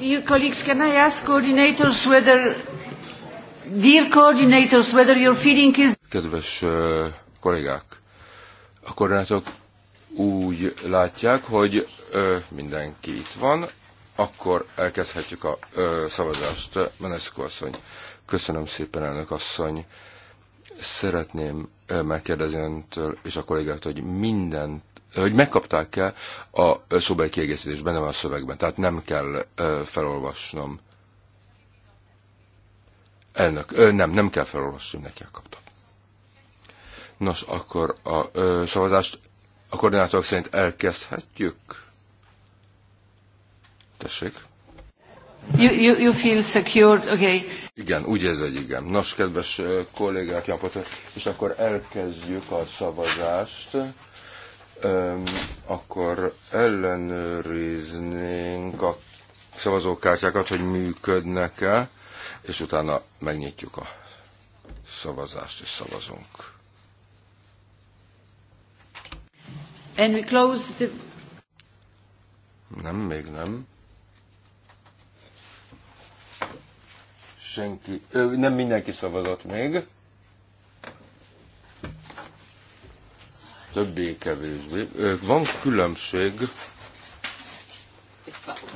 Dear colleagues, can I ask coordinators whether, dear coordinators, whether your feeling is... Kedves kollégák, a koordinátok úgy látják, hogy mindenki itt van, akkor elkezdhetjük a szavazást. Meneszko asszony, köszönöm szépen, elnök asszony. Szeretném megkérdezni öntől és a kollégát, hogy minden hogy megkapták-e a szóbeli kiegészítés, benne van a szövegben, tehát nem kell felolvasnom. Elnök, nem, nem kell felolvasni neki kaptam. Nos, akkor a ö, szavazást a koordinátorok szerint elkezdhetjük. Tessék. You, you, you feel secured, okay. Igen, úgy ez egy igen. Nos, kedves kollégák, és akkor elkezdjük a szavazást akkor ellenőriznénk a szavazókártyákat, hogy működnek-e, és utána megnyitjuk a szavazást, és szavazunk. And we close the... Nem, még nem. Senki, ö, nem mindenki szavazott még. többé-kevésbé. Van különbség,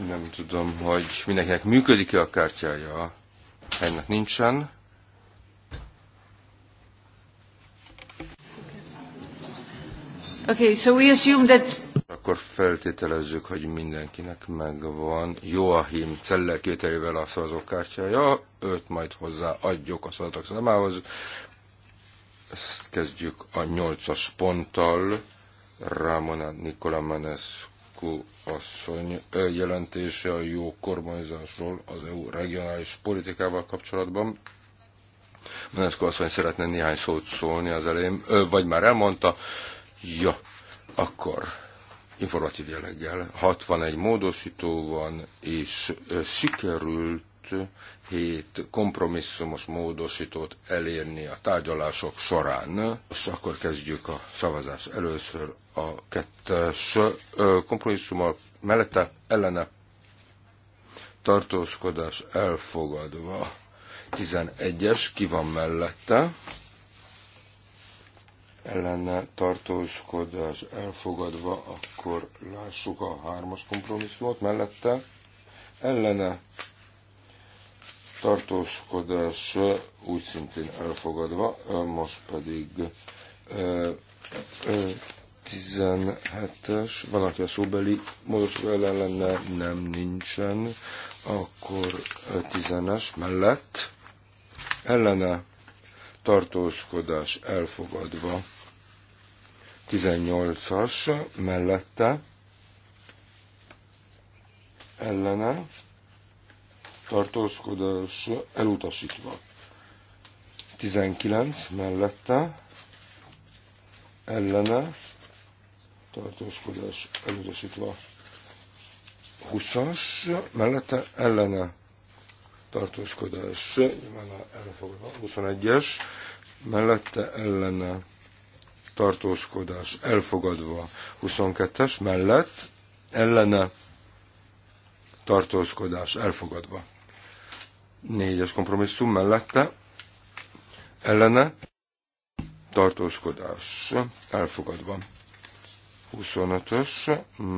nem tudom, hogy mindenkinek működik-e a kártyája. Ennek nincsen. Okay, so we assume that... Akkor feltételezzük, hogy mindenkinek megvan Joachim Celler kivételével a szavazókártyája, őt majd hozzáadjuk a szavazók számához. Ezt kezdjük a nyolcas ponttal. Ramona Nikola Manescu asszony jelentése a jó kormányzásról az EU regionális politikával kapcsolatban. Manescu asszony szeretne néhány szót szólni az elém, vagy már elmondta. Ja, akkor informatív jelleggel 61 módosító van, és sikerült hét kompromisszumos módosítót elérni a tárgyalások során. És akkor kezdjük a szavazást. Először a kettes kompromisszummal mellette ellene tartózkodás elfogadva. 11-es, ki van mellette? Ellene tartózkodás elfogadva, akkor lássuk a hármas kompromisszumot mellette. Ellene tartózkodás úgy szintén elfogadva, most pedig 17-es, van, aki a szóbeli módosító ellen lenne, nem nincsen, akkor 10-es mellett ellene tartózkodás elfogadva, 18-as mellette ellene tartózkodás elutasítva. 19 mellette ellene tartózkodás elutasítva. 20-as mellette ellene tartózkodás nyilván elfogadva. 21-es mellette ellene tartózkodás elfogadva. 22-es mellett ellene tartózkodás elfogadva. Négyes kompromisszum mellette ellene tartózkodás elfogadva. 25-ös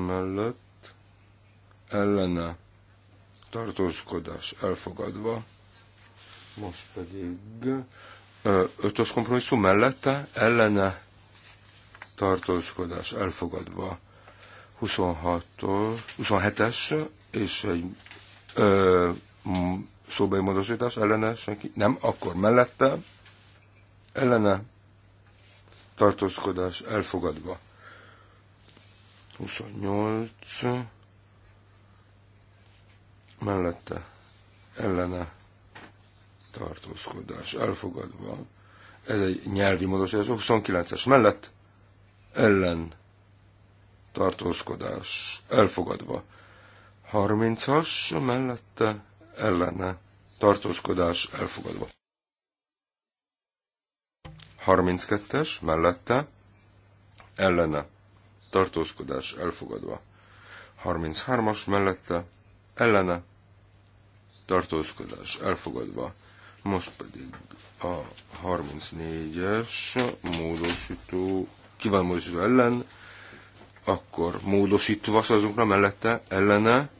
mellett ellene tartózkodás elfogadva. Most pedig 5-ös kompromisszum mellette ellene tartózkodás elfogadva 26 os 27-es és egy ö, szóbeli módosítás ellene senki, nem, akkor mellette ellene tartózkodás elfogadva. 28 mellette ellene tartózkodás elfogadva. Ez egy nyelvi módosítás, 29-es mellett ellen tartózkodás elfogadva. 30-as mellette ellene tartózkodás elfogadva. 32-es mellette ellene tartózkodás elfogadva. 33-as mellette ellene tartózkodás elfogadva. Most pedig a 34-es módosító, kíván módosító ellen, akkor módosítva szavazunk mellette, ellene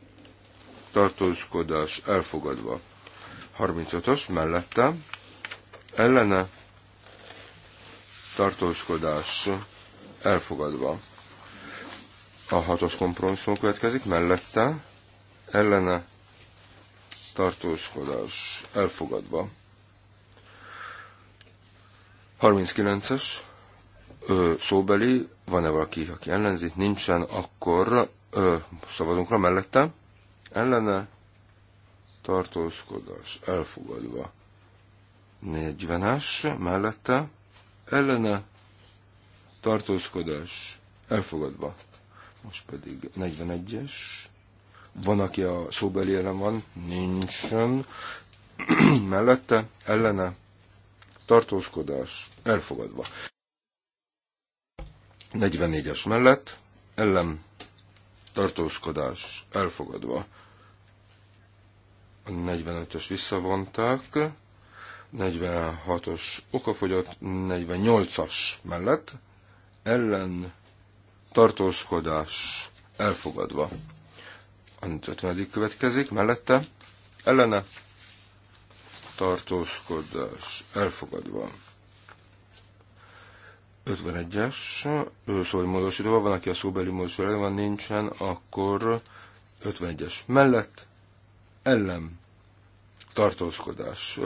tartózkodás elfogadva. 35-ös mellette ellene tartózkodás elfogadva. A hatos kompromisszum következik, mellette ellene tartózkodás elfogadva. 39-es szóbeli, van-e valaki, aki ellenzi? Nincsen, akkor ö, szavazunk rá mellette ellene tartózkodás elfogadva. 40-es mellette ellene tartózkodás elfogadva. Most pedig 41-es. Van, aki a szóbeli elem? van, nincsen. mellette ellene tartózkodás elfogadva. 44-es mellett ellen tartózkodás elfogadva. 45-ös visszavonták, 46-os okafogyott, 48-as mellett, ellen tartózkodás elfogadva. A 50. következik, mellette ellene tartózkodás elfogadva. 51-es, szóval módosítva van, aki a szóbeli módosítva van, nincsen, akkor 51-es mellett ellen tartózkodás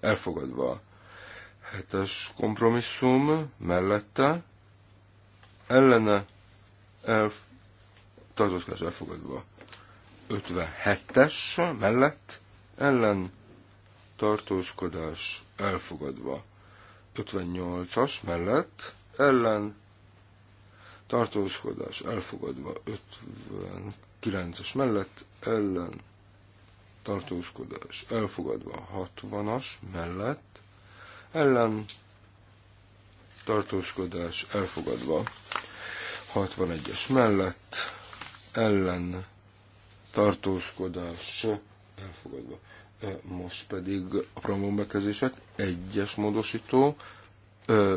elfogadva. Hetes kompromisszum mellette ellene elf, tartózkodás elfogadva. 57-es mellett ellen tartózkodás elfogadva. 58-as mellett ellen tartózkodás elfogadva. 59-es mellett ellen tartózkodás elfogadva 60-as mellett, ellen tartózkodás elfogadva 61-es mellett, ellen tartózkodás elfogadva. Most pedig a programbekezések egyes módosító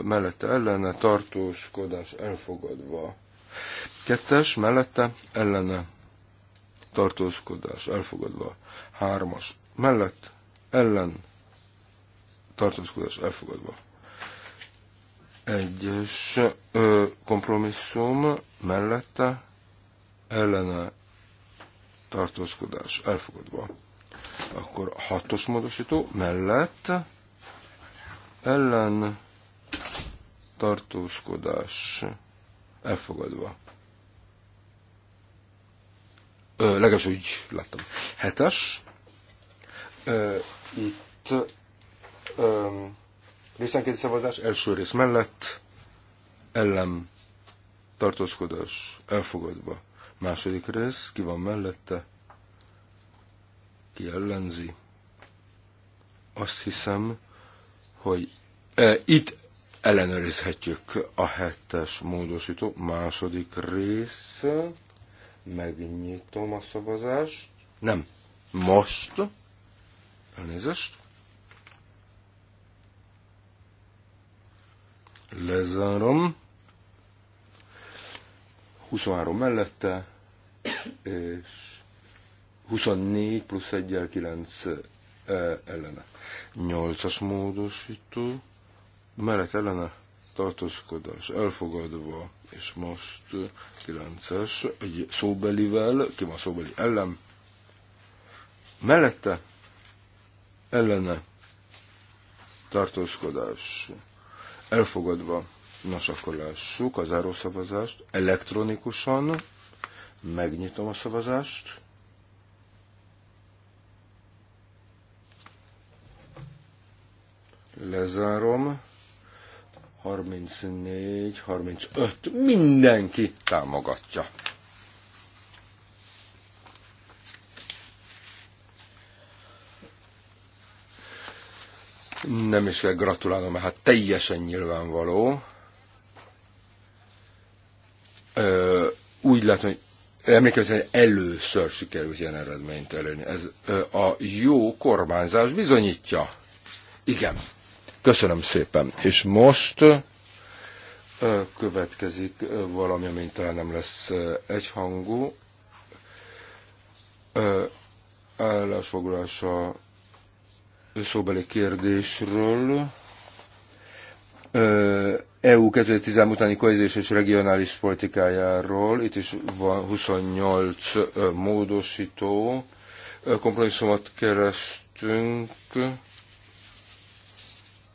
mellette ellene tartózkodás elfogadva. Kettes mellette ellene tartózkodás elfogadva. Hármas mellett ellen tartózkodás elfogadva. Egyes ö, kompromisszum mellette ellene tartózkodás elfogadva. Akkor hatos módosító mellett ellen tartózkodás elfogadva legalábbis úgy láttam. Hetes. Itt részenkéti szavazás első rész mellett ellen tartózkodás elfogadva. Második rész, ki van mellette, ki ellenzi. Azt hiszem, hogy e, itt ellenőrizhetjük a hetes módosító második rész. Megnyitom a szavazást. Nem. Most. Elnézést. Lezárom. 23 mellette, és 24 plusz 1 9 eh, ellene. 8-as módosító mellett ellene tartózkodás elfogadva, és most 9-es, egy szóbelivel, ki van szóbeli ellen, mellette ellene tartózkodás elfogadva. Nos, akkor lássuk a zárószavazást elektronikusan. Megnyitom a szavazást. Lezárom. 34, 35, mindenki támogatja. Nem is kell gratulálnom, mert hát teljesen nyilvánvaló. Ö, úgy látom, hogy emlékezni, hogy először sikerült ilyen eredményt előni. Ez ö, a jó kormányzás bizonyítja. Igen. Köszönöm szépen. És most következik valami, amint talán nem lesz egyhangú. Állásfoglalása szóbeli kérdésről. EU 2010 utáni kohézés és regionális politikájáról. Itt is van 28 módosító. Kompromisszumot kerestünk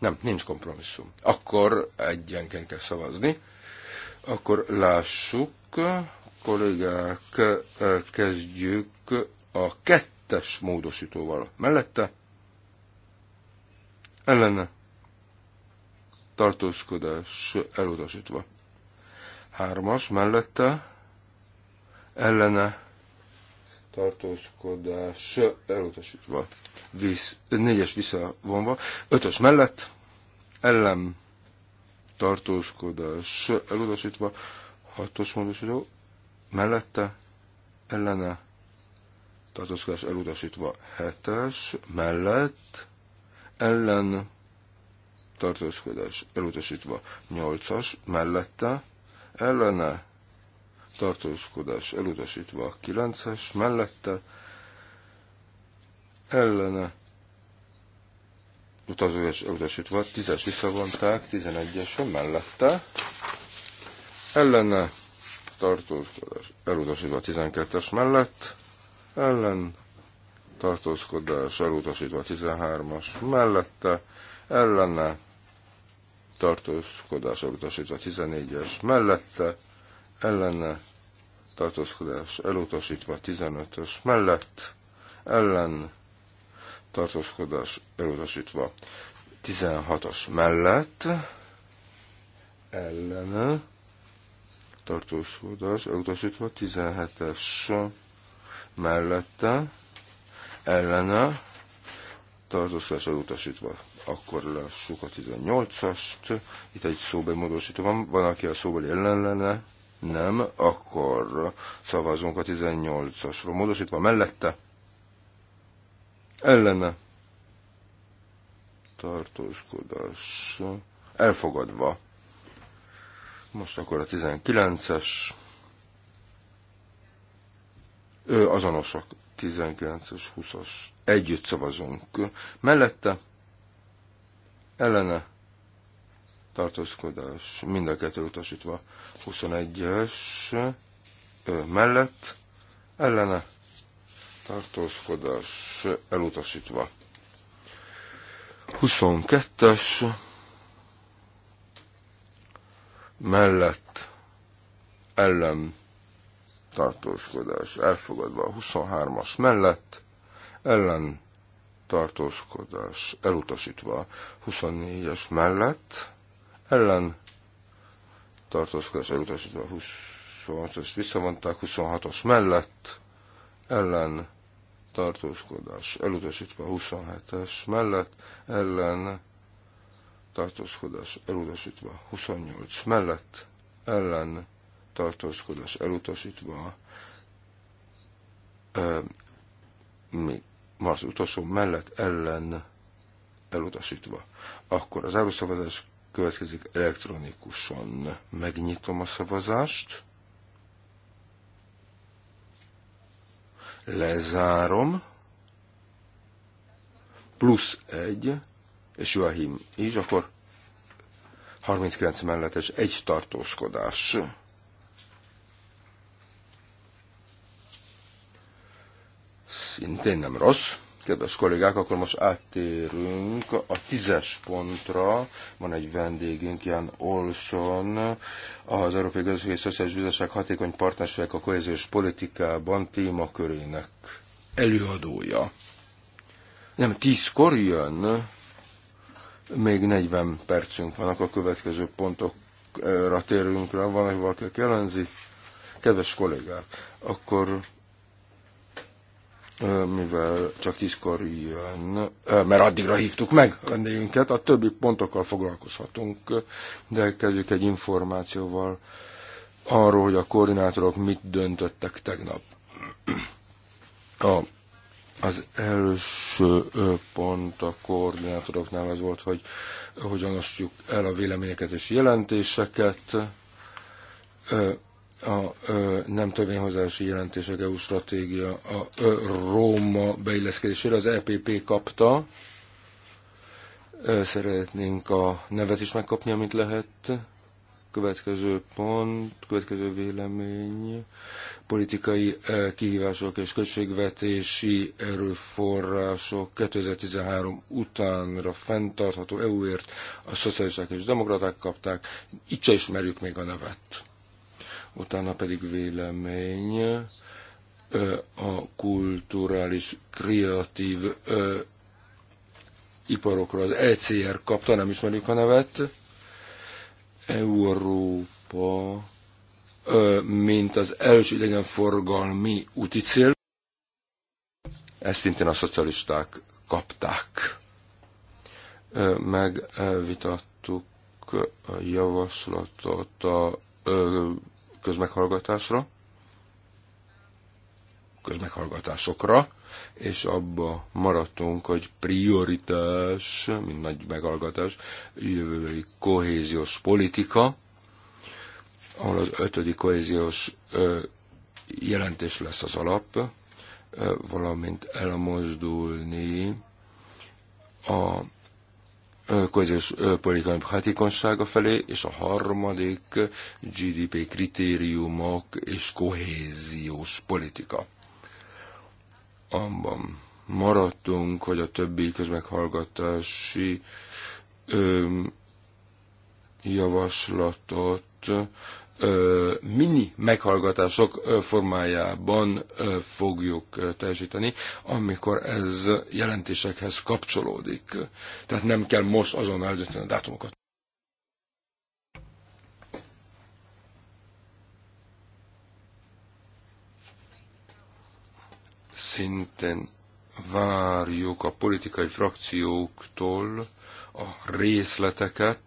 nem, nincs kompromisszum. Akkor egyenként kell szavazni. Akkor lássuk, kollégák, kezdjük a kettes módosítóval. Mellette? Ellene? Tartózkodás elutasítva. Hármas mellette? Ellene? tartózkodás elutasítva. Visz, négyes visszavonva, ötös mellett, ellen tartózkodás elutasítva, hatos módosító, mellette, ellene tartózkodás elutasítva, hetes, mellett, ellen tartózkodás elutasítva, nyolcas, mellette, ellene tartózkodás elutasítva a 9-es, mellette ellene utazóes elutasítva, a 10-es visszavonták, 11-es mellette ellene tartózkodás elutasítva a 12-es mellett, ellen tartózkodás elutasítva a 13-as mellette, ellene tartózkodás elutasítva a 14-es mellette, ellene tartózkodás elutasítva 15-ös mellett, ellen tartózkodás elutasítva 16-os mellett, ellene tartózkodás elutasítva 17-es mellette, ellene tartózkodás elutasítva akkor lássuk a 18-ast. Itt egy szóbeli módosító van, van, aki a szóbeli ellen lenne, nem, akkor szavazunk a 18-asról. Módosítva mellette? Ellene? Tartózkodás. Elfogadva. Most akkor a 19-es. Ő azonosak. 19-es, 20-as. Együtt szavazunk. Mellette? Ellene? tartózkodás mind a kettő utasítva 21-es mellett ellene tartózkodás elutasítva 22-es mellett ellen tartózkodás elfogadva 23-as mellett ellen tartózkodás elutasítva 24-es mellett ellen tartózkodás utasítva 26-os visszavonták, 26-os mellett ellen tartózkodás elutasítva 27-es mellett ellen tartózkodás elutasítva 28 mellett ellen tartózkodás elutasítva ö, mi Mars utolsó mellett ellen elutasítva. Akkor az áruszavazás Következik elektronikusan. Megnyitom a szavazást. Lezárom. Plusz egy, és Joachim is, akkor 39 mellettes egy tartózkodás. Szintén nem rossz. Kedves kollégák, akkor most áttérünk a tízes pontra. Van egy vendégünk, Jan Olson, az Európai Gazdasági Szociális Bizottság hatékony partnerségek a kohéziós politikában témakörének előadója. Nem, tízkor jön, még 40 percünk vannak a következő pontokra térünk rá, van, hogy valaki ellenzi. Kedves kollégák, akkor mivel csak tízkor jön, mert addigra hívtuk meg vendégünket, a többi pontokkal foglalkozhatunk, de kezdjük egy információval arról, hogy a koordinátorok mit döntöttek tegnap. A, az első pont a koordinátoroknál az volt, hogy hogyan osztjuk el a véleményeket és jelentéseket a ö, nem törvényhozási jelentések EU stratégia a ö, Róma beilleszkedésére az EPP kapta. Ö, szeretnénk a nevet is megkapni, amit lehet. Következő pont, következő vélemény, politikai ö, kihívások és költségvetési erőforrások 2013 utánra fenntartható EU-ért a szocialisták és demokraták kapták. Itt se ismerjük még a nevet utána pedig vélemény a kulturális, kreatív iparokra. Az ECR kapta, nem ismerjük a nevet, Európa, mint az első idegenforgalmi úti cél. Ezt szintén a szocialisták kapták. Megvitattuk a javaslatot a közmeghallgatásra, közmeghallgatásokra, és abba maradtunk, hogy prioritás, mint nagy meghallgatás, jövőbeli kohéziós politika, ahol az ötödik kohéziós jelentés lesz az alap, valamint elmozdulni a közös politikai hatékonysága felé, és a harmadik GDP kritériumok és kohéziós politika. Abban maradtunk, hogy a többi közmeghallgatási javaslatot mini meghallgatások formájában fogjuk teljesíteni, amikor ez jelentésekhez kapcsolódik. Tehát nem kell most azonnal eldönteni a dátumokat. Szintén várjuk a politikai frakcióktól a részleteket,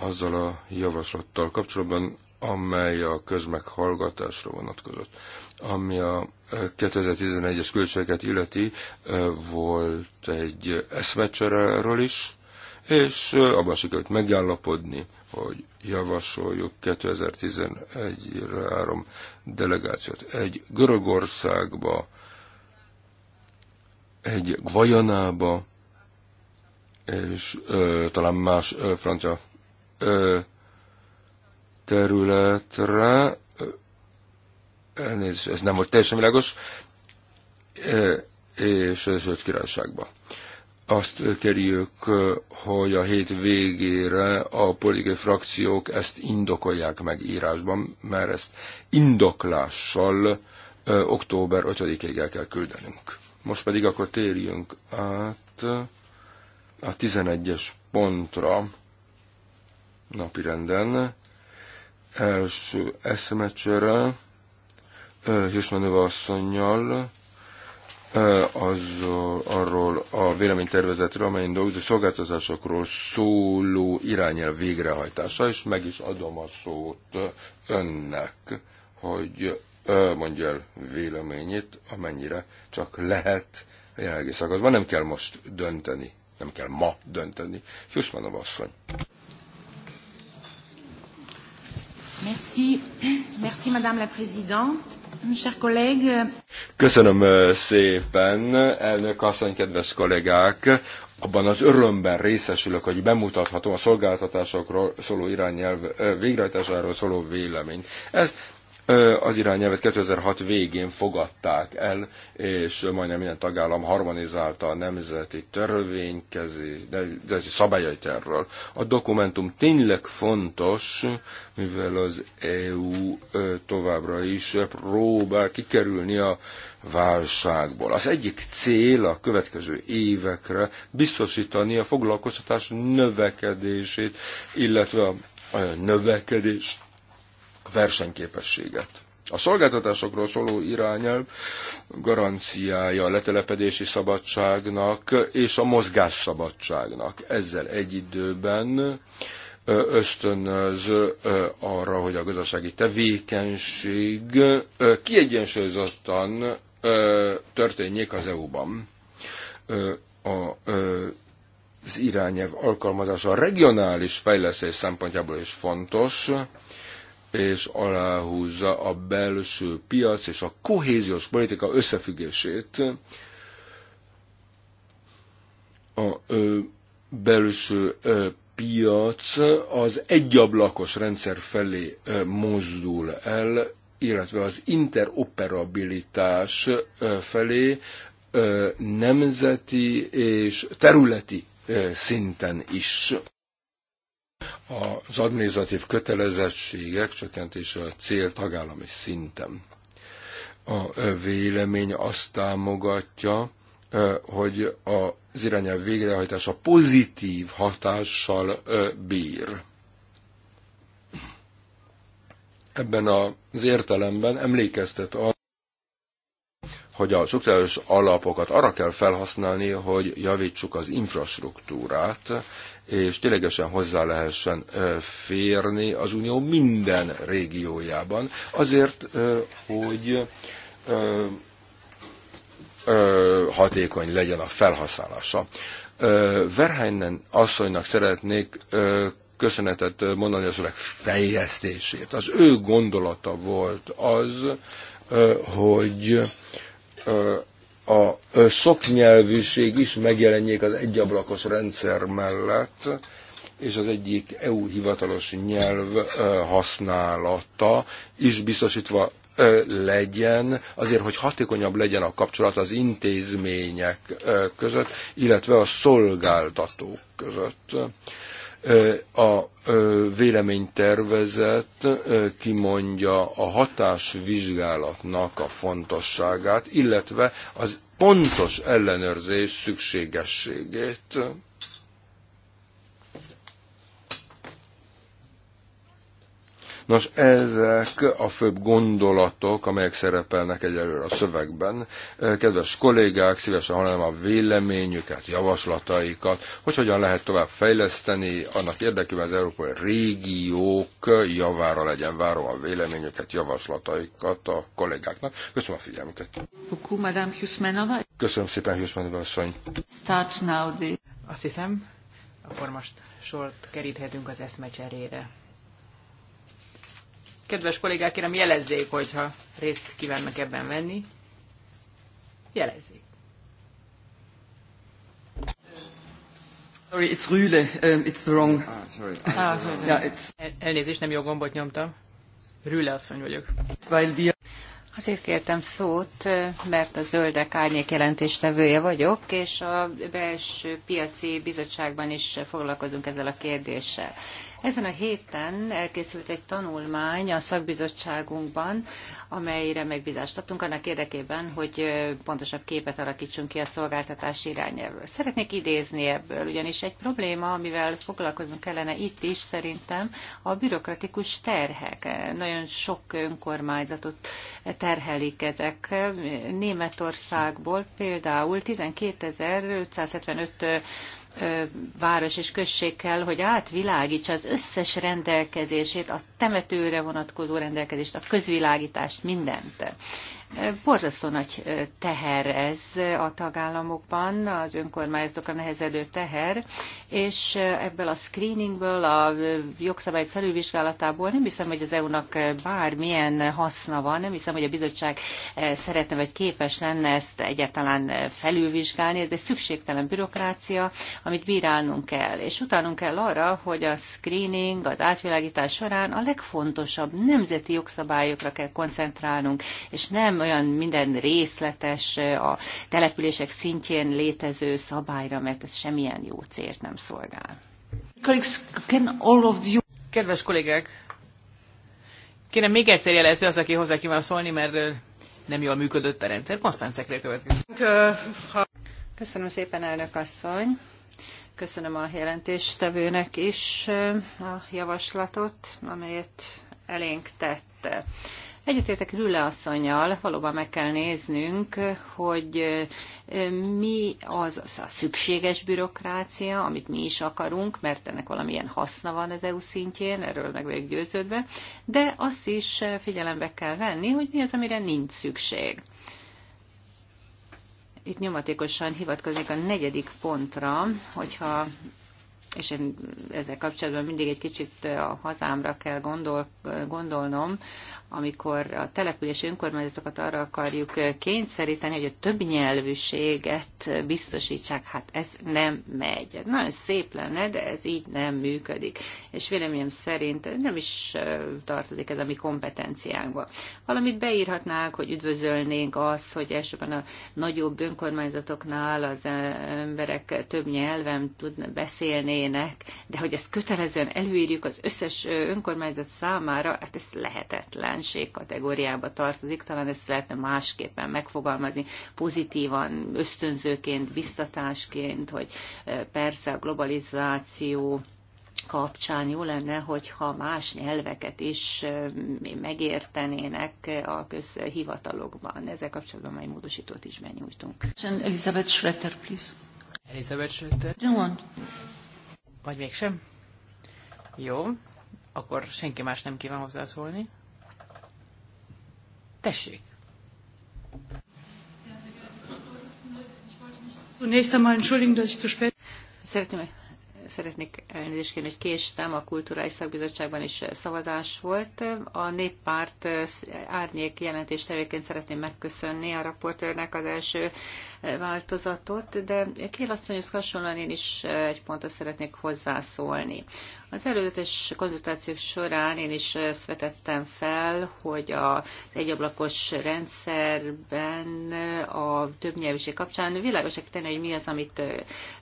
azzal a javaslattal kapcsolatban, amely a közmeghallgatásra vonatkozott. Ami a 2011-es e, költségeket illeti, e, volt egy eszmecseréről is, és e, abban sikerült megállapodni, hogy javasoljuk 2011-re három delegációt. Egy Görögországba, egy Gvajanába, és ö, talán más ö, francia területre, elnézést, ez nem volt teljesen világos, és az öt királyságba. Azt kérjük, hogy a hét végére a politikai frakciók ezt indokolják meg írásban, mert ezt indoklással október 5-ig el kell küldenünk. Most pedig akkor térjünk át a 11-es pontra, napirenden. Első eszemecsere Hüsmanöva asszonynal az arról a véleménytervezetről, amelyen dolgozó szolgáltatásokról szóló irányelv végrehajtása, és meg is adom a szót önnek, hogy mondja el véleményét, amennyire csak lehet a jelenlegi szakaszban. Nem kell most dönteni, nem kell ma dönteni. Hüsmanov asszony. Merci. Merci, Madame la Présidente. Chers collègues. Köszönöm szépen, elnök asszony, kedves kollégák! Abban az örömben részesülök, hogy bemutathatom a szolgáltatásokról szóló irányelv végrehajtásáról szóló véleményt. Ez az irányelvet 2006 végén fogadták el, és majdnem minden tagállam harmonizálta a nemzeti törvénykezés, szabályait erről. A dokumentum tényleg fontos, mivel az EU továbbra is próbál kikerülni a válságból. Az egyik cél a következő évekre biztosítani a foglalkoztatás növekedését, illetve a növekedést versenyképességet. A szolgáltatásokról szóló irányelv garanciája a letelepedési szabadságnak és a mozgásszabadságnak. Ezzel egy időben ösztönöz arra, hogy a gazdasági tevékenység kiegyensúlyozottan történjék az EU-ban. Az irányelv alkalmazása a regionális fejlesztés szempontjából is fontos, és aláhúzza a belső piac és a kohéziós politika összefüggését. A ö, belső ö, piac az egyablakos rendszer felé ö, mozdul el, illetve az interoperabilitás ö, felé ö, nemzeti és területi ö, szinten is. Az adminisztratív kötelezettségek csökkentése a cél tagállami szinten. A vélemény azt támogatja, hogy az irányelv végrehajtása pozitív hatással bír. Ebben az értelemben emlékeztet arra, hogy a struktúrális alapokat arra kell felhasználni, hogy javítsuk az infrastruktúrát, és ténylegesen hozzá lehessen férni az Unió minden régiójában, azért, hogy hatékony legyen a felhasználása. Verheinen asszonynak szeretnék köszönetet mondani az öreg fejlesztését. Az ő gondolata volt az, hogy a soknyelvűség is megjelenjék az egyablakos rendszer mellett, és az egyik EU hivatalos nyelv használata is biztosítva legyen, azért, hogy hatékonyabb legyen a kapcsolat az intézmények között, illetve a szolgáltatók között. A véleménytervezet kimondja a hatásvizsgálatnak a fontosságát, illetve az pontos ellenőrzés szükségességét Nos, ezek a főbb gondolatok, amelyek szerepelnek egyelőre a szövegben. Kedves kollégák, szívesen hallanám a véleményüket, javaslataikat, hogy hogyan lehet tovább fejleszteni, annak érdekében az európai régiók javára legyen. Várom a véleményüket, javaslataikat a kollégáknak. Köszönöm a figyelmüket. Köszönöm szépen, Hüsmanova asszony. Start now the... Azt hiszem, akkor most sort keríthetünk az eszmecserére. Kedves kollégák, kérem jelezzék, hogyha részt kívánnak ebben venni. Jelezzék. Sorry, it's Rühle. Um, it's the wrong... Ah, sorry. Ah, sorry. Ah, yeah, it's... El, elnézést, nem jó gombot nyomtam. Rühle asszony vagyok. Azért kértem szót, mert a Zöldek Árnyék jelentéstevője vagyok, és a belső piaci bizottságban is foglalkozunk ezzel a kérdéssel. Ezen a héten elkészült egy tanulmány a szakbizottságunkban, amelyre megbízást adtunk annak érdekében, hogy pontosabb képet alakítsunk ki a szolgáltatás irányelvről. Szeretnék idézni ebből, ugyanis egy probléma, amivel foglalkoznunk kellene itt is szerintem, a bürokratikus terhek. Nagyon sok önkormányzatot terhelik ezek. Németországból például 12.575 város és község kell, hogy átvilágítsa az összes rendelkezését, a temetőre vonatkozó rendelkezést, a közvilágítást, mindent. Borzasztó nagy teher ez a tagállamokban, az a nehezedő teher, és ebből a screeningből, a jogszabályok felülvizsgálatából nem hiszem, hogy az EU-nak bármilyen haszna van, nem hiszem, hogy a bizottság szeretne vagy képes lenne ezt egyáltalán felülvizsgálni, ez egy szükségtelen bürokrácia, amit bírálnunk kell. És utánunk kell arra, hogy a screening, az átvilágítás során a legfontosabb nemzeti jogszabályokra kell koncentrálnunk, és nem olyan minden részletes a települések szintjén létező szabályra, mert ez semmilyen jó célt nem szolgál. Kedves kollégák, kérem még egyszer jelezni az, aki hozzá kíván szólni, mert nem jól működött a rendszer. Konstancekre következik. Köszönöm szépen, elnök asszony. Köszönöm a jelentéstevőnek is a javaslatot, amelyet elénk tette. Egyetértek Rüle asszonyjal, valóban meg kell néznünk, hogy mi az, az a szükséges bürokrácia, amit mi is akarunk, mert ennek valamilyen haszna van az EU szintjén, erről meg vagyok győződve, de azt is figyelembe kell venni, hogy mi az, amire nincs szükség. Itt nyomatékosan hivatkozik a negyedik pontra, hogyha és én ezzel kapcsolatban mindig egy kicsit a hazámra kell gondol, gondolnom, amikor a települési önkormányzatokat arra akarjuk eh, kényszeríteni, hogy a több nyelvűséget biztosítsák, hát ez nem megy. Nagyon szép lenne, de ez így nem működik. És véleményem szerint nem is eh, tartozik ez a mi kompetenciánkba. Valamit beírhatnánk, hogy üdvözölnénk azt, hogy elsőben a nagyobb önkormányzatoknál az eh, emberek több nyelven tudna beszélnének, de hogy ezt kötelezően előírjuk az összes önkormányzat számára, hát ez lehetetlen jelenség kategóriába tartozik, talán ezt lehetne másképpen megfogalmazni, pozitívan, ösztönzőként, biztatásként, hogy eh, persze a globalizáció kapcsán jó lenne, hogyha más nyelveket is eh, megértenének eh, a közhivatalokban. Ezzel kapcsolatban majd módosítót is benyújtunk. Elizabeth Schröter, please. Elizabeth Schröter. Don't. Vagy mégsem? Jó, akkor senki más nem kíván hozzászólni. Tessék! Szeretném szeretnék elnézést kérni, hogy késtem, a Kulturális Szakbizottságban is szavazás volt. A néppárt árnyék jelentés tevéként szeretném megköszönni a raportőrnek az első változatot, de Kél asszonyhoz hasonlóan én is egy pontra szeretnék hozzászólni. Az előzetes konzultációk során én is ezt vetettem fel, hogy az egyablakos rendszerben a többnyelvűség kapcsán világosak tenni, hogy mi az, amit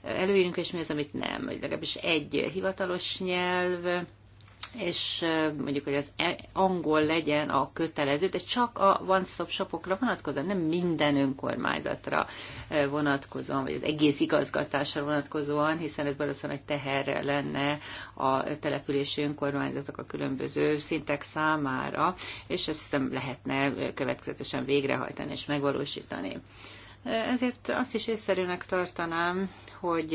előírunk, és mi az, amit nem. Legalábbis egy hivatalos nyelv, és mondjuk, hogy az e, angol legyen a kötelező, de csak a one-stop shopokra vonatkozóan, nem minden önkormányzatra vonatkozóan, vagy az egész igazgatásra vonatkozóan, hiszen ez valószínűleg egy teher lenne a települési önkormányzatok a különböző szintek számára, és ezt nem lehetne következetesen végrehajtani és megvalósítani. Ezért azt is észszerűnek tartanám, hogy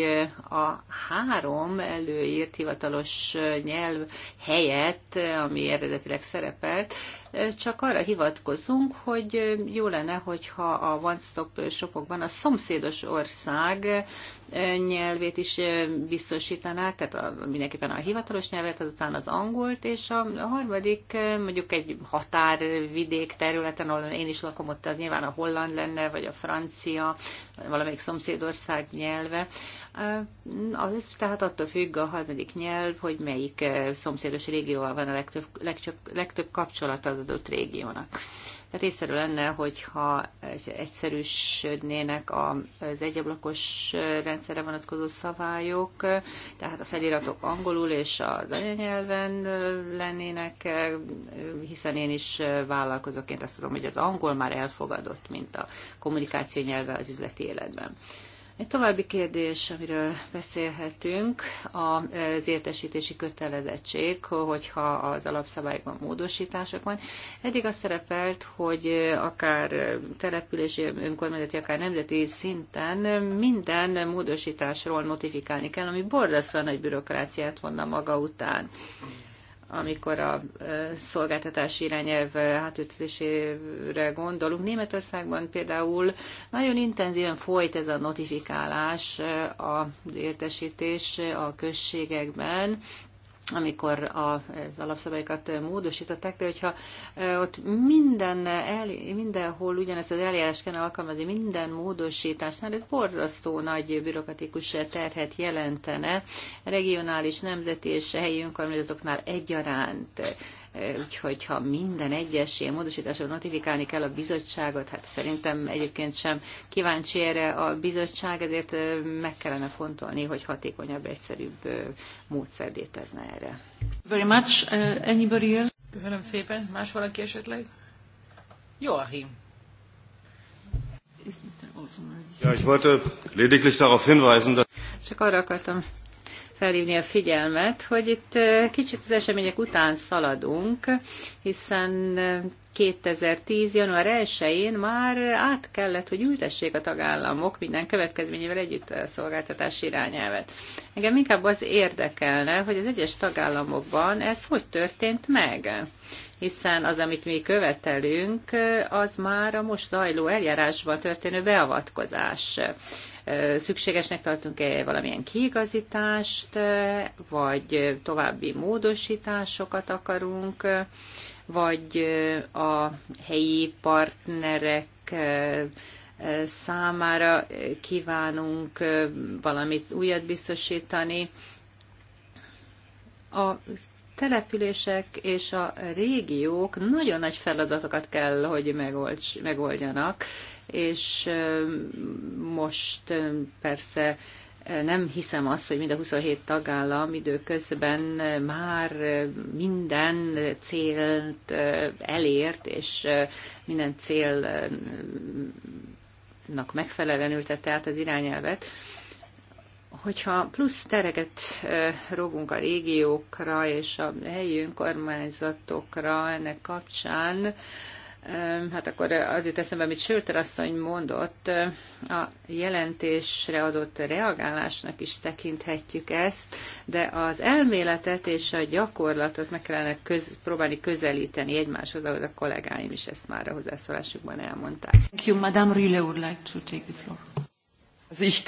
a három előírt hivatalos nyelv helyett, ami eredetileg szerepelt, csak arra hivatkozunk, hogy jó lenne, hogyha a One Stop shopokban a szomszédos ország nyelvét is biztosítanák, tehát a, mindenképpen a hivatalos nyelvet, azután az angolt, és a, a harmadik mondjuk egy határvidék területen, ahol én is lakom, ott az nyilván a holland lenne, vagy a francia, valamelyik szomszédország nyelve, az, tehát attól függ a harmadik nyelv, hogy melyik eh, szomszédos régióval van a legtöbb, legtöbb, legtöbb kapcsolat az adott régiónak. Tehát észszerű lenne, hogyha egyszerűsödnének az egyablakos eh, rendszerre vonatkozó szabályok, eh, tehát a feliratok angolul és az anyanyelven lennének, hiszen én is vállalkozóként azt tudom, hogy az angol már elfogadott, mint a kommunikáció nyelve az üzleti életben. Egy további kérdés, amiről beszélhetünk, az értesítési kötelezettség, hogyha az alapszabályban módosítások van. Eddig az szerepelt, hogy akár települési, önkormányzati, akár nemzeti szinten minden módosításról notifikálni kell, ami borzasztóan nagy bürokráciát vonna maga után amikor a szolgáltatási irányelv hátültetésére gondolunk. Németországban például nagyon intenzíven folyt ez a notifikálás, az értesítés a községekben, amikor az alapszabályokat módosították, de hogyha ott minden, el, mindenhol ugyanezt az eljárás kell alkalmazni, minden módosításnál, ez borzasztó nagy bürokratikus terhet jelentene, regionális, nemzeti és helyi önkormányzatoknál egyaránt úgyhogy ha minden egyes ilyen módosításra notifikálni kell a bizottságot, hát szerintem egyébként sem kíváncsi erre a bizottság, ezért meg kellene fontolni, hogy hatékonyabb, egyszerűbb módszer létezne erre. Very much. Uh, anybody else? Köszönöm szépen. Más valaki esetleg? Ahim. Ja, ich wollte lediglich darauf hinweisen, dass Csak arra akartam felhívni a figyelmet, hogy itt kicsit az események után szaladunk, hiszen 2010. január 1-én már át kellett, hogy ültessék a tagállamok minden következményével együtt a szolgáltatás irányelvet. Engem inkább az érdekelne, hogy az egyes tagállamokban ez hogy történt meg, hiszen az, amit mi követelünk, az már a most zajló eljárásban történő beavatkozás szükségesnek tartunk-e valamilyen kiigazítást, vagy további módosításokat akarunk, vagy a helyi partnerek számára kívánunk valamit újat biztosítani. A települések és a régiók nagyon nagy feladatokat kell, hogy megoldjanak, és most persze nem hiszem azt, hogy mind a 27 tagállam időközben már minden célt elért, és minden célnak megfelelően ültette át az irányelvet. Hogyha plusz tereket rogunk a régiókra és a helyi önkormányzatokra ennek kapcsán, hát akkor az jut eszembe, amit Sölter asszony mondott, a jelentésre adott reagálásnak is tekinthetjük ezt, de az elméletet és a gyakorlatot meg kellene köz, próbálni közelíteni egymáshoz, ahogy a kollégáim is ezt már a hozzászólásukban elmondták. Thank you, Madame Rille would like to take the floor. Ich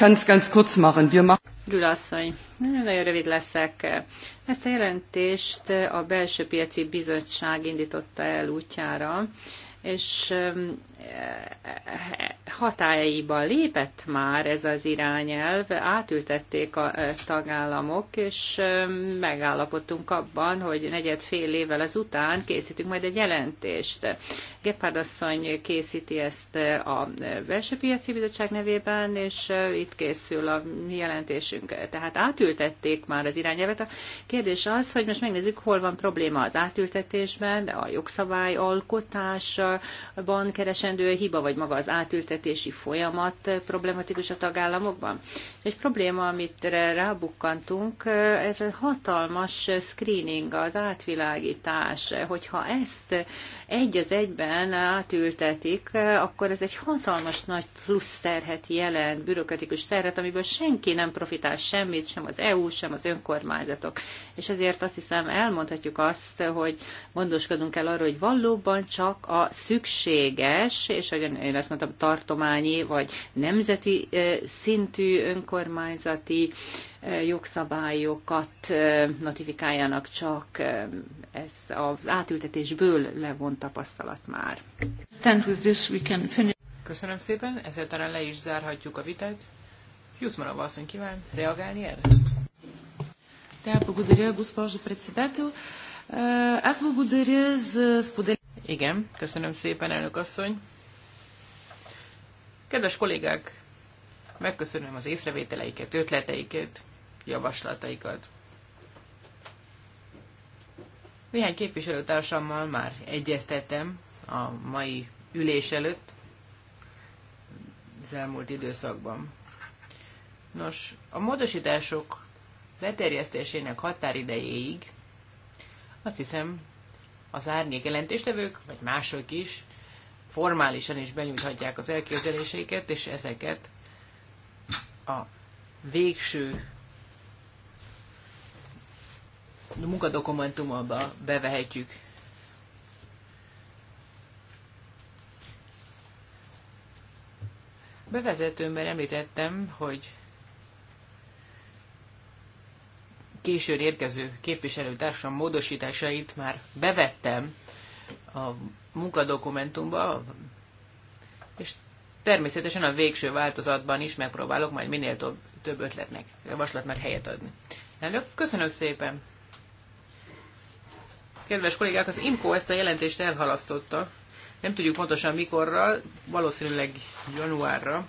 Gyulasszony, nagyon rövid leszek. Ezt a jelentést a Belső Piaci Bizottság indította el útjára, és hatályaiba lépett már ez az irányelv, átültették a eh, tagállamok, és eh, megállapodtunk abban, hogy negyed fél évvel azután készítünk majd egy jelentést. Gepard asszony készíti ezt eh, a belső piaci bizottság nevében, és itt készül a jelentésünk. Tehát átültették már az irányelvet. A kérdés az, hogy most megnézzük, hol van probléma az átültetésben, a jogszabály alkotásban keresendő keresendő hiba, vagy maga az átültetési folyamat eh, problematikus a tagállamokban? Egy probléma, amit rábukkantunk, eh, ez a hatalmas screening, az átvilágítás, eh, hogyha ezt egy az egyben átültetik, akkor ez egy hatalmas nagy plusz terhet jelent, bürokratikus terhet, amiből senki nem profitál semmit, sem az EU, sem az önkormányzatok. És ezért azt hiszem elmondhatjuk azt, hogy gondoskodunk el arról, hogy valóban csak a szükséges és én azt mondtam, tartományi vagy nemzeti szintű önkormányzati jogszabályokat notifikáljanak csak. Ez az átültetésből levont tapasztalat már. Köszönöm szépen, ezzel talán le is zárhatjuk a vitát. Юсмарова Асен kíván Reagálni erre? Igen, köszönöm szépen, elnök asszony. Kedves kollégák, megköszönöm az észrevételeiket, ötleteiket, javaslataikat. Néhány képviselőtársammal már egyeztettem a mai ülés előtt, az elmúlt időszakban. Nos, a módosítások leterjesztésének határidejéig azt hiszem az árnyék jelentéstevők, vagy mások is formálisan is benyújthatják az elképzeléseiket, és ezeket a végső munkadokumentumba bevehetjük. Bevezetőmben említettem, hogy későn érkező képviselőtársam módosításait már bevettem a munkadokumentumba, és természetesen a végső változatban is megpróbálok majd minél több, több ötletnek, javaslatnak helyet adni. Elnök, köszönöm szépen! Kedves kollégák, az IMCO ezt a jelentést elhalasztotta. Nem tudjuk pontosan mikorra, valószínűleg januárra,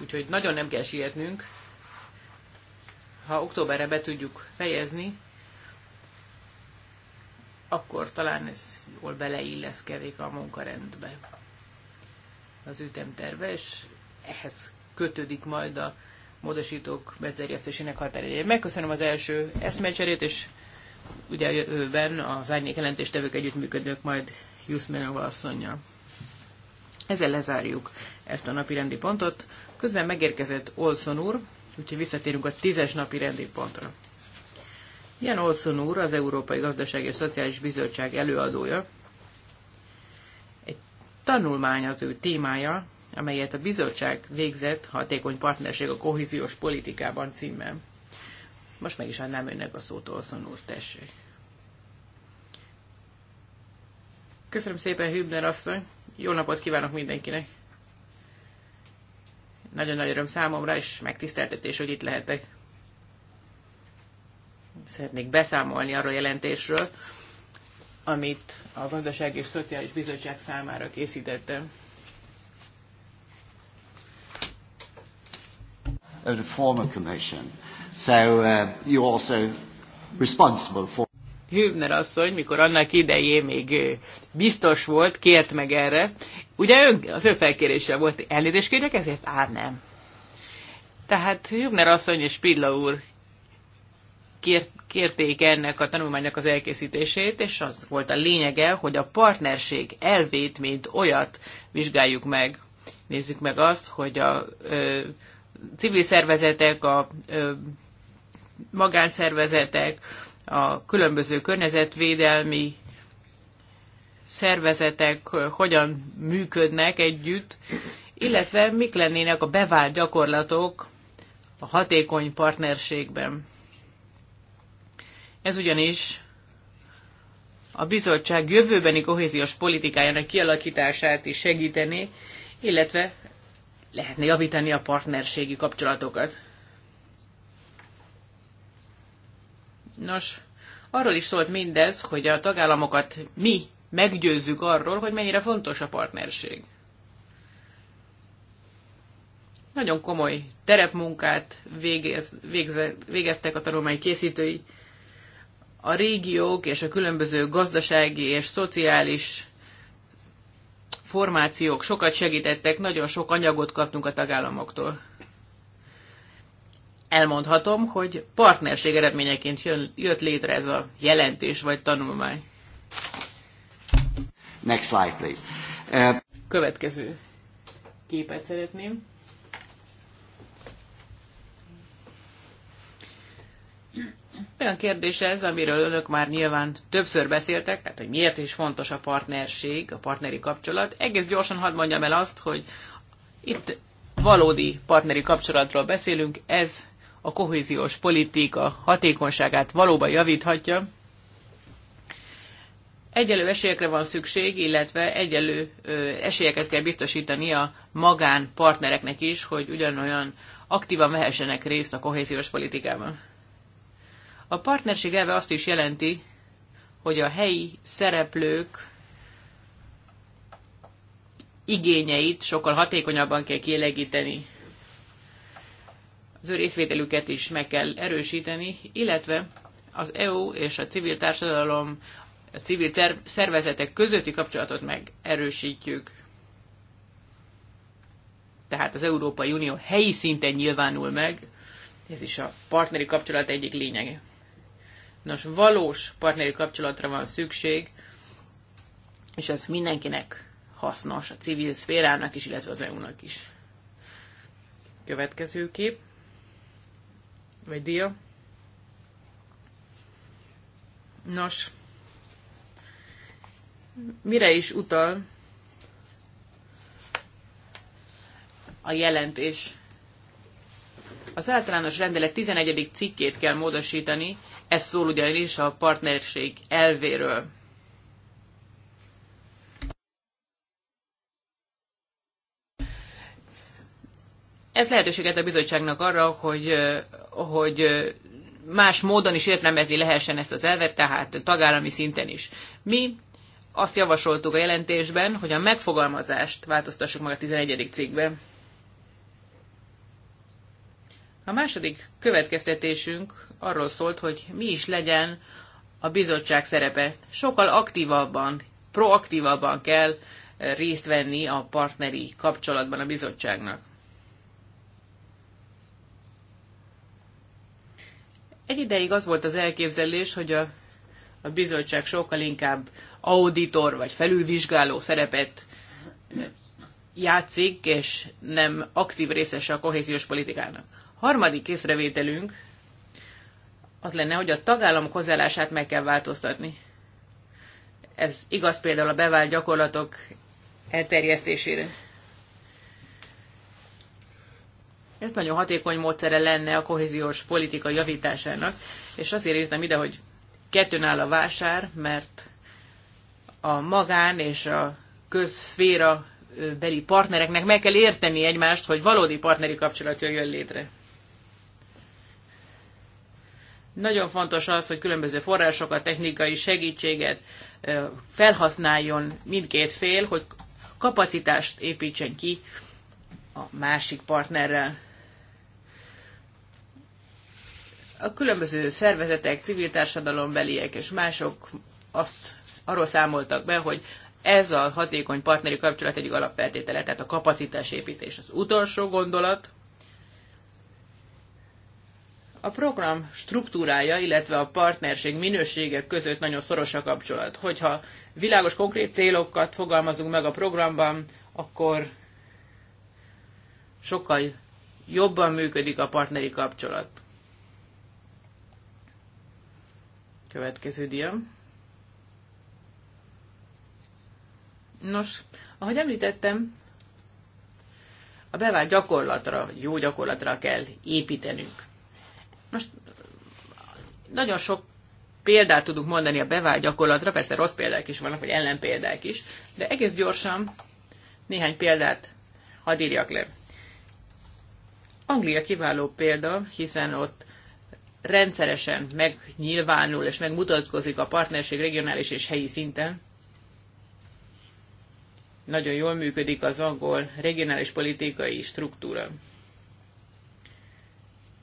úgyhogy nagyon nem kell sietnünk. Ha októberre be tudjuk fejezni, akkor talán ez jól beleilleszkedik a munkarendbe az ütemterve, és ehhez kötődik majd a módosítók beterjesztésének határideje. Megköszönöm az első eszmecserét, és ugye a az árnyék jelentéstevők együttműködők majd Juszmenova asszonya. Ezzel lezárjuk ezt a napi rendi pontot. Közben megérkezett Olson úr, úgyhogy visszatérünk a tízes napi rendi pontra. Jan Olson úr, az Európai Gazdasági és Szociális Bizottság előadója, egy tanulmány az ő témája, amelyet a bizottság végzett hatékony partnerség a kohéziós politikában címmel. Most meg is adnám önnek a szót, Olson úr, tessék. Köszönöm szépen, Hübner asszony. Jó napot kívánok mindenkinek. Nagyon nagy öröm számomra, és megtiszteltetés, hogy itt lehetek szeretnék beszámolni arról a jelentésről, amit a Gazdaság és Szociális Bizottság számára készítettem. the former commission. So uh, also responsible for... Hübner asszony, mikor annak idején még biztos volt, kért meg erre. Ugye ön, az ő felkérése volt, elnézést kérjek ezért? Á, nem. Tehát Hübner asszony és Pidla úr kért, kérték ennek a tanulmánynak az elkészítését, és az volt a lényege, hogy a partnerség elvét, mint olyat vizsgáljuk meg. Nézzük meg azt, hogy a ö, civil szervezetek, a ö, magánszervezetek, a különböző környezetvédelmi szervezetek hogyan működnek együtt, illetve mik lennének a bevált gyakorlatok a hatékony partnerségben. Ez ugyanis a bizottság jövőbeni kohéziós politikájának kialakítását is segíteni, illetve lehetne javítani a partnerségi kapcsolatokat. Nos, arról is szólt mindez, hogy a tagállamokat mi meggyőzzük arról, hogy mennyire fontos a partnerség. Nagyon komoly terepmunkát végez, végez, végeztek a tanulmány készítői, a régiók és a különböző gazdasági és szociális formációk sokat segítettek, nagyon sok anyagot kaptunk a tagállamoktól. Elmondhatom, hogy partnerség eredményeként jön, jött létre ez a jelentés vagy tanulmány. Next slide, please. Uh... Következő képet szeretném. Olyan kérdés ez, amiről önök már nyilván többször beszéltek, tehát hogy miért is fontos a partnerség, a partneri kapcsolat. Egész gyorsan hadd mondjam el azt, hogy itt valódi partneri kapcsolatról beszélünk, ez a kohéziós politika hatékonyságát valóban javíthatja. Egyelő esélyekre van szükség, illetve egyelő esélyeket kell biztosítani a magánpartnereknek is, hogy ugyanolyan aktívan vehessenek részt a kohéziós politikában. A partnerség elve azt is jelenti, hogy a helyi szereplők igényeit sokkal hatékonyabban kell kielégíteni. Az ő részvételüket is meg kell erősíteni, illetve az EU és a civil társadalom, a civil szervezetek közötti kapcsolatot megerősítjük. Tehát az Európai Unió helyi szinten nyilvánul meg, ez is a partneri kapcsolat egyik lényege. Nos, valós partneri kapcsolatra van szükség, és ez mindenkinek hasznos, a civil szférának is, illetve az EU-nak is. Következő kép, vagy dia. Nos, mire is utal a jelentés? Az általános rendelet 11. cikkét kell módosítani, ez szól ugyanis a partnerség elvéről. Ez lehetőséget a bizottságnak arra, hogy, hogy más módon is értelmezni lehessen ezt az elvet, tehát tagállami szinten is. Mi azt javasoltuk a jelentésben, hogy a megfogalmazást változtassuk meg a 11. cikkben. A második következtetésünk arról szólt, hogy mi is legyen a bizottság szerepe. Sokkal aktívabban, proaktívabban kell eh, részt venni a partneri kapcsolatban a bizottságnak. Egy ideig az volt az elképzelés, hogy a, a bizottság sokkal inkább auditor vagy felülvizsgáló szerepet eh, játszik, és nem aktív részese a kohéziós politikának. Harmadik észrevételünk az lenne, hogy a tagállamok hozzáállását meg kell változtatni. Ez igaz például a bevált gyakorlatok elterjesztésére. Ez nagyon hatékony módszere lenne a kohéziós politika javításának, és azért írtam ide, hogy kettőn áll a vásár, mert a magán és a közszféra beli partnereknek meg kell érteni egymást, hogy valódi partneri kapcsolat jöjjön létre. Nagyon fontos az, hogy különböző forrásokat, technikai segítséget felhasználjon mindkét fél, hogy kapacitást építsen ki a másik partnerrel. A különböző szervezetek, civil társadalombeliek és mások azt arról számoltak be, hogy ez a hatékony partneri kapcsolat egyik alapfeltétele, tehát a kapacitás építés Az utolsó gondolat, a program struktúrája, illetve a partnerség minősége között nagyon szoros a kapcsolat. Hogyha világos, konkrét célokat fogalmazunk meg a programban, akkor sokkal jobban működik a partneri kapcsolat. Következő dia. Nos, ahogy említettem, a bevált gyakorlatra, jó gyakorlatra kell építenünk. Most nagyon sok példát tudunk mondani a bevált gyakorlatra, persze rossz példák is vannak, vagy ellenpéldák is, de egész gyorsan néhány példát hadd írjak le. Anglia kiváló példa, hiszen ott rendszeresen megnyilvánul és megmutatkozik a partnerség regionális és helyi szinten. Nagyon jól működik az angol regionális politikai struktúra.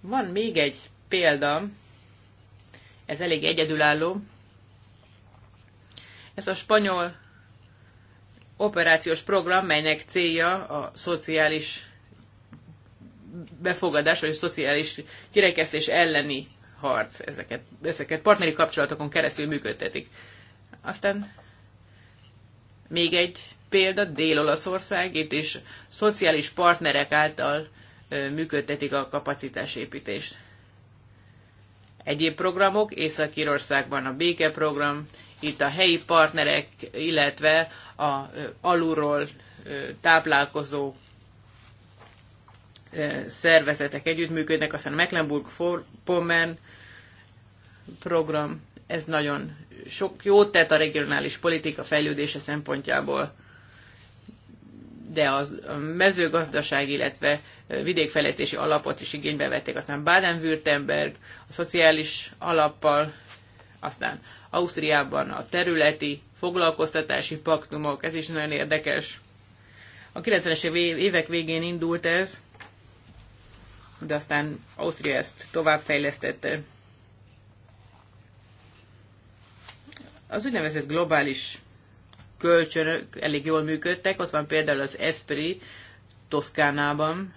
Van még egy példa, ez elég egyedülálló. Ez a spanyol operációs program, melynek célja a szociális befogadás, vagy a szociális kirekesztés elleni harc. Ezeket, ezeket partneri kapcsolatokon keresztül működtetik. Aztán még egy példa, Dél-Olaszország, itt is szociális partnerek által működtetik a kapacitásépítést. Egyéb programok, Észak-Írországban a békeprogram, itt a helyi partnerek, illetve a alulról táplálkozó szervezetek együttműködnek, aztán a Mecklenburg-Pommern program, ez nagyon sok jót tett a regionális politika fejlődése szempontjából, de az, a mezőgazdaság, illetve vidékfejlesztési alapot is igénybe vették, aztán Baden-Württemberg a szociális alappal, aztán Ausztriában a területi foglalkoztatási paktumok, ez is nagyon érdekes. A 90-es évek végén indult ez, de aztán Ausztria ezt továbbfejlesztette. Az úgynevezett globális kölcsönök elég jól működtek, ott van például az Esprit Toszkánában,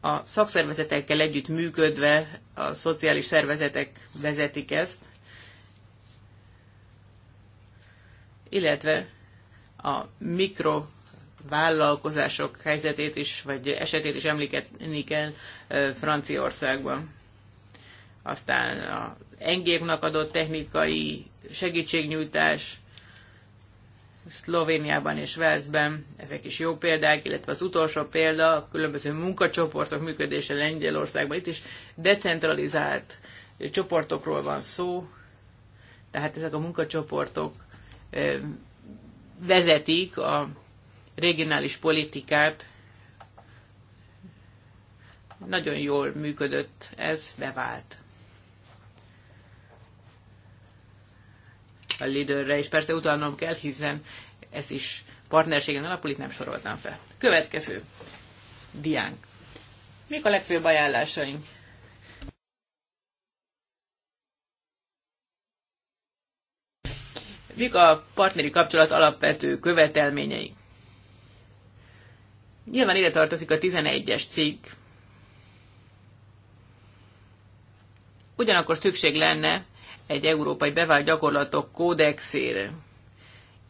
a szakszervezetekkel együtt működve a szociális szervezetek vezetik ezt, illetve a mikro vállalkozások helyzetét is, vagy esetét is említeni kell Franciaországban. Aztán a engéknak adott technikai segítségnyújtás, Szlovéniában és Velszben, ezek is jó példák, illetve az utolsó példa, a különböző munkacsoportok működése Lengyelországban, itt is decentralizált csoportokról van szó, tehát ezek a munkacsoportok vezetik a regionális politikát. Nagyon jól működött, ez bevált. a Lidőrre, és persze utalnom kell, hiszen ez is partnerségen alapul, itt nem soroltam fel. Következő diánk. Mik a legfőbb ajánlásaink? Mik a partneri kapcsolat alapvető követelményei? Nyilván ide tartozik a 11-es cikk. Ugyanakkor szükség lenne egy európai bevált gyakorlatok kódexére.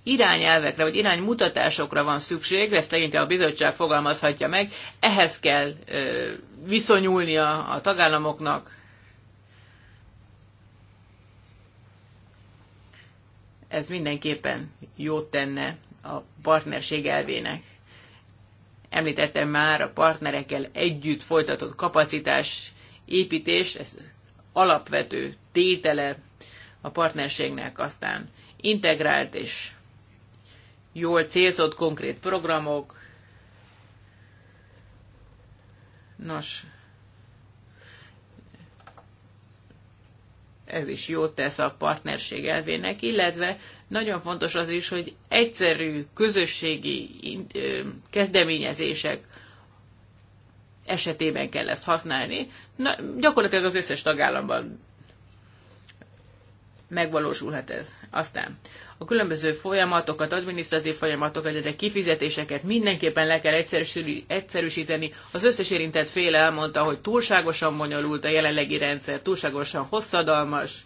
Irányelvekre vagy iránymutatásokra van szükség, ezt leginkább a bizottság fogalmazhatja meg, ehhez kell ö, viszonyulnia a tagállamoknak. Ez mindenképpen jót tenne a partnerség elvének. Említettem már a partnerekkel együtt folytatott kapacitás építés, ez alapvető tétele a partnerségnek, aztán integrált és jól célzott konkrét programok. Nos, ez is jót tesz a partnerség elvének, illetve nagyon fontos az is, hogy egyszerű közösségi kezdeményezések esetében kell ezt használni. Na, gyakorlatilag az összes tagállamban megvalósulhat ez. Aztán a különböző folyamatokat, adminisztratív folyamatokat, de kifizetéseket mindenképpen le kell egyszerűsíteni. Az összes érintett fél elmondta, hogy túlságosan bonyolult a jelenlegi rendszer, túlságosan hosszadalmas,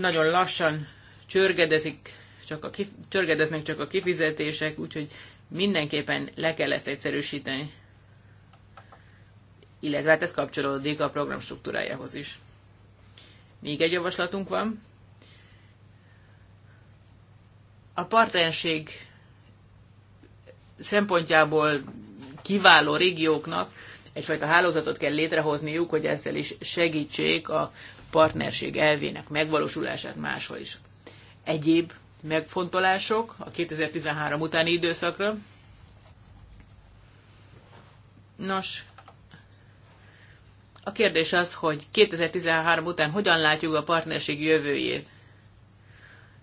nagyon lassan csörgedezik, csak a kif- csörgedeznek csak a kifizetések, úgyhogy mindenképpen le kell ezt egyszerűsíteni. Illetve hát ez kapcsolódik a program struktúrájához is. Még egy javaslatunk van. A partnerség szempontjából kiváló régióknak egyfajta hálózatot kell létrehozniuk, hogy ezzel is segítsék a partnerség elvének megvalósulását máshol is. Egyéb megfontolások a 2013 utáni időszakra. Nos, a kérdés az, hogy 2013 után hogyan látjuk a partnerség jövőjét.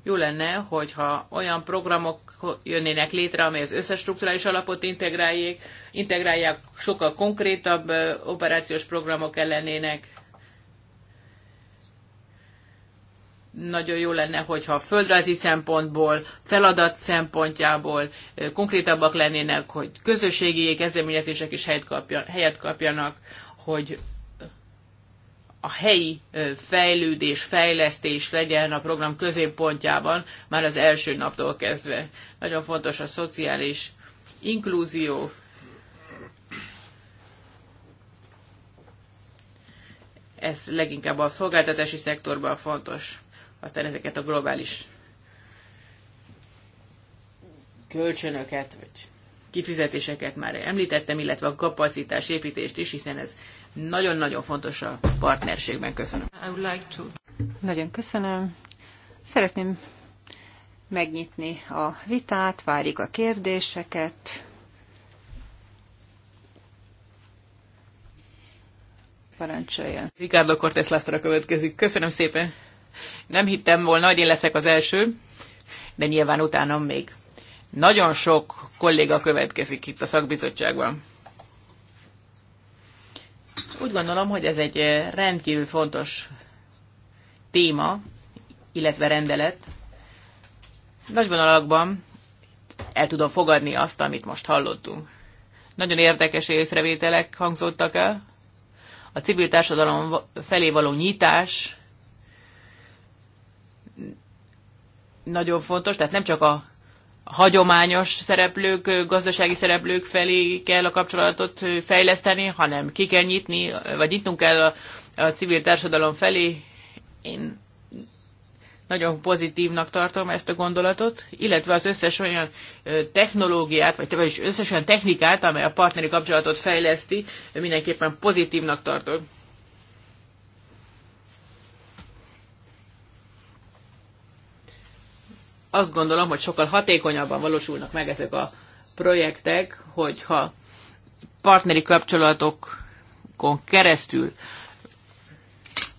Jó lenne, hogyha olyan programok jönnének létre, amely az összes strukturális alapot integrálják, integrálják sokkal konkrétabb operációs programok ellenének. Nagyon jó lenne, hogyha földrajzi szempontból, feladat szempontjából konkrétabbak lennének, hogy közösségi kezdeményezések is helyet kapjanak, hogy a helyi fejlődés, fejlesztés legyen a program középpontjában már az első naptól kezdve. Nagyon fontos a szociális inkluzió, ez leginkább a szolgáltatási szektorban fontos. Aztán ezeket a globális kölcsönöket, vagy kifizetéseket már említettem, illetve a kapacitás építést is, hiszen ez nagyon-nagyon fontos a partnerségben. Köszönöm. I would like to... Nagyon köszönöm. Szeretném megnyitni a vitát, várjuk a kérdéseket. Parancsoljon. Ricardo Cortés Lastra következik. Köszönöm szépen. Nem hittem volna, hogy én leszek az első, de nyilván utánam még. Nagyon sok kolléga következik itt a szakbizottságban. Úgy gondolom, hogy ez egy eh, rendkívül fontos téma, illetve rendelet. Nagy vonalakban el tudom fogadni azt, amit most hallottunk. Nagyon érdekes észrevételek hangzottak el. A civil társadalom felé való nyitás nagyon fontos, tehát nem csak a hagyományos szereplők, gazdasági szereplők felé kell a kapcsolatot fejleszteni, hanem ki kell nyitni, vagy nyitnunk kell a, a civil társadalom felé. Én nagyon pozitívnak tartom ezt a gondolatot, illetve az összes olyan technológiát, vagy összes olyan technikát, amely a partneri kapcsolatot fejleszti, mindenképpen pozitívnak tartom. azt gondolom, hogy sokkal hatékonyabban valósulnak meg ezek a projektek, hogyha partneri kapcsolatokon keresztül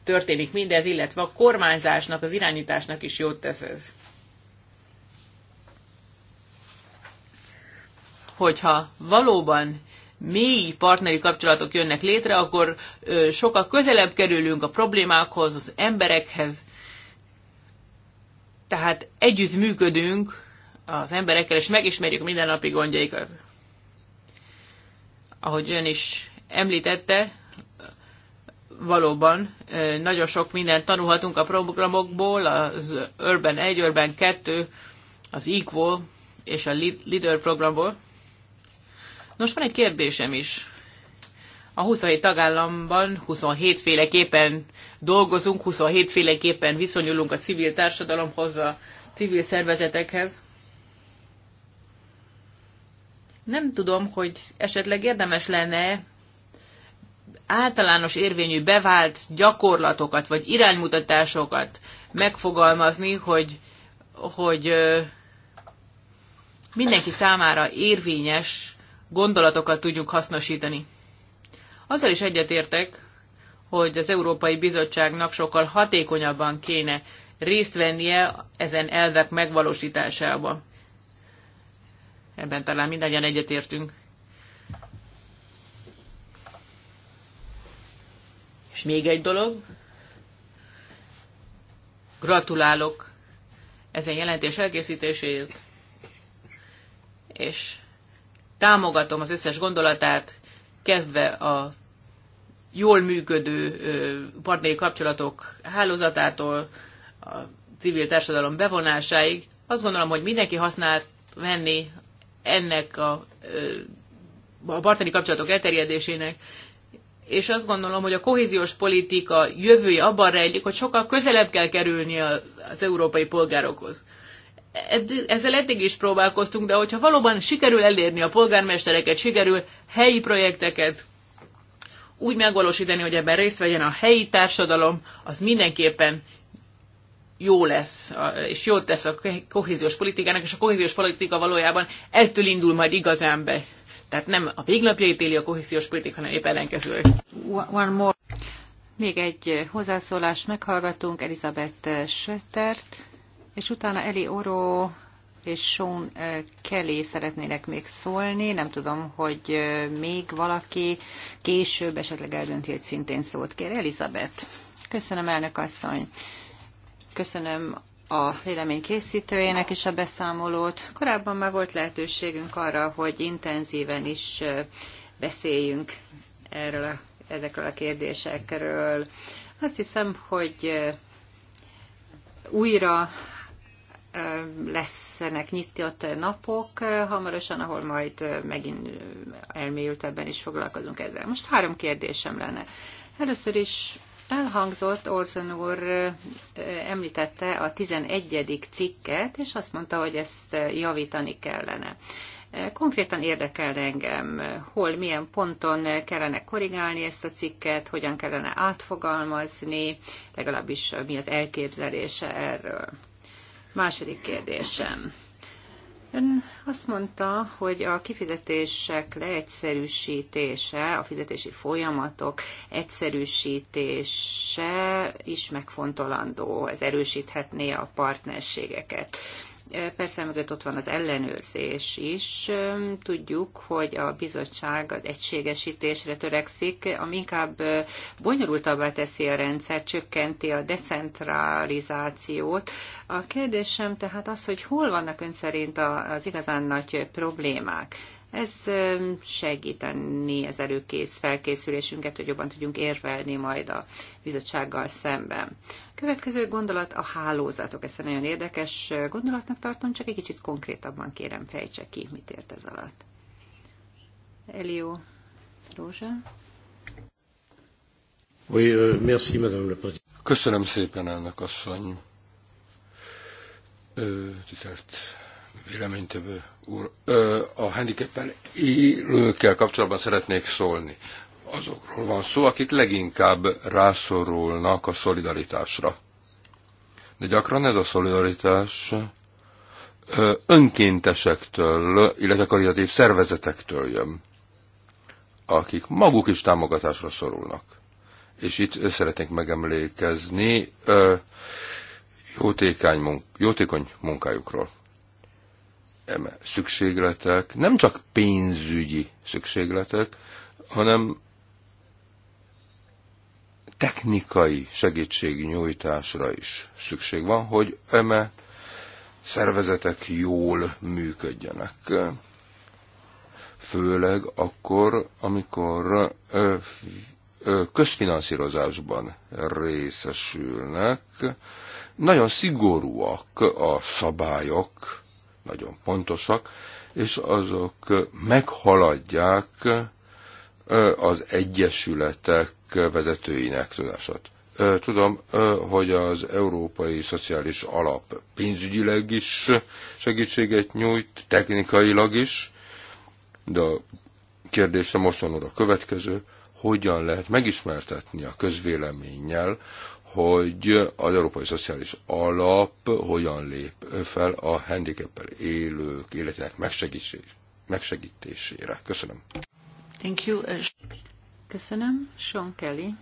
történik mindez, illetve a kormányzásnak, az irányításnak is jót tesz ez. Hogyha valóban mély partneri kapcsolatok jönnek létre, akkor sokkal közelebb kerülünk a problémákhoz, az emberekhez, tehát együtt működünk az emberekkel, és megismerjük mindennapi gondjaikat. Ahogy ön is említette, valóban nagyon sok mindent tanulhatunk a programokból, az Urban 1, Urban 2, az Equal és a Leader programból. Nos, van egy kérdésem is a 27 tagállamban 27 féleképpen dolgozunk, 27 féleképpen viszonyulunk a civil társadalomhoz, a civil szervezetekhez. Nem tudom, hogy esetleg érdemes lenne általános érvényű bevált gyakorlatokat vagy iránymutatásokat megfogalmazni, hogy, hogy mindenki számára érvényes gondolatokat tudjuk hasznosítani. Azzal is egyetértek, hogy az Európai Bizottságnak sokkal hatékonyabban kéne részt vennie ezen elvek megvalósításába. Ebben talán mindannyian egyetértünk. És még egy dolog. Gratulálok ezen jelentés elkészítéséért, és támogatom az összes gondolatát, kezdve a jól működő partneri kapcsolatok hálózatától a civil társadalom bevonásáig. Azt gondolom, hogy mindenki használt venni ennek a, a partneri kapcsolatok elterjedésének, és azt gondolom, hogy a kohéziós politika jövője abban rejlik, hogy sokkal közelebb kell kerülni az európai polgárokhoz. Ezzel eddig is próbálkoztunk, de hogyha valóban sikerül elérni a polgármestereket, sikerül helyi projekteket úgy megvalósítani, hogy ebben részt vegyen a helyi társadalom, az mindenképpen jó lesz, és jót tesz a kohéziós politikának, és a kohéziós politika valójában ettől indul majd igazán be. Tehát nem a végnapjait éli a kohéziós politika, hanem épp ellenkező. One more. Még egy hozzászólás, meghallgatunk Elizabeth Schöttert, és utána Eli Oro és Sean eh, Kelly szeretnének még szólni. Nem tudom, hogy eh, még valaki később esetleg eldönti, hogy szintén szót kér. Elizabeth. Köszönöm, elnök asszony. Köszönöm a vélemény készítőjének is a beszámolót. Korábban már volt lehetőségünk arra, hogy intenzíven is eh, beszéljünk erről a, ezekről a kérdésekről. Azt hiszem, hogy újra lesznek nyitott napok hamarosan, ahol majd megint elmélyültebben is foglalkozunk ezzel. Most három kérdésem lenne. Először is elhangzott, Olson úr említette a 11. cikket, és azt mondta, hogy ezt javítani kellene. Konkrétan érdekel engem, hol, milyen ponton kellene korrigálni ezt a cikket, hogyan kellene átfogalmazni, legalábbis mi az elképzelése erről. Második kérdésem. Ön azt mondta, hogy a kifizetések leegyszerűsítése, a fizetési folyamatok egyszerűsítése is megfontolandó, ez erősíthetné a partnerségeket. Persze mögött ott van az ellenőrzés is. Tudjuk, hogy a bizottság az egységesítésre törekszik, ami inkább bonyolultabbá teszi a rendszer, csökkenti a decentralizációt. A kérdésem tehát az, hogy hol vannak ön szerint az igazán nagy problémák ez segíteni az előkész felkészülésünket, hogy jobban tudjunk érvelni majd a bizottsággal szemben. Következő gondolat a hálózatok. Ezt nagyon érdekes gondolatnak tartom, csak egy kicsit konkrétabban kérem fejtse ki, mit ért ez alatt. Elio Rózsa. Oui, euh, merci, madame la Köszönöm szépen, elnök asszony. Tisztelt Véleménytövő úr, a handicappel élőkkel kapcsolatban szeretnék szólni. Azokról van szó, akik leginkább rászorulnak a szolidaritásra. De gyakran ez a szolidaritás önkéntesektől, illetve karitatív szervezetektől jön, akik maguk is támogatásra szorulnak. És itt szeretnék megemlékezni jótékony munkájukról szükségletek nem csak pénzügyi szükségletek, hanem technikai segítségnyújtásra is szükség van, hogy eme szervezetek jól működjenek. Főleg akkor, amikor közfinanszírozásban részesülnek, nagyon szigorúak a szabályok nagyon pontosak, és azok meghaladják az egyesületek vezetőinek tudását. Tudom, hogy az Európai Szociális Alap pénzügyileg is segítséget nyújt, technikailag is, de a kérdésem a következő, hogyan lehet megismertetni a közvéleménnyel, hogy az Európai Szociális Alap hogyan lép fel a handicappel élők életének megsegítésére. Köszönöm. Thank you. Uh, Köszönöm. Sean Kelly.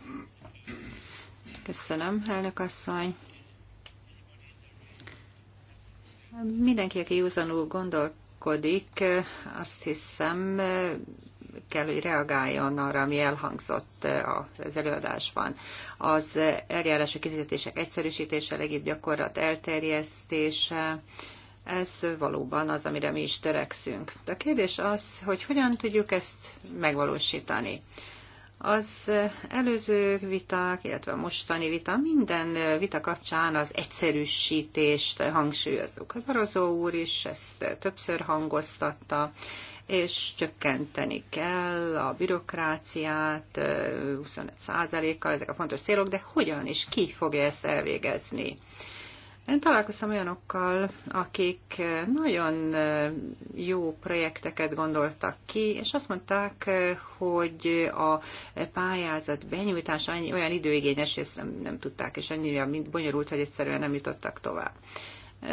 Köszönöm, elnök asszony. Mindenki, aki józanul gondolkodik, azt hiszem kell, hogy reagáljon arra, ami elhangzott eh, az előadásban. Az eljárási kifizetések egyszerűsítése, legjobb gyakorlat elterjesztése, ez valóban az, amire mi is törekszünk. De a kérdés az, hogy hogyan tudjuk ezt megvalósítani. Az előző viták, illetve a mostani vita, minden vita kapcsán az egyszerűsítést hangsúlyozzuk. Barozó úr is ezt többször hangoztatta, és csökkenteni kell a bürokráciát 25%-kal, ezek a fontos célok, de hogyan és ki fogja ezt elvégezni? Én találkoztam olyanokkal, akik nagyon jó projekteket gondoltak ki, és azt mondták, hogy a pályázat benyújtása olyan időigényes, és ezt nem, nem tudták, és annyira bonyolult, hogy egyszerűen nem jutottak tovább.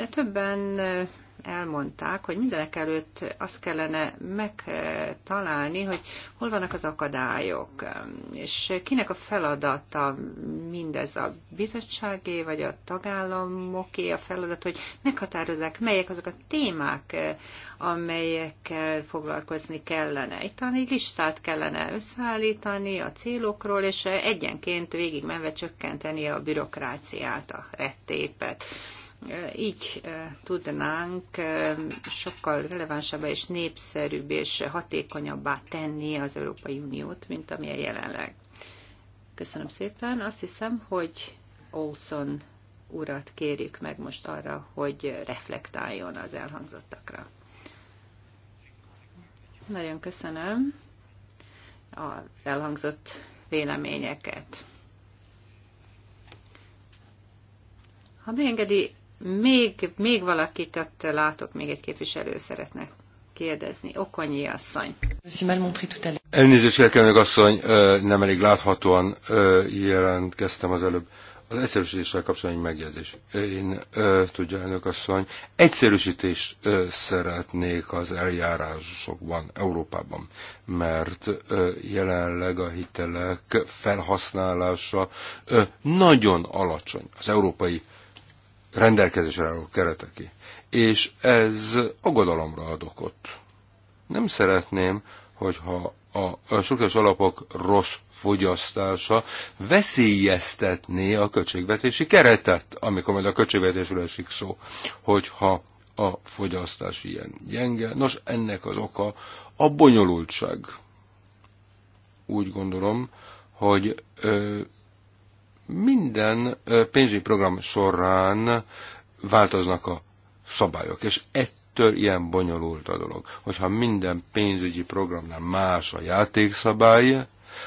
Többen elmondták, hogy mindenek előtt azt kellene megtalálni, hogy hol vannak az akadályok, és kinek a feladata mindez a bizottságé, vagy a tagállamoké a feladat, hogy meghatározzák, melyek azok a témák, amelyekkel foglalkozni kellene. Itt talán egy listát kellene összeállítani a célokról, és egyenként végigmenve csökkenteni a bürokráciát, a rettépet. Így tudnánk sokkal relevánsabbá és népszerűbb és hatékonyabbá tenni az Európai Uniót, mint amilyen jelenleg. Köszönöm szépen. Azt hiszem, hogy Olson urat kérjük meg most arra, hogy reflektáljon az elhangzottakra. Nagyon köszönöm az elhangzott véleményeket. Ha megengedi, még, még valakit ott látok, még egy képviselő szeretne kérdezni. Okonyi asszony. Elnézést kérkenek asszony, nem elég láthatóan jelentkeztem az előbb. Az egyszerűsítéssel kapcsolatban egy megjegyzés. Én, tudja elnök asszony, egyszerűsítést szeretnék az eljárásokban, Európában, mert jelenleg a hitelek felhasználása nagyon alacsony. Az európai rendelkezésre álló kereteké. És ez aggodalomra ad okot. Nem szeretném, hogyha a, a sokas alapok rossz fogyasztása veszélyeztetné a költségvetési keretet, amikor majd a költségvetésről esik szó, hogyha a fogyasztás ilyen gyenge. Nos, ennek az oka a bonyolultság. Úgy gondolom, hogy ö, minden pénzügyi program során változnak a szabályok, és ettől ilyen bonyolult a dolog. Hogyha minden pénzügyi programnál más a játékszabály,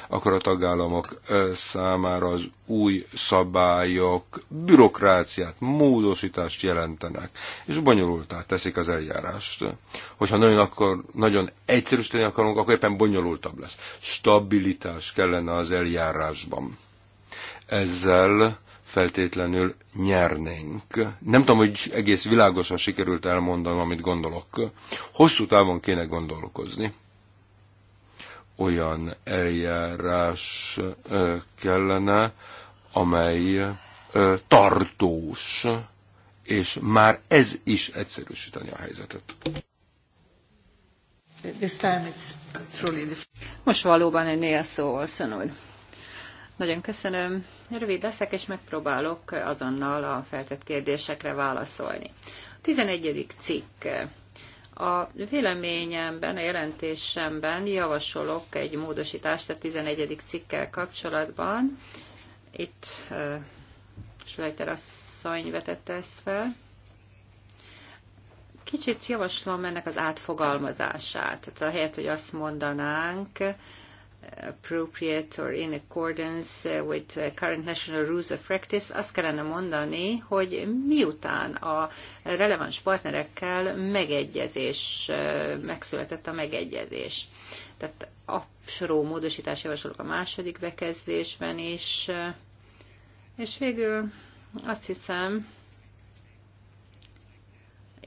akkor a tagállamok számára az új szabályok bürokráciát, módosítást jelentenek, és bonyolultá teszik az eljárást. Hogyha nagyon, akkor, nagyon egyszerűsíteni akarunk, akkor éppen bonyolultabb lesz. Stabilitás kellene az eljárásban ezzel feltétlenül nyernénk. Nem tudom, hogy egész világosan sikerült elmondanom, amit gondolok. Hosszú távon kéne gondolkozni. Olyan eljárás kellene, amely tartós, és már ez is egyszerűsíteni a helyzetet. Most valóban egy szó, Olszon úr. Nagyon köszönöm. Rövid leszek, és megpróbálok azonnal a feltett kérdésekre válaszolni. A 11. cikk. A véleményemben, a jelentésemben javasolok egy módosítást a 11. cikkel kapcsolatban. Itt uh, Schleiter asszony vetette ezt fel. Kicsit javaslom ennek az átfogalmazását. Tehát helyet, hogy azt mondanánk, appropriate or in accordance uh, with uh, current national rules of practice, azt kellene mondani, hogy miután a releváns partnerekkel megegyezés, uh, megszületett a megegyezés. Tehát apró módosítás javasolok a második bekezdésben is, és végül azt hiszem,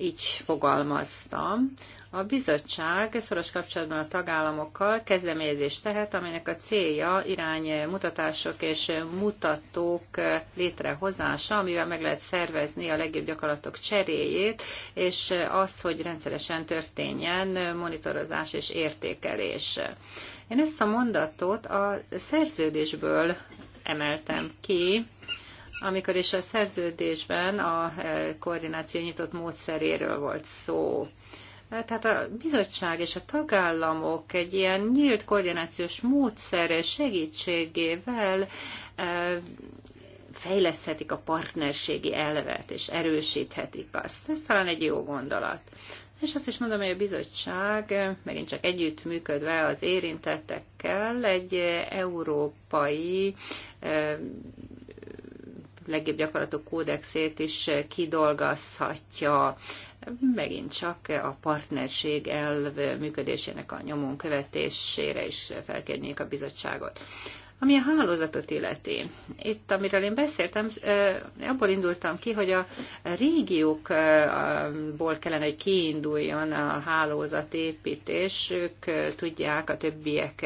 így fogalmaztam. A bizottság szoros kapcsolatban a tagállamokkal kezdeményezést tehet, amelynek a célja iránymutatások és mutatók létrehozása, amivel meg lehet szervezni a legjobb gyakorlatok cseréjét, és azt, hogy rendszeresen történjen monitorozás és értékelés. Én ezt a mondatot a szerződésből emeltem ki, amikor is a szerződésben a e, koordináció nyitott módszeréről volt szó. Tehát a bizottság és a tagállamok egy ilyen nyílt koordinációs módszer segítségével e, fejleszthetik a partnerségi elvet, és erősíthetik azt. Ez talán egy jó gondolat. És azt is mondom, hogy a bizottság e, megint csak együttműködve az érintettekkel egy európai legjobb gyakorlatok kódexét is kidolgozhatja, megint csak a partnerség elv működésének a nyomon követésére is felkérnék a bizottságot. Ami a hálózatot illeti, itt, amiről én beszéltem, abból indultam ki, hogy a régiókból kellene, hogy kiinduljon a hálózatépítés, ők tudják a többiek,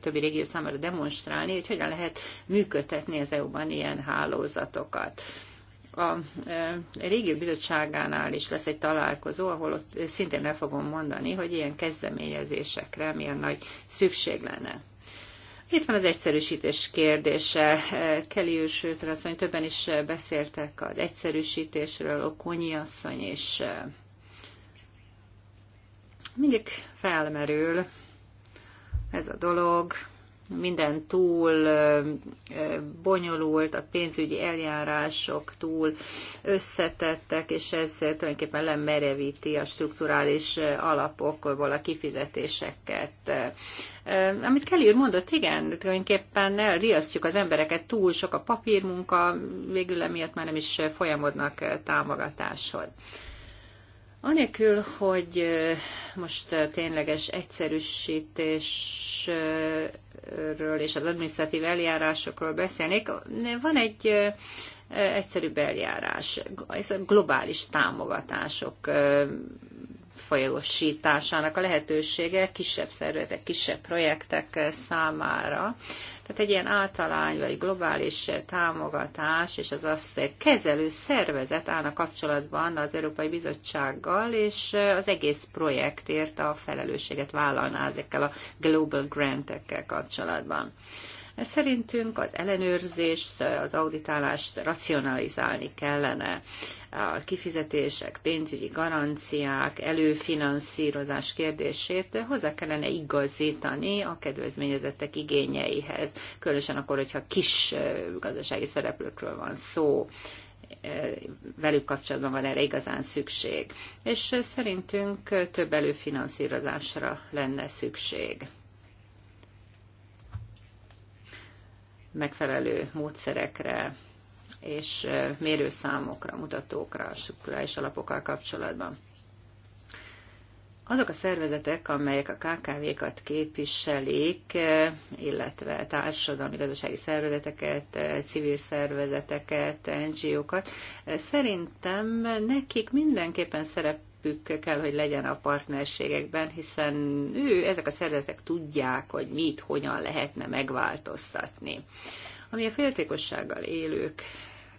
többi régió számára demonstrálni, hogy hogyan lehet működtetni az EU-ban ilyen hálózatokat a régió bizottságánál is lesz egy találkozó, ahol ott szintén el fogom mondani, hogy ilyen kezdeményezésekre milyen nagy szükség lenne. Itt van az egyszerűsítés kérdése. Keli Ősőtől asszony, többen is beszéltek az egyszerűsítésről, Okonyi asszony is. Eh, mindig felmerül ez a dolog, minden túl bonyolult, a pénzügyi eljárások túl összetettek, és ez tulajdonképpen lemerevíti a strukturális alapokból a kifizetéseket. Amit Kelly úr mondott, igen, tulajdonképpen elriasztjuk az embereket, túl sok a papírmunka, végül emiatt már nem is folyamodnak támogatáshoz. Anélkül, hogy most tényleges egyszerűsítésről és az adminisztratív eljárásokról beszélnék, van egy egyszerűbb eljárás, ez a globális támogatások folyosításának a lehetősége kisebb szervezetek, kisebb projektek számára. Tehát egy ilyen általány vagy globális támogatás és az azt kezelő szervezet állna kapcsolatban az Európai Bizottsággal, és az egész projektért a felelősséget vállalná ezekkel a Global Grantekkel kapcsolatban. Ez szerintünk az ellenőrzést, az auditálást racionalizálni kellene a kifizetések, pénzügyi garanciák, előfinanszírozás kérdését hozzá kellene igazítani a kedvezményezettek igényeihez, különösen akkor, hogyha kis gazdasági szereplőkről van szó velük kapcsolatban van erre igazán szükség. És szerintünk több előfinanszírozásra lenne szükség. Megfelelő módszerekre, és mérőszámokra, mutatókra, strukturális alapokkal kapcsolatban. Azok a szervezetek, amelyek a KKV-kat képviselik, illetve társadalmi gazdasági szervezeteket, civil szervezeteket, NGO-kat, szerintem nekik mindenképpen szerep szerepük kell, hogy legyen a partnerségekben, hiszen ő, ezek a szervezetek tudják, hogy mit, hogyan lehetne megváltoztatni. Ami a féltékossággal élők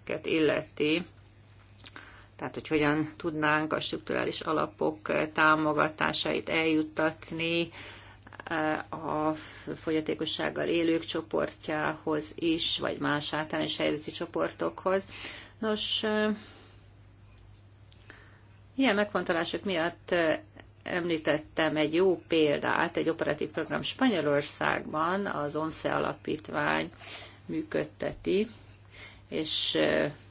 kérdéseket illeti, tehát hogy hogyan tudnánk a strukturális alapok támogatásait eljuttatni eh, a fogyatékossággal élők csoportjához is, vagy más általános helyzetű csoportokhoz. Nos, eh, ilyen megfontolások miatt eh, említettem egy jó példát, egy operatív program Spanyolországban, az ONSZE alapítvány működteti, és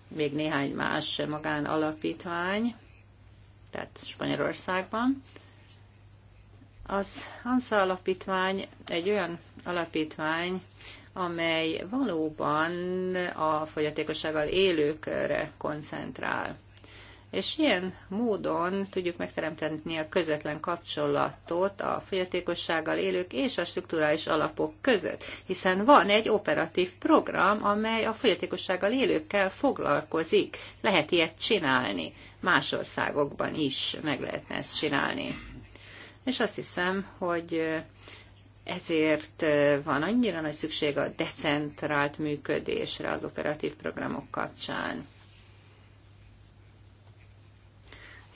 még néhány más magánalapítvány, tehát Spanyolországban. Az ANSA alapítvány egy olyan alapítvány, amely valóban a fogyatékossággal élőkre koncentrál és ilyen módon tudjuk megteremteni a közvetlen kapcsolatot a fogyatékossággal élők és a strukturális alapok között, hiszen van egy operatív program, amely a fogyatékossággal élőkkel foglalkozik. Lehet ilyet csinálni. Más országokban is meg lehetne ezt csinálni. És azt hiszem, hogy ezért van annyira nagy szükség a decentrált működésre az operatív programok kapcsán.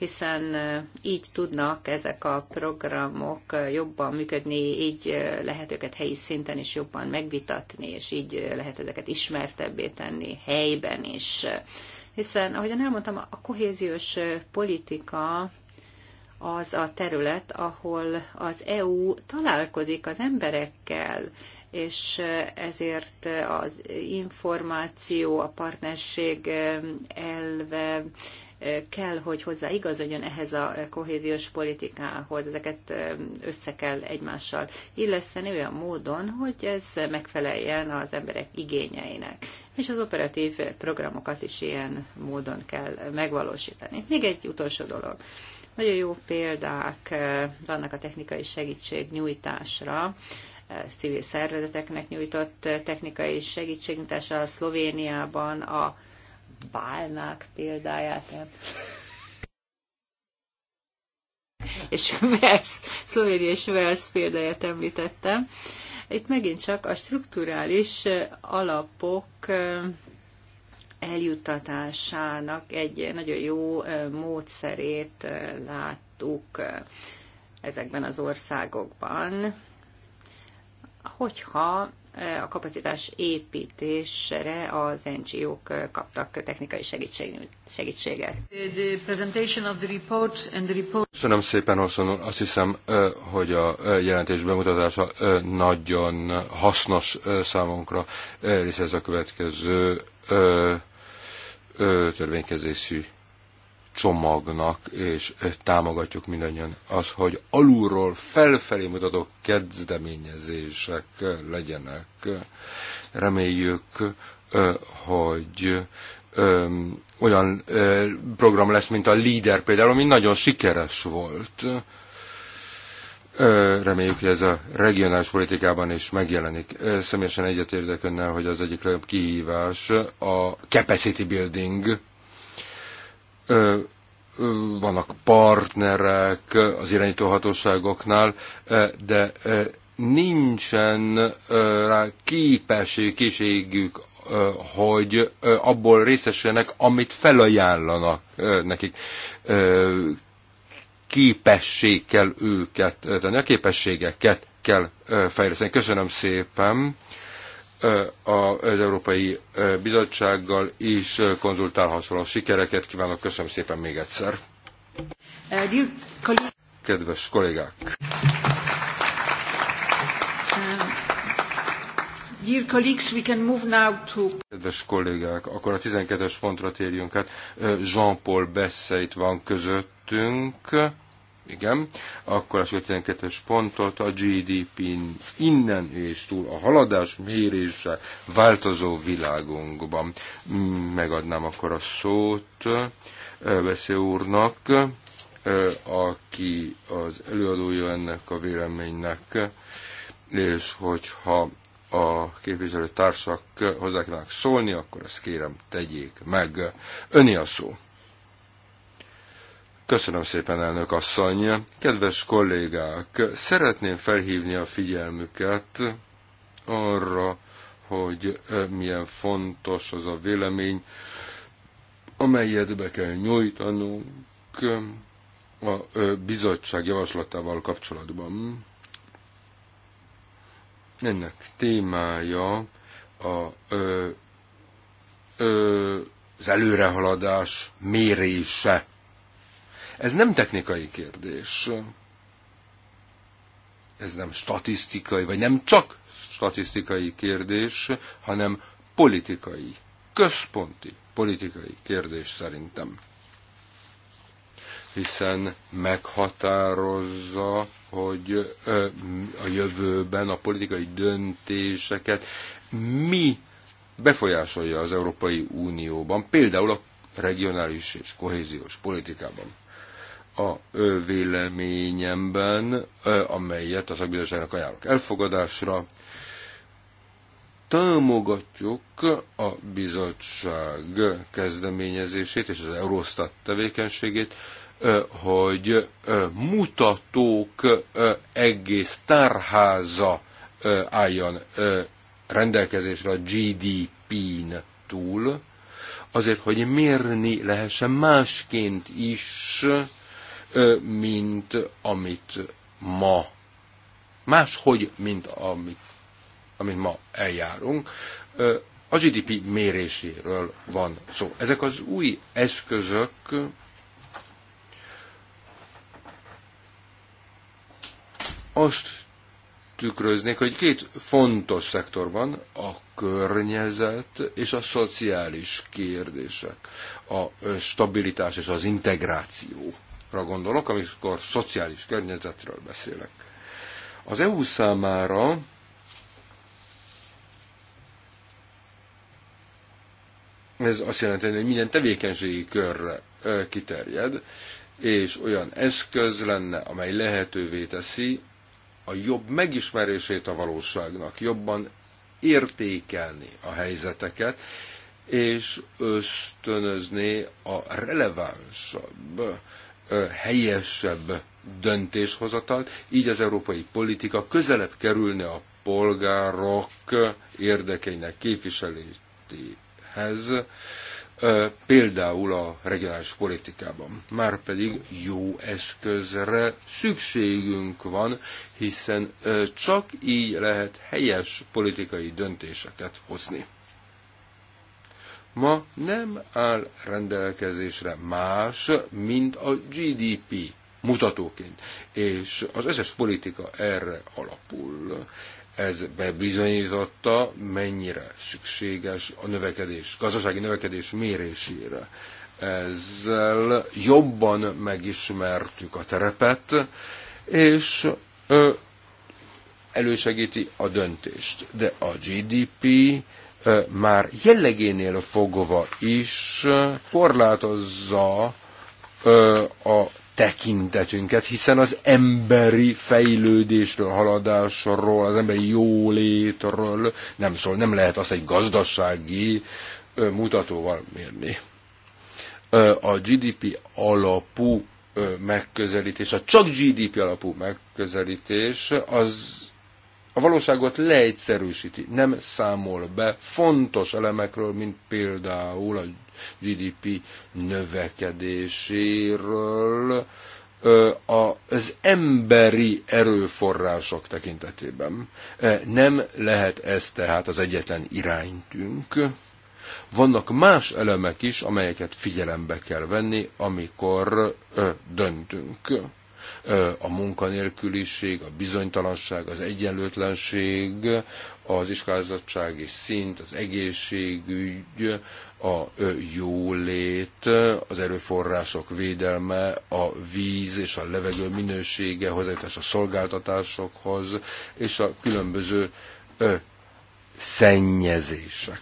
hiszen így tudnak ezek a programok jobban működni, így lehet őket helyi szinten is jobban megvitatni, és így lehet ezeket ismertebbé tenni helyben is. Hiszen, ahogyan elmondtam, a kohéziós politika az a terület, ahol az EU találkozik az emberekkel, és ezért az információ, a partnerség elve, kell, hogy hozzáigazodjon ehhez a kohéziós politikához, ezeket össze kell egymással illeszteni olyan módon, hogy ez megfeleljen az emberek igényeinek. És az operatív programokat is ilyen módon kell megvalósítani. Még egy utolsó dolog. Nagyon jó példák vannak a technikai segítség nyújtásra, civil szervezeteknek nyújtott technikai segítségnyújtása Szlovéniában a bálnák példáját. Hát. és Wells, Szlovéni és Wells példáját említettem. Itt megint csak a strukturális alapok eljuttatásának egy nagyon jó módszerét láttuk ezekben az országokban, hogyha a kapacitás építésre az NGO-k kaptak technikai segítséget. Köszönöm szépen, Orson Azt hiszem, hogy a jelentés bemutatása nagyon hasznos számunkra, hisz ez a következő törvénykezésű csomagnak, és támogatjuk mindannyian az, hogy alulról felfelé mutató kezdeményezések legyenek. Reméljük, hogy olyan program lesz, mint a Leader például, ami nagyon sikeres volt. Reméljük, hogy ez a regionális politikában is megjelenik. Személyesen egyetértek önnel, hogy az egyik legjobb kihívás a capacity building, vannak partnerek az irányítóhatóságoknál, de nincsen rá képesség, készségük hogy abból részesüljenek, amit felajánlanak nekik. Képesség kell őket tenni, a képességeket kell fejleszteni. Köszönöm szépen az Európai Bizottsággal is hasonló Sikereket kívánok, köszönöm szépen még egyszer. Kedves kollégák! Dear colleagues, we can move now to... Kedves kollégák, akkor a 12-es pontra térjünk át. Jean-Paul Besseit van közöttünk. Igen. Akkor a 52-es pontot a GDP-n innen és túl a haladás mérése változó világunkban. Megadnám akkor a szót Beszé eh, úrnak, eh, aki az előadója ennek a véleménynek, és hogyha a képviselőtársak hozzá kívánnak szólni, akkor ezt kérem tegyék meg. Öni a szó. Köszönöm szépen, elnök asszony. Kedves kollégák, szeretném felhívni a figyelmüket arra, hogy milyen fontos az a vélemény, amelyet be kell nyújtanunk a bizottság javaslatával kapcsolatban. Ennek témája a, ö, ö, az előrehaladás mérése ez nem technikai kérdés. Ez nem statisztikai, vagy nem csak statisztikai kérdés, hanem politikai, központi politikai kérdés szerintem. Hiszen meghatározza, hogy a jövőben a politikai döntéseket mi befolyásolja az Európai Unióban, például a regionális és kohéziós politikában a véleményemben, amelyet a szakbizottságnak ajánlok elfogadásra. Támogatjuk a bizottság kezdeményezését és az Eurostat tevékenységét, hogy mutatók egész tárháza álljon rendelkezésre a GDP-n túl, azért, hogy mérni lehessen másként is mint amit ma, máshogy, mint amit, amit ma eljárunk. A GDP méréséről van szó. Ezek az új eszközök azt tükröznék, hogy két fontos szektor van, a környezet és a szociális kérdések, a stabilitás és az integráció gondolok, amikor szociális környezetről beszélek. Az EU számára ez azt jelenti, hogy minden tevékenységi körre kiterjed, és olyan eszköz lenne, amely lehetővé teszi a jobb megismerését a valóságnak, jobban értékelni a helyzeteket, és ösztönözni a relevánsabb helyesebb döntéshozatalt, így az európai politika közelebb kerülne a polgárok érdekeinek képviselétéhez, például a regionális politikában. Már pedig jó eszközre szükségünk van, hiszen csak így lehet helyes politikai döntéseket hozni ma nem áll rendelkezésre más, mint a GDP mutatóként, és az összes politika erre alapul. Ez bebizonyította, mennyire szükséges a növekedés, gazdasági növekedés mérésére. Ezzel jobban megismertük a terepet, és ö, elősegíti a döntést. De a GDP már jellegénél fogva is korlátozza a tekintetünket, hiszen az emberi fejlődésről, haladásról, az emberi jólétről nem szól, nem lehet azt egy gazdasági mutatóval mérni. A GDP alapú megközelítés, a csak GDP alapú megközelítés az a valóságot leegyszerűsíti, nem számol be fontos elemekről, mint például a GDP növekedéséről, az emberi erőforrások tekintetében. Nem lehet ez tehát az egyetlen iránytünk. Vannak más elemek is, amelyeket figyelembe kell venni, amikor döntünk a munkanélküliség, a bizonytalanság, az egyenlőtlenség, az iskolázottsági szint, az egészségügy, a jólét, az erőforrások védelme, a víz és a levegő minősége, hozzájutás a szolgáltatásokhoz, és a különböző ö, szennyezések.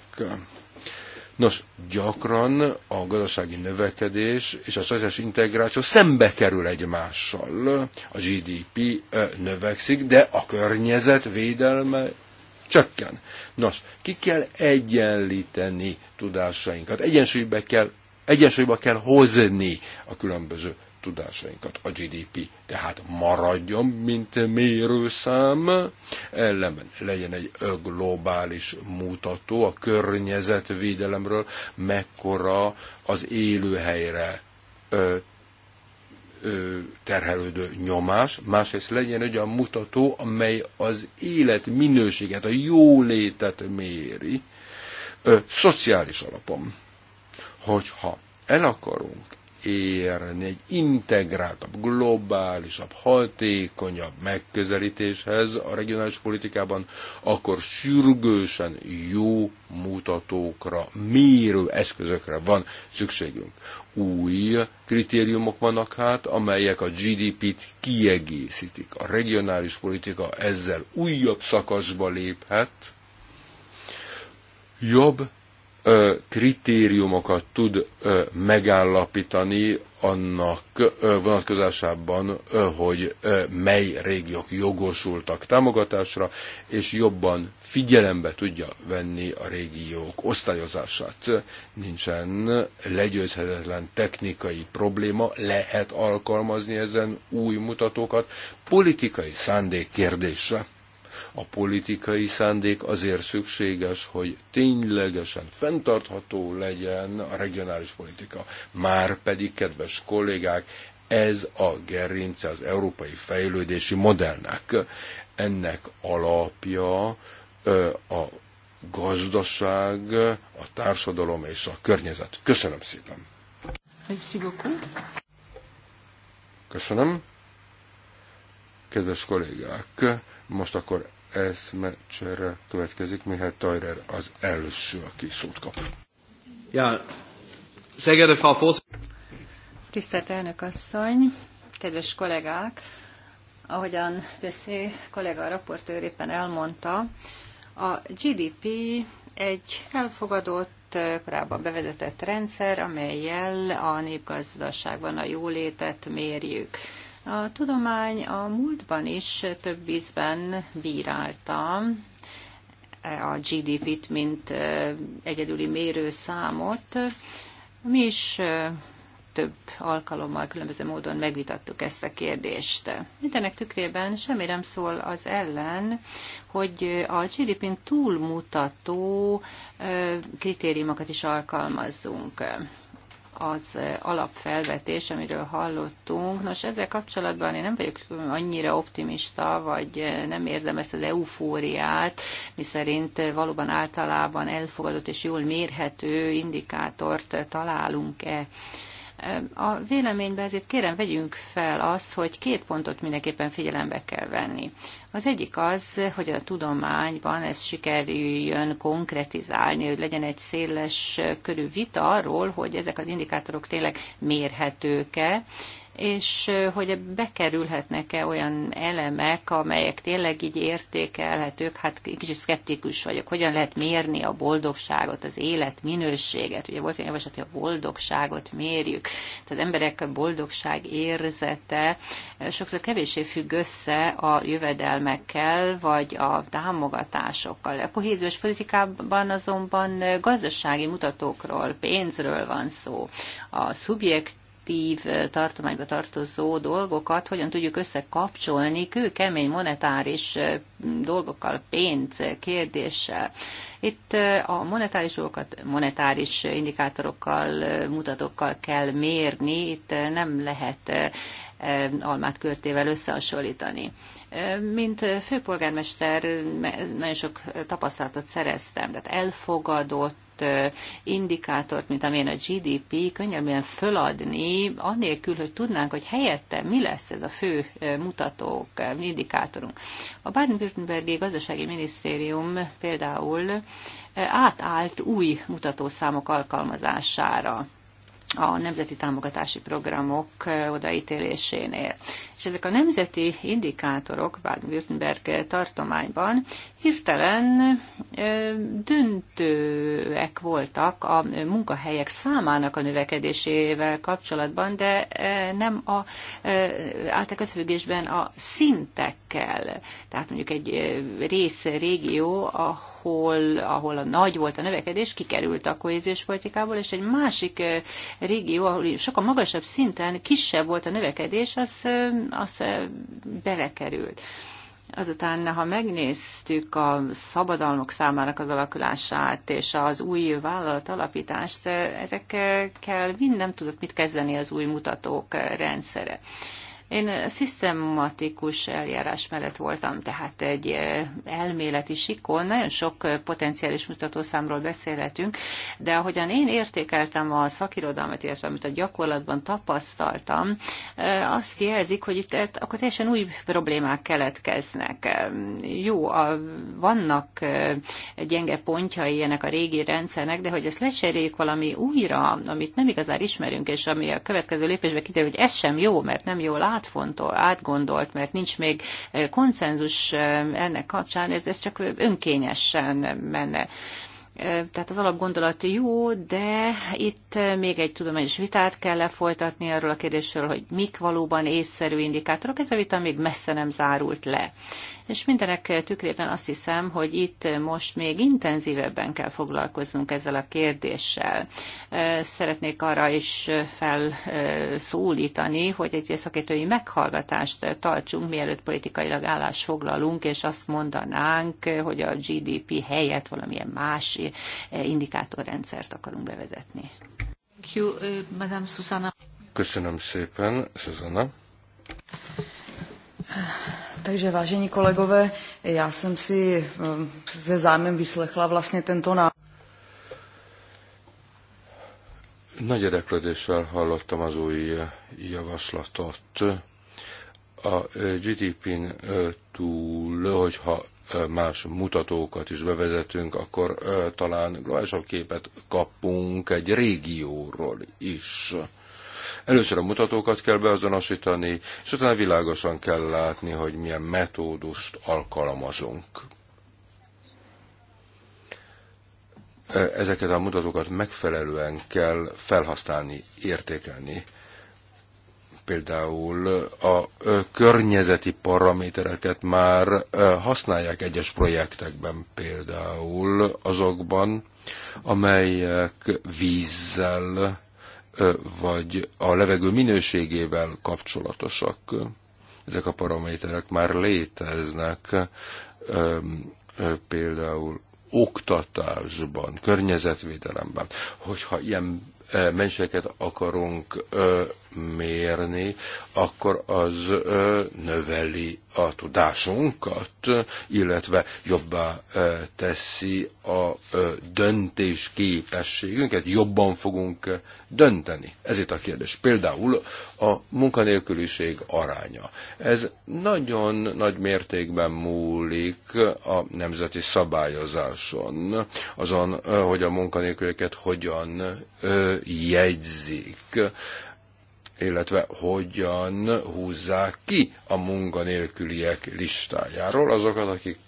Nos, gyakran a gazdasági növekedés és a szociális integráció szembe kerül egymással. A GDP növekszik, de a környezet védelme csökken. Nos, ki kell egyenlíteni tudásainkat, egyensúlyba kell, egyensúlyba kell hozni a különböző tudásainkat. A GDP tehát maradjon, mint mérőszám, ellen legyen egy globális mutató a környezetvédelemről, mekkora az élőhelyre ö, ö, terhelődő nyomás, másrészt legyen egy olyan mutató, amely az életminőséget, a jólétet méri, ö, szociális alapon. Hogyha el akarunk érni egy integráltabb, globálisabb, hatékonyabb megközelítéshez a regionális politikában, akkor sürgősen jó mutatókra, mérő eszközökre van szükségünk. Új kritériumok vannak hát, amelyek a GDP-t kiegészítik. A regionális politika ezzel újabb szakaszba léphet, jobb kritériumokat tud megállapítani annak vonatkozásában, hogy mely régiók jogosultak támogatásra, és jobban figyelembe tudja venni a régiók osztályozását. Nincsen legyőzhetetlen technikai probléma, lehet alkalmazni ezen új mutatókat, politikai szándék kérdése. A politikai szándék azért szükséges, hogy ténylegesen fenntartható legyen a regionális politika. Már pedig, kedves kollégák, ez a gerince az európai fejlődési modellnek. Ennek alapja a gazdaság, a társadalom és a környezet. Köszönöm szépen! Köszönöm. Kedves kollégák, most akkor eszmecsere következik, Mihály Tajrer az első, aki szót kap. Ja, Szegede Fafosz. Tisztelt elnök asszony, kedves kollégák, ahogyan beszél kollega a raportőr éppen elmondta, a GDP egy elfogadott korábban bevezetett rendszer, amelyel a népgazdaságban a jólétet mérjük. A tudomány a múltban is több vízben bírálta a GDP-t, mint egyedüli mérőszámot. Mi is több alkalommal különböző módon megvitattuk ezt a kérdést. Mindenek tükrében semmi nem szól az ellen, hogy a GDP-n túlmutató kritériumokat is alkalmazzunk az alapfelvetés, amiről hallottunk. Nos, ezzel kapcsolatban én nem vagyok annyira optimista, vagy nem érdem ezt az eufóriát, miszerint valóban általában elfogadott és jól mérhető indikátort találunk-e. A véleménybe ezért kérem, vegyünk fel azt, hogy két pontot mindenképpen figyelembe kell venni. Az egyik az, hogy a tudományban ez sikerüljön konkretizálni, hogy legyen egy széles körű vita arról, hogy ezek az indikátorok tényleg mérhetők-e, és hogy bekerülhetnek-e olyan elemek, amelyek tényleg így értékelhetők, hát kicsit szkeptikus vagyok, hogyan lehet mérni a boldogságot, az élet minőséget. Ugye volt olyan javaslat, hogy a boldogságot mérjük. Tehát az emberek boldogság érzete sokszor kevéssé függ össze a jövedelmekkel, vagy a támogatásokkal. A kohéziós politikában azonban gazdasági mutatókról, pénzről van szó. A szubjekt aktív tartományba tartozó dolgokat hogyan tudjuk összekapcsolni kőkemény monetáris dolgokkal, pénz kérdéssel. Itt a monetáris dolgokat monetáris indikátorokkal, mutatókkal kell mérni, itt nem lehet almát körtével összehasonlítani. Mint főpolgármester nagyon sok tapasztalatot szereztem, tehát elfogadott, adott indikátort, mint amilyen a GDP, könnyebben föladni, anélkül, hogy tudnánk, hogy helyette mi lesz ez a fő mutatók, indikátorunk. A Baden-Württembergi Gazdasági Minisztérium például átállt új mutatószámok alkalmazására a nemzeti támogatási programok odaítélésénél. És ezek a nemzeti indikátorok Baden-Württemberg tartományban hirtelen döntőek voltak a munkahelyek számának a növekedésével kapcsolatban, de nem a, álltak összefüggésben a szintekkel. Tehát mondjuk egy rész régió, ahol, ahol a nagy volt a növekedés, kikerült a kohéziós politikából, és egy másik régió, ahol sokkal magasabb szinten kisebb volt a növekedés, az, az belekerült. Azután, ha megnéztük a szabadalmak számának az alakulását és az új vállalat alapítást, ezekkel mind nem tudott mit kezdeni az új mutatók rendszere. Én szisztematikus eljárás mellett voltam, tehát egy elméleti sikon, nagyon sok potenciális mutatószámról beszélhetünk, de ahogyan én értékeltem a szakirodalmat, illetve amit a gyakorlatban tapasztaltam, azt jelzik, hogy itt hát akkor teljesen új problémák keletkeznek. Jó, a, vannak gyenge pontjai ennek a régi rendszernek, de hogy ezt lecseréljük valami újra, amit nem igazán ismerünk, és ami a következő lépésben kiderül, hogy ez sem jó, mert nem jól áll, átfontol, átgondolt, mert nincs még eh, konszenzus eh, ennek kapcsán, ez, ez csak önkényesen menne. Eh, tehát az alapgondolat jó, de itt még egy tudományos vitát kell lefolytatni arról a kérdésről, hogy mik valóban észszerű indikátorok. Ez a vita még messze nem zárult le és mindenek tükrében azt hiszem, hogy itt most még intenzívebben kell foglalkoznunk ezzel a kérdéssel. Szeretnék arra is felszólítani, hogy egy szakértői meghallgatást tartsunk, mielőtt politikailag állás foglalunk, és azt mondanánk, hogy a GDP helyett valamilyen más indikátorrendszert akarunk bevezetni. Köszönöm szépen, Susanna. Takže vážení kolegové, já jsem si ehm, se zájmem vyslechla vlastně tento návrh. Nagy érdeklődéssel hallottam az új eh, javaslatot. A eh, GDP-n eh, túl, hogyha más mutatókat is bevezetünk, akkor talán globálisabb képet kapunk egy régióról is Először a mutatókat kell beazonosítani, és utána világosan kell látni, hogy milyen metódust alkalmazunk. E, ezeket a mutatókat megfelelően kell felhasználni, értékelni például a e, környezeti paramétereket már e, használják egyes projektekben, például azokban, amelyek vízzel vagy a levegő minőségével kapcsolatosak. Ezek a paraméterek már léteznek, például oktatásban, környezetvédelemben. Hogyha ilyen menseket akarunk mérni, akkor az növeli a tudásunkat, illetve jobbá teszi a döntés képességünket, jobban fogunk dönteni. Ez itt a kérdés. Például a munkanélküliség aránya. Ez nagyon nagy mértékben múlik a nemzeti szabályozáson, azon, hogy a munkanélküléket hogyan jegyzik illetve hogyan húzzák ki a munkanélküliek listájáról azokat, akik,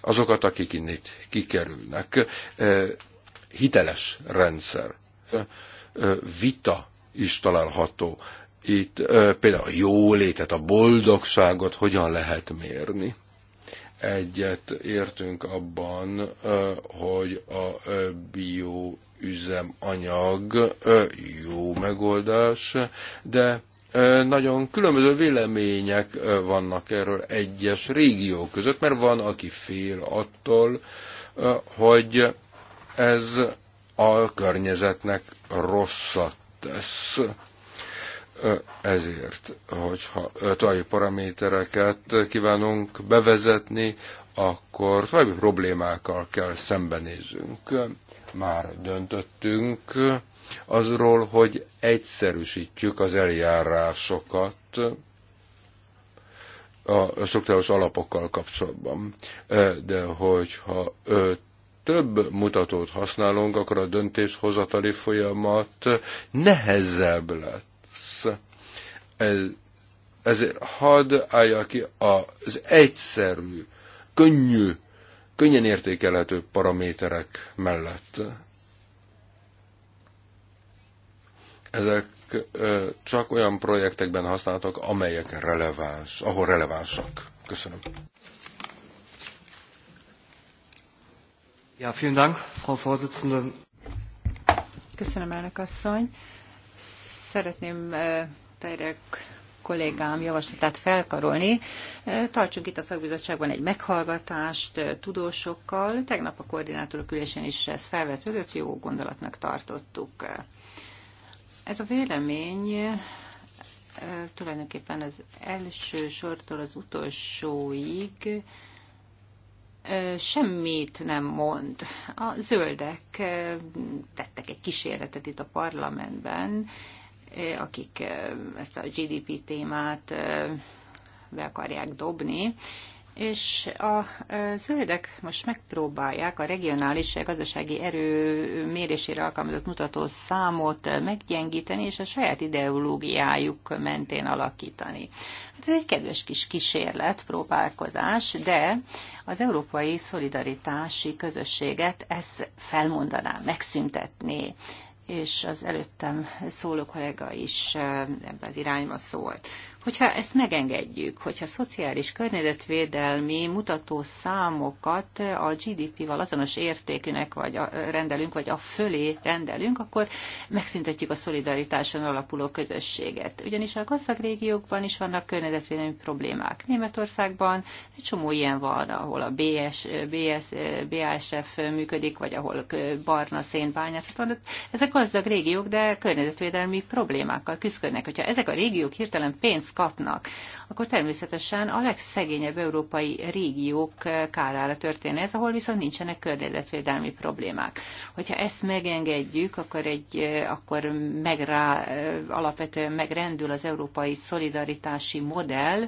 azokat, akik innit kikerülnek. Hiteles rendszer, vita is található. Itt például a jólétet, a boldogságot hogyan lehet mérni egyet értünk abban, hogy a bio üzemanyag jó megoldás, de nagyon különböző vélemények vannak erről egyes régiók között, mert van, aki fél attól, hogy ez a környezetnek rosszat tesz. Ezért, hogyha további paramétereket kívánunk bevezetni, akkor további problémákkal kell szembenézünk már döntöttünk azról, hogy egyszerűsítjük az eljárásokat a struktúrális alapokkal kapcsolatban. De hogyha több mutatót használunk, akkor a döntéshozatali folyamat nehezebb lesz. Ez, ezért hadd állja ki az egyszerű, könnyű könnyen értékelhető paraméterek mellett. Ezek csak olyan projektekben használtak, amelyek releváns, ahol relevánsak. Köszönöm. Ja, vielen Dank, Frau Vorsitzende. Köszönöm, elnök asszony. Szeretném Tejrek kollégám javaslatát felkarolni. Tartsunk itt a szakbizottságban egy meghallgatást tudósokkal. Tegnap a koordinátorok ülésen is ezt felvetődött, jó gondolatnak tartottuk. Ez a vélemény tulajdonképpen az első sortól az utolsóig semmit nem mond. A zöldek tettek egy kísérletet itt a parlamentben, akik eh, ezt a GDP témát eh, be akarják dobni, és a eh, zöldek most megpróbálják a regionális gazdasági erő mérésére alkalmazott mutató számot meggyengíteni, és a saját ideológiájuk mentén alakítani. Hát ez egy kedves kis kísérlet, próbálkozás, de az európai szolidaritási közösséget ez felmondaná, megszüntetné és az előttem szóló kollega is eh, ebbe az irányba szólt. Hogyha ezt megengedjük, hogyha szociális környezetvédelmi mutató számokat a GDP-val azonos értékűnek vagy a, rendelünk, vagy a fölé rendelünk, akkor megszüntetjük a szolidaritáson alapuló közösséget. Ugyanis a gazdag régiókban is vannak környezetvédelmi problémák. Németországban egy csomó ilyen van, ahol a BS, BS, BASF működik, vagy ahol barna szénbányászat van. Ezek gazdag régiók, de környezetvédelmi problémákkal küzdködnek. Hogyha ezek a régiók hirtelen pénzt kapnak akkor természetesen a legszegényebb európai régiók kárára történne ez, ahol viszont nincsenek környezetvédelmi problémák. Hogyha ezt megengedjük, akkor, egy, akkor megrá, alapvetően megrendül az európai szolidaritási modell,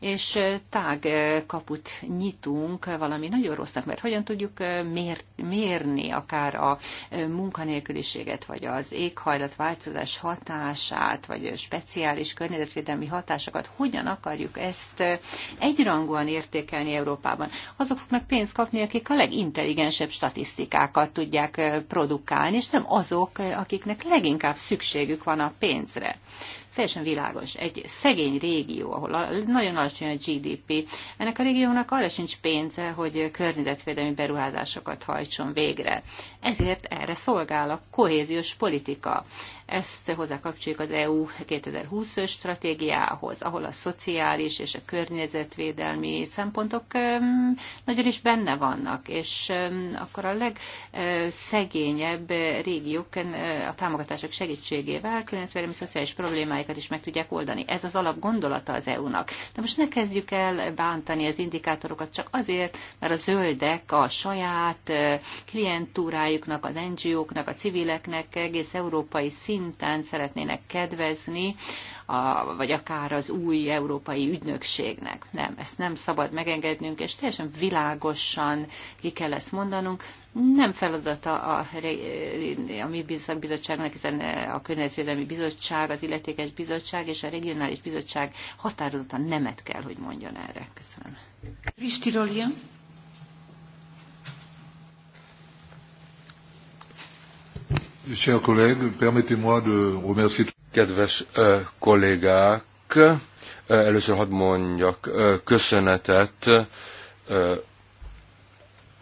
és tág kaput nyitunk valami nagyon rossznak, mert hogyan tudjuk eh, mér, mérni akár a eh, munkanélküliséget, vagy az éghajlatváltozás hatását, vagy speciális környezetvédelmi hatásokat, hogyan akarjuk ezt egyrangúan értékelni Európában. Azok fognak pénzt kapni, akik a legintelligensebb statisztikákat tudják produkálni, és nem azok, akiknek leginkább szükségük van a pénzre teljesen világos. Egy szegény régió, ahol nagyon alacsony a GDP, ennek a régiónak arra sincs pénze, hogy környezetvédelmi beruházásokat hajtson végre. Ezért erre szolgál a kohéziós politika. Ezt hozzákapcsoljuk az EU 2020-ös stratégiához, ahol a szociális és a környezetvédelmi szempontok nagyon is benne vannak, és akkor a legszegényebb régiók a támogatások segítségével környezetvédelmi szociális problémáit problémáikat is meg tudják oldani. Ez az alap gondolata az EU-nak. De most ne kezdjük el bántani az indikátorokat csak azért, mert a zöldek a saját klientúrájuknak, az NGO-knak, a civileknek egész európai szinten szeretnének kedvezni, a, vagy akár az új európai ügynökségnek. Nem, ezt nem szabad megengednünk, és teljesen világosan ki kell ezt mondanunk. Nem feladata a, a mi bizottságnak, hiszen a Környezetvédelmi Bizottság, az Illetékes Bizottság és a Regionális Bizottság határozottan nemet kell, hogy mondjon erre. Köszönöm. Ristirolia. Chers collègues, permettez-moi de remercier Kedves kollégák, először hadd mondjak köszönetet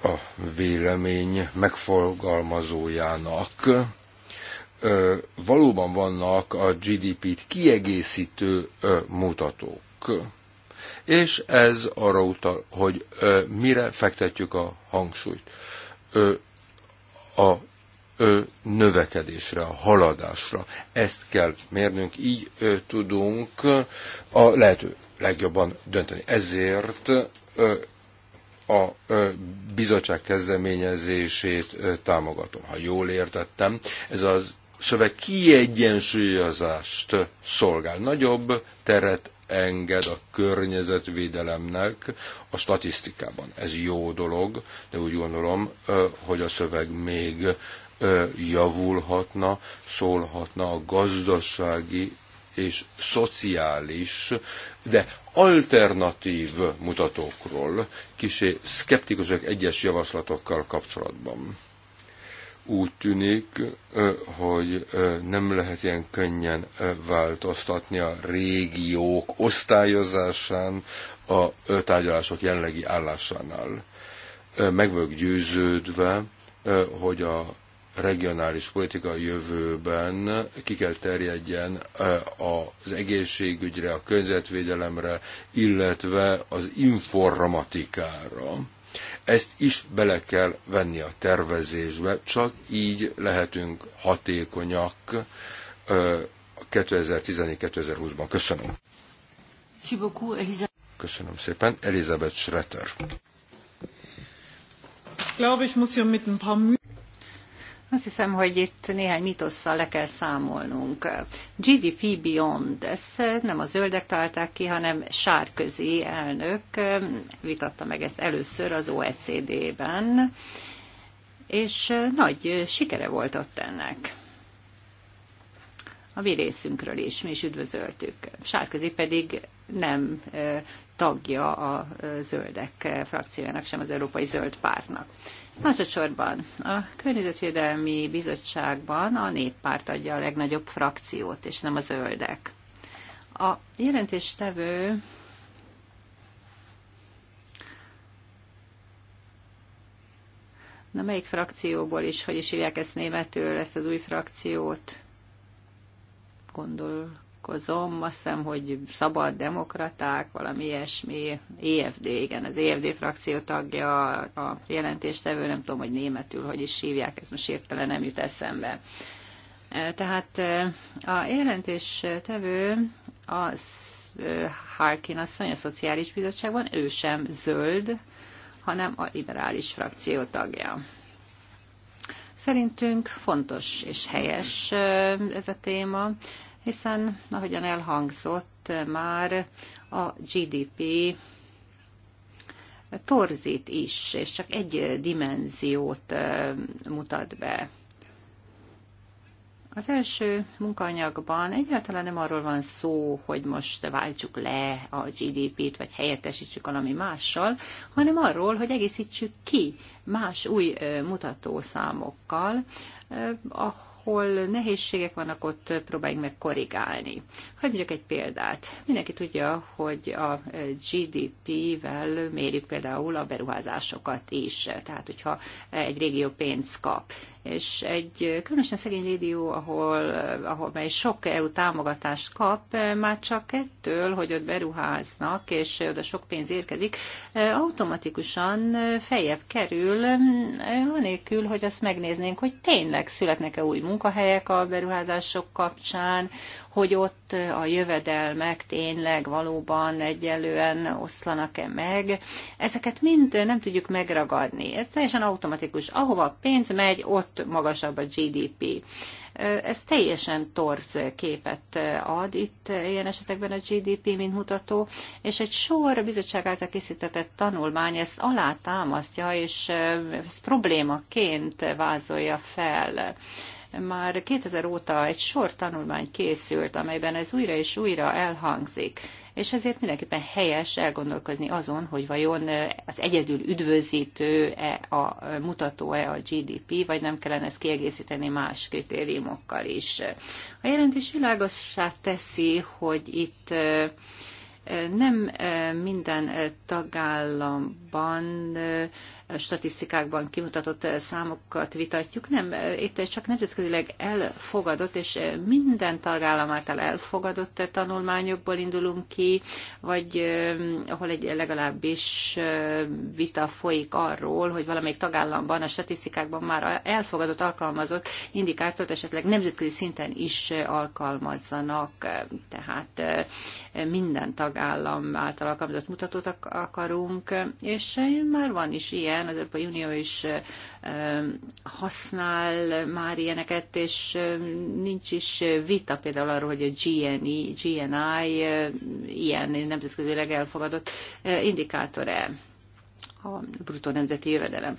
a vélemény megfogalmazójának. Valóban vannak a GDP-t kiegészítő mutatók, és ez arra utal, hogy mire fektetjük a hangsúlyt. A növekedésre, a haladásra. Ezt kell mérnünk, így tudunk a lehető legjobban dönteni. Ezért a bizottság kezdeményezését támogatom. Ha jól értettem, ez az szöveg kiegyensúlyozást szolgál. Nagyobb teret enged a környezetvédelemnek a statisztikában. Ez jó dolog, de úgy gondolom, hogy a szöveg még javulhatna, szólhatna a gazdasági és szociális, de alternatív mutatókról, kisé szkeptikusok egyes javaslatokkal kapcsolatban. Úgy tűnik, hogy nem lehet ilyen könnyen változtatni a régiók osztályozásán, a tárgyalások jelenlegi állásánál. Meg vagyok győződve, hogy a regionális politika jövőben ki kell terjedjen eh, az egészségügyre, a környezetvédelemre, illetve az informatikára. Ezt is bele kell venni a tervezésbe, csak így lehetünk hatékonyak 2014-2020-ban. Eh, Köszönöm. Köszönöm szépen. Elizabeth Schretter. Azt hiszem, hogy itt néhány mitosszal le kell számolnunk. GDP Beyond, ezt nem a zöldek találták ki, hanem Sárközi elnök eh, vitatta meg ezt először az OECD-ben, és eh, nagy sikere volt ott ennek. A mi részünkről is, mi is üdvözöltük. Sárközi pedig nem tagja a zöldek frakciójának, sem az Európai Zöld Pártnak. Másodszorban a Környezetvédelmi Bizottságban a néppárt adja a legnagyobb frakciót, és nem a zöldek. A jelentéstevő Na melyik frakcióból is, hogy is hívják ezt németül, ezt az új frakciót? Gondol, nyilatkozom, azt hiszem, hogy szabad demokraták, valami ilyesmi, EFD, igen, az EFD frakció tagja a jelentéstevő, nem tudom, hogy németül hogy is hívják, ez most értele nem jut eszembe. E, tehát e, a jelentéstevő az e, Harkin asszony a Szociális Bizottságban, ő sem zöld, hanem a liberális frakció tagja. Szerintünk fontos és helyes ez a téma hiszen, ahogyan elhangzott, már a GDP torzít is, és csak egy dimenziót mutat be. Az első munkanyagban egyáltalán nem arról van szó, hogy most váltsuk le a GDP-t, vagy helyettesítsük valami mással, hanem arról, hogy egészítsük ki más új mutatószámokkal, ahol nehézségek vannak, ott próbáljunk meg korrigálni. Hogy mondjak egy példát. Mindenki tudja, hogy a GDP-vel mérjük például a beruházásokat is. Tehát, hogyha egy régió pénzt kap, és egy különösen szegény rédió, ahol, ahol mely sok EU támogatást kap, már csak ettől, hogy ott beruháznak, és oda sok pénz érkezik, automatikusan feljebb kerül, anélkül, hogy azt megnéznénk, hogy tényleg születnek-e új munkahelyek a beruházások kapcsán, hogy ott a jövedelmek tényleg valóban egyelően oszlanak-e meg. Ezeket mind nem tudjuk megragadni. Ez teljesen automatikus. Ahova pénz megy, ott magasabb a GDP. Ez teljesen torz képet ad itt ilyen esetekben a GDP, mint mutató, és egy sor bizottság által készített tanulmány ezt alátámasztja, és ezt problémaként vázolja fel. Már 2000 óta egy sor tanulmány készült, amelyben ez újra és újra elhangzik és ezért mindenképpen helyes elgondolkozni azon, hogy vajon az egyedül üdvözítő -e a mutató-e a GDP, vagy nem kellene ezt kiegészíteni más kritériumokkal is. A jelentés világosá teszi, hogy itt nem minden tagállamban statisztikákban kimutatott eh, számokat vitatjuk. Nem, eh, itt csak nemzetközileg elfogadott, és eh, minden tagállam által elfogadott tanulmányokból indulunk ki, vagy ahol egy legalábbis vita folyik arról, hogy valamelyik tagállamban a statisztikákban már elfogadott, alkalmazott indikátort esetleg nemzetközi szinten is alkalmazzanak, tehát minden tagállam által alkalmazott mutatót akarunk, és már van is ilyen, területen az Európai Unió is használ már ilyeneket, és nincs is vita például arról, hogy a GNI, e, GNI ilyen nemzetközileg elfogadott indikátor-e a bruttó nemzeti jövedelem.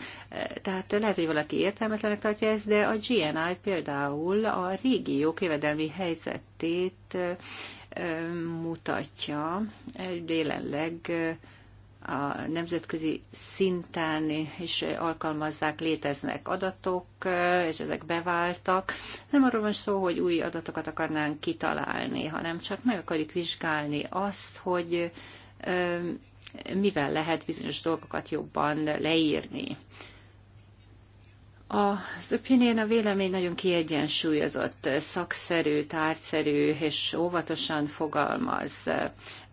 Tehát lehet, hogy valaki értelmetlenek tartja ezt, de a GNI például a régiók jövedelmi helyzetét mutatja, jelenleg a nemzetközi szinten is alkalmazzák, léteznek adatok, és ezek beváltak. Nem arról van szó, hogy új adatokat akarnánk kitalálni, hanem csak meg akarjuk vizsgálni azt, hogy mivel lehet bizonyos dolgokat jobban leírni. Az opinion, a vélemény nagyon kiegyensúlyozott, szakszerű, tárgyszerű és óvatosan fogalmaz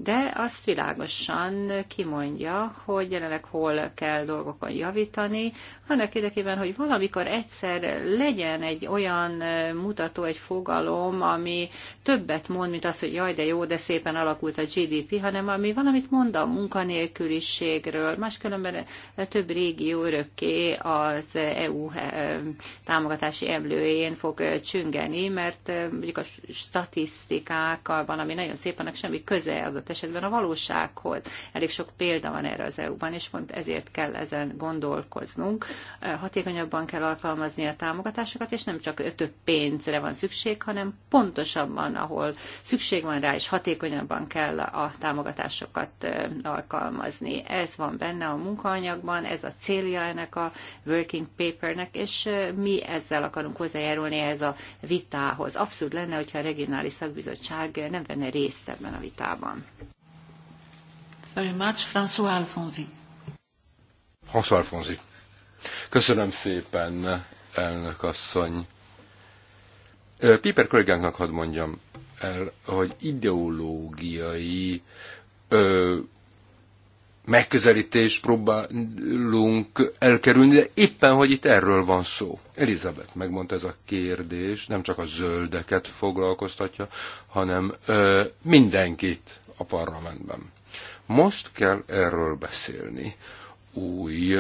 de azt világosan kimondja, hogy jelenleg hol kell dolgokon javítani, annak érdekében, hogy valamikor egyszer legyen egy olyan mutató, egy fogalom, ami többet mond, mint az, hogy jaj, de jó, de szépen alakult a GDP, hanem ami valamit mond a munkanélküliségről, máskülönben több régió örökké az EU eh, támogatási emlőjén fog csüngeni, mert eh, mondjuk a statisztikákkal van, ami nagyon szépen annak semmi köze adott adott esetben a valósághoz. Elég sok példa van erre az EU-ban, és pont ezért kell ezen gondolkoznunk. Hatékonyabban kell alkalmazni a támogatásokat, és nem csak több pénzre van szükség, hanem pontosabban, ahol szükség van rá, és hatékonyabban kell a támogatásokat alkalmazni. Ez van benne a munkaanyagban, ez a célja ennek a working papernek, és mi ezzel akarunk hozzájárulni ez a vitához. Abszolút lenne, hogyha a regionális szakbizottság nem venne részt ebben a vitában very much. François Alfonzi. François Alfonzi. Köszönöm szépen, elnök asszony. Piper kollégánknak hadd mondjam el, hogy ideológiai ö, megközelítést próbálunk elkerülni, de éppen, hogy itt erről van szó. Elizabeth megmondta ez a kérdés, nem csak a zöldeket foglalkoztatja, hanem ö, mindenkit a parlamentben. Most kell erről beszélni. Új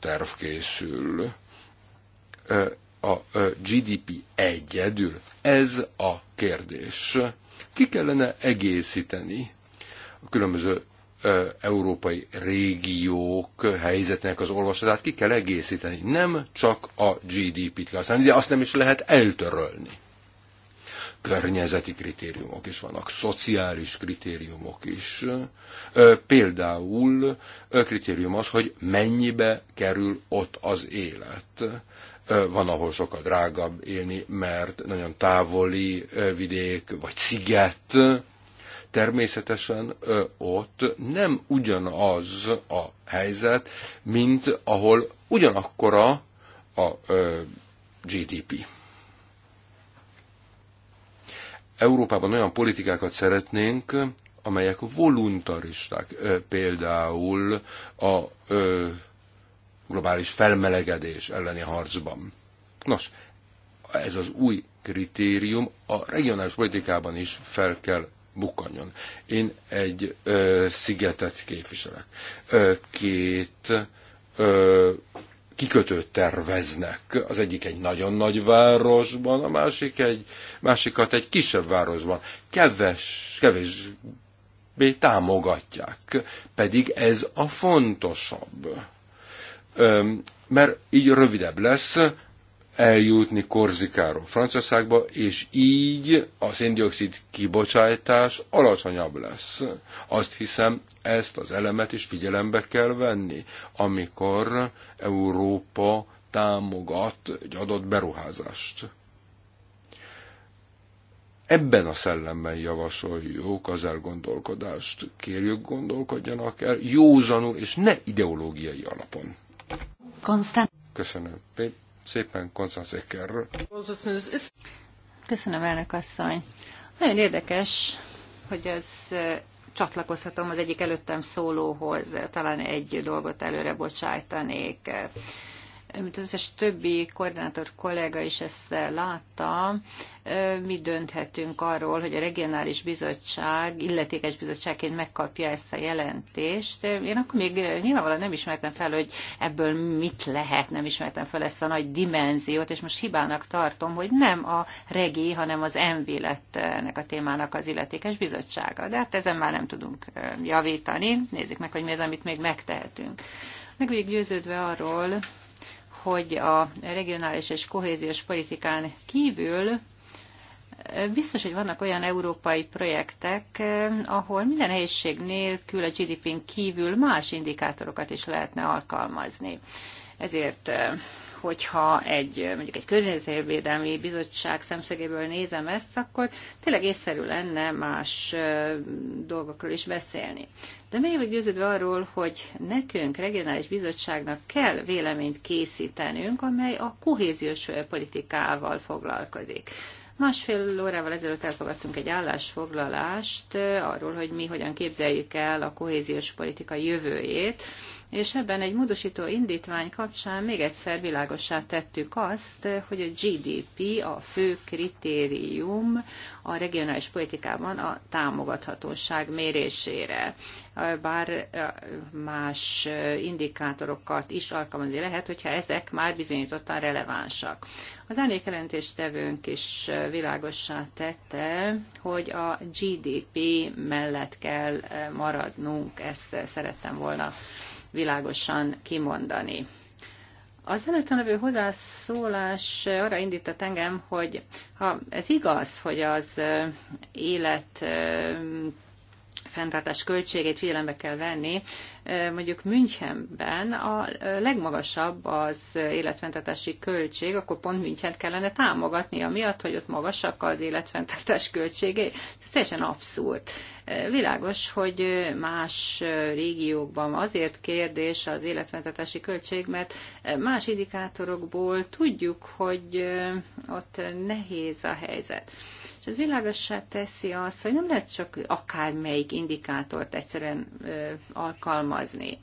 terv készül. A GDP egyedül. Ez a kérdés. Ki kellene egészíteni a különböző európai régiók helyzetének az olvasatát ki kell egészíteni. Nem csak a GDP-t kell használni, de azt nem is lehet eltörölni környezeti kritériumok is vannak, szociális kritériumok is. Például kritérium az, hogy mennyibe kerül ott az élet. Van, ahol sokkal drágább élni, mert nagyon távoli vidék vagy sziget. Természetesen ott nem ugyanaz a helyzet, mint ahol ugyanakkora a GDP Európában olyan politikákat szeretnénk, amelyek voluntaristák, például a globális felmelegedés elleni harcban. Nos, ez az új kritérium a regionális politikában is fel kell bukkanjon. Én egy ö, szigetet képviselek. Ö, két ö, kikötőt terveznek. Az egyik egy nagyon nagy városban, a másik egy, másikat egy kisebb városban. Keves, kevésbé támogatják, pedig ez a fontosabb. Öm, mert így rövidebb lesz eljutni Korzikáról Franciaországba, és így a széndiokszid kibocsátás alacsonyabb lesz. Azt hiszem, ezt az elemet is figyelembe kell venni, amikor Európa támogat egy adott beruházást. Ebben a szellemben javasoljuk az elgondolkodást. Kérjük, gondolkodjanak el józanul, és ne ideológiai alapon. Konstant. Köszönöm. Péter szépen, Köszönöm, elnök asszony. Nagyon érdekes, hogy ez csatlakozhatom az egyik előttem szólóhoz, talán egy dolgot előre bocsájtanék mint az összes többi koordinátor kollega is ezt látta, mi dönthetünk arról, hogy a regionális bizottság, illetékes bizottságként megkapja ezt a jelentést. Én akkor még nyilvánvalóan nem ismertem fel, hogy ebből mit lehet, nem ismertem fel ezt a nagy dimenziót, és most hibának tartom, hogy nem a regi, hanem az envi lett ennek a témának az illetékes bizottsága. De hát ezen már nem tudunk javítani. Nézzük meg, hogy mi az, amit még megtehetünk. Meg győződve arról, hogy a regionális és kohéziós politikán kívül eh, Biztos, hogy vannak olyan európai projektek, eh, ahol minden helyiség nélkül a GDP-n kívül más indikátorokat is lehetne alkalmazni. Ezért eh, hogyha egy, mondjuk egy környezetvédelmi bizottság szemszögéből nézem ezt, akkor tényleg észszerű lenne más dolgokról is beszélni. De még vagy győződve arról, hogy nekünk, regionális bizottságnak kell véleményt készítenünk, amely a kohéziós politikával foglalkozik. Másfél órával ezelőtt elfogadtunk egy állásfoglalást arról, hogy mi hogyan képzeljük el a kohéziós politika jövőjét, és ebben egy módosító indítvány kapcsán még egyszer világossá tettük azt, hogy a GDP a fő kritérium a regionális politikában a támogathatóság mérésére. Bár más indikátorokat is alkalmazni lehet, hogyha ezek már bizonyítottan relevánsak. Az elnékjelentéstevőnk is világossá tette, hogy a GDP mellett kell maradnunk, ezt szerettem volna világosan kimondani. Az előttem levő hozzászólás arra indított engem, hogy ha ez igaz, hogy az élet fenntartás költségét figyelembe kell venni. Mondjuk Münchenben a legmagasabb az életfenntartási költség, akkor pont Münchent kellene támogatni, amiatt, hogy ott magasak az életfenntartás költségei. Ez teljesen abszurd. Világos, hogy más régiókban azért kérdés az életmentetési költség, mert más indikátorokból tudjuk, hogy ott nehéz a helyzet. És ez világossá teszi azt, hogy nem lehet csak akármelyik indikátort egyszerűen alkalmazni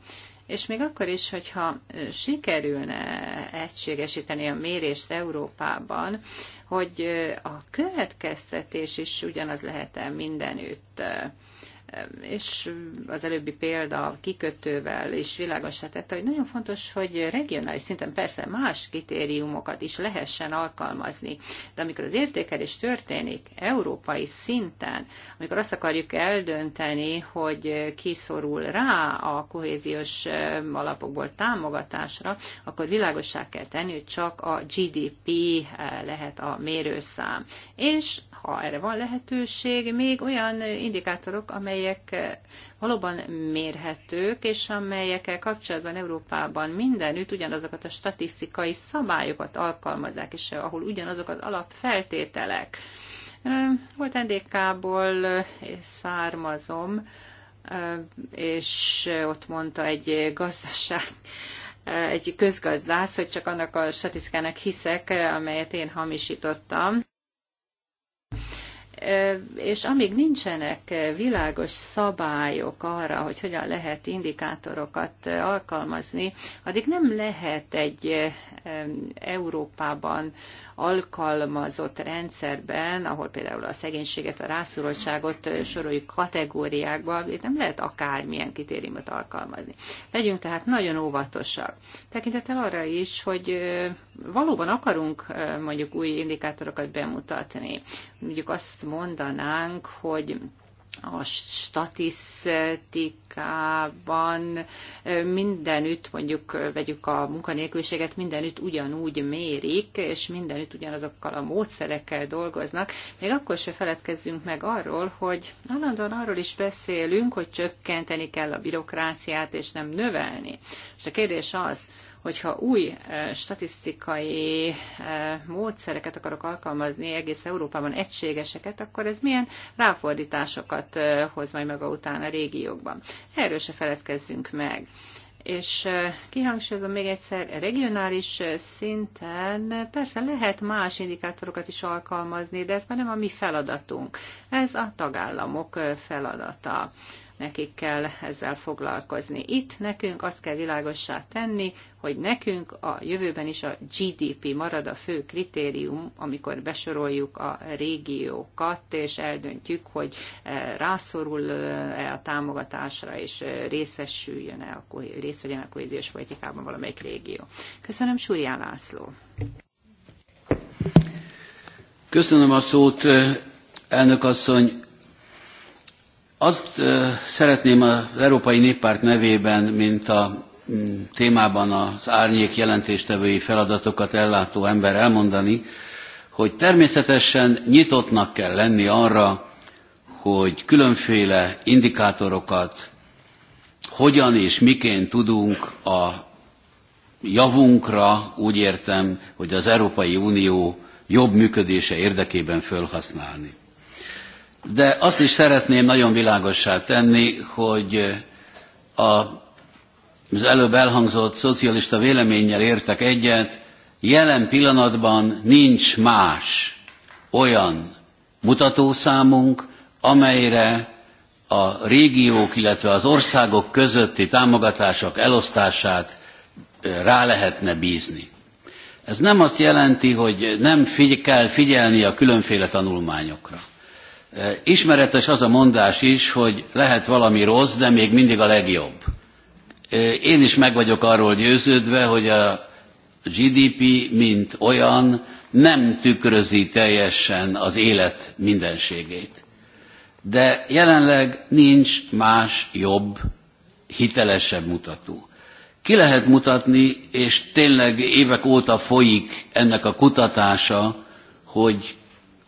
és még akkor is, hogyha sikerülne egységesíteni a mérést Európában, hogy a következtetés is ugyanaz lehet-e mindenütt és az előbbi példa kikötővel is világosra tette, hogy nagyon fontos, hogy regionális szinten persze más kritériumokat is lehessen alkalmazni, de amikor az értékelés történik európai szinten, amikor azt akarjuk eldönteni, hogy kiszorul rá a kohéziós eh, alapokból támogatásra, akkor világossá kell tenni, hogy csak a GDP eh, lehet a mérőszám. És ha erre van lehetőség, még olyan indikátorok, amely amelyek eh, valóban mérhetők, és amelyekkel kapcsolatban Európában mindenütt ugyanazokat a statisztikai szabályokat alkalmazzák, és ahol ugyanazok az alapfeltételek. Eh, volt NDK-ból eh, származom, és ott mondta egy gazdaság, egy közgazdász, hogy csak annak a statisztikának hiszek, amelyet én hamisítottam és amíg nincsenek világos szabályok arra, hogy hogyan lehet indikátorokat alkalmazni, addig nem lehet egy Európában alkalmazott rendszerben, ahol például a szegénységet, a rászorultságot soroljuk kategóriákba, itt nem lehet akármilyen kritériumot alkalmazni. Legyünk tehát nagyon óvatosak. Tekintettel arra is, hogy valóban akarunk mondjuk új indikátorokat bemutatni. Mondjuk azt mondanánk, hogy a statisztikában mindenütt, mondjuk vegyük a munkanélküliséget, mindenütt ugyanúgy mérik, és mindenütt ugyanazokkal a módszerekkel dolgoznak. Még akkor se feledkezzünk meg arról, hogy állandóan arról is beszélünk, hogy csökkenteni kell a bürokráciát, és nem növelni. És a kérdés az, hogyha új eh, statisztikai eh, módszereket akarok alkalmazni egész Európában, egységeseket, akkor ez milyen ráfordításokat eh, hoz majd maga után a régiókban. Erről se feledkezzünk meg és kihangsúlyozom még egyszer, regionális szinten persze lehet más indikátorokat is alkalmazni, de ez már nem a mi feladatunk. Ez a tagállamok feladata nekik kell ezzel foglalkozni. Itt nekünk azt kell világossá tenni, hogy nekünk a jövőben is a GDP marad a fő kritérium, amikor besoroljuk a régiókat, és eldöntjük, hogy eh, rászorul-e a támogatásra, és eh, részesüljön-e, részt vegyen a kohéziós politikában valamelyik régió. Köszönöm, Súrián László. Köszönöm a szót, eh, elnök asszony. Azt szeretném az Európai Néppárt nevében, mint a témában az árnyék jelentéstevői feladatokat ellátó ember elmondani, hogy természetesen nyitottnak kell lenni arra, hogy különféle indikátorokat hogyan és miként tudunk a javunkra, úgy értem, hogy az Európai Unió jobb működése érdekében felhasználni. De azt is szeretném nagyon világossá tenni, hogy eh, a, az előbb elhangzott szocialista véleménnyel értek egyet, jelen pillanatban nincs más olyan mutatószámunk, amelyre a régiók, illetve az országok közötti támogatások elosztását eh, rá lehetne bízni. Ez nem azt jelenti, hogy nem figy kell figyelni a különféle tanulmányokra. Ismeretes az a mondás is, hogy lehet valami rossz, de még mindig a legjobb. Én is meg vagyok arról győződve, hogy a GDP, mint olyan, nem tükrözi teljesen az élet mindenségét. De jelenleg nincs más jobb, hitelesebb mutató. Ki lehet mutatni, és tényleg évek óta folyik ennek a kutatása, hogy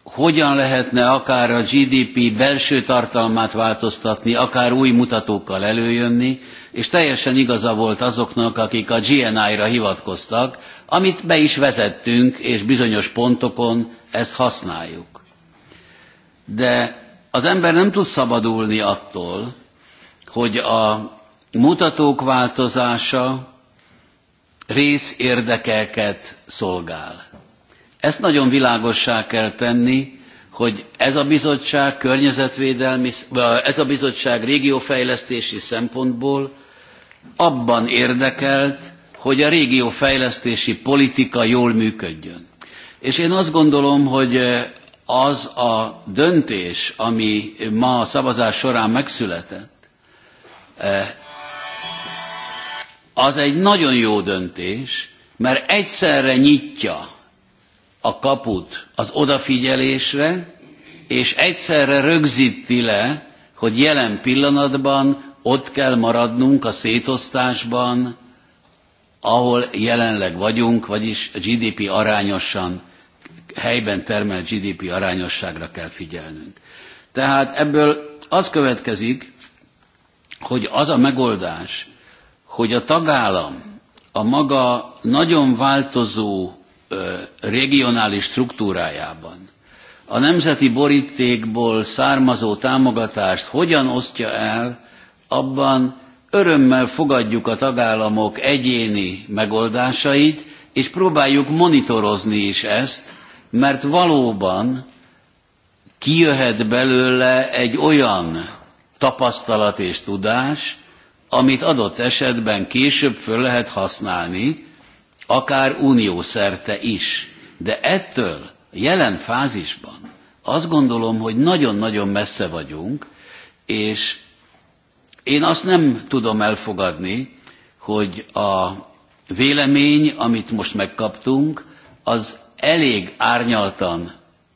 hogyan lehetne akár a GDP belső tartalmát változtatni, akár új mutatókkal előjönni, és teljesen igaza volt azoknak, akik a GNI-ra hivatkoztak, amit be is vezettünk, és bizonyos pontokon ezt használjuk. De az ember nem tud szabadulni attól, hogy a mutatók változása részérdekeket szolgál. Ezt nagyon világossá kell tenni, hogy ez a bizottság környezetvédelmi, ez a bizottság régiófejlesztési szempontból abban érdekelt, hogy a régiófejlesztési politika jól működjön. És én azt gondolom, hogy az a döntés, ami ma a szavazás során megszületett, az egy nagyon jó döntés, mert egyszerre nyitja a kaput az odafigyelésre, és egyszerre rögzíti le, hogy jelen pillanatban ott kell maradnunk a szétosztásban, ahol jelenleg vagyunk, vagyis a GDP arányosan, helyben termelt GDP arányosságra kell figyelnünk. Tehát ebből az következik, hogy az a megoldás, hogy a tagállam a maga nagyon változó regionális struktúrájában a nemzeti borítékból származó támogatást hogyan osztja el, abban örömmel fogadjuk a tagállamok egyéni megoldásait, és próbáljuk monitorozni is ezt, mert valóban kijöhet belőle egy olyan tapasztalat és tudás, amit adott esetben később föl lehet használni, akár uniószerte is. De ettől jelen fázisban azt gondolom, hogy nagyon-nagyon messze vagyunk, és én azt nem tudom elfogadni, hogy a vélemény, amit most megkaptunk, az elég árnyaltan,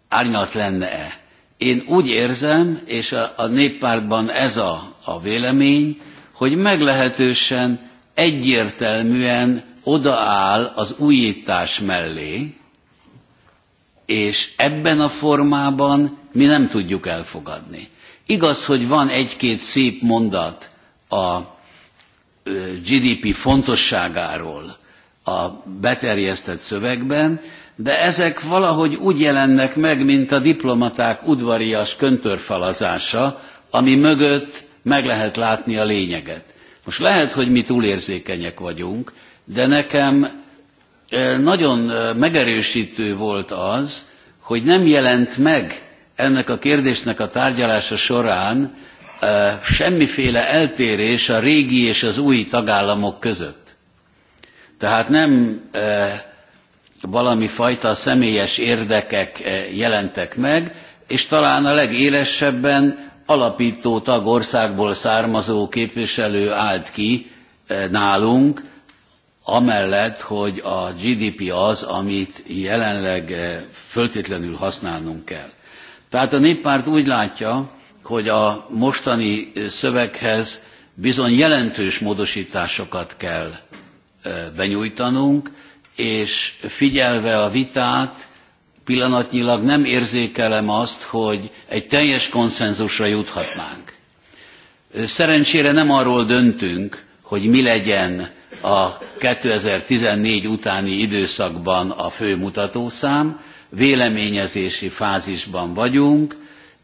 árnyalt lenne-e. Én úgy érzem, és a, a néppártban ez a, a vélemény, hogy meglehetősen egyértelműen odaáll az újítás mellé, és ebben a formában mi nem tudjuk elfogadni. Igaz, hogy van egy-két szép mondat a GDP fontosságáról a beterjesztett szövegben, de ezek valahogy úgy jelennek meg, mint a diplomaták udvarias köntörfalazása, ami mögött meg lehet látni a lényeget. Most lehet, hogy mi túlérzékenyek vagyunk, de nekem nagyon megerősítő volt az, hogy nem jelent meg ennek a kérdésnek a tárgyalása során semmiféle eltérés a régi és az új tagállamok között. Tehát nem valami fajta személyes érdekek jelentek meg, és talán a legélesebben alapító tagországból származó képviselő állt ki nálunk, amellett, hogy a GDP az, amit jelenleg eh, föltétlenül használnunk kell. Tehát a néppárt úgy látja, hogy a mostani eh, szöveghez bizony jelentős módosításokat kell eh, benyújtanunk, és figyelve a vitát, pillanatnyilag nem érzékelem azt, hogy egy teljes konszenzusra juthatnánk. Szerencsére nem arról döntünk, hogy mi legyen a 2014 utáni időszakban a fő mutatószám, véleményezési fázisban vagyunk,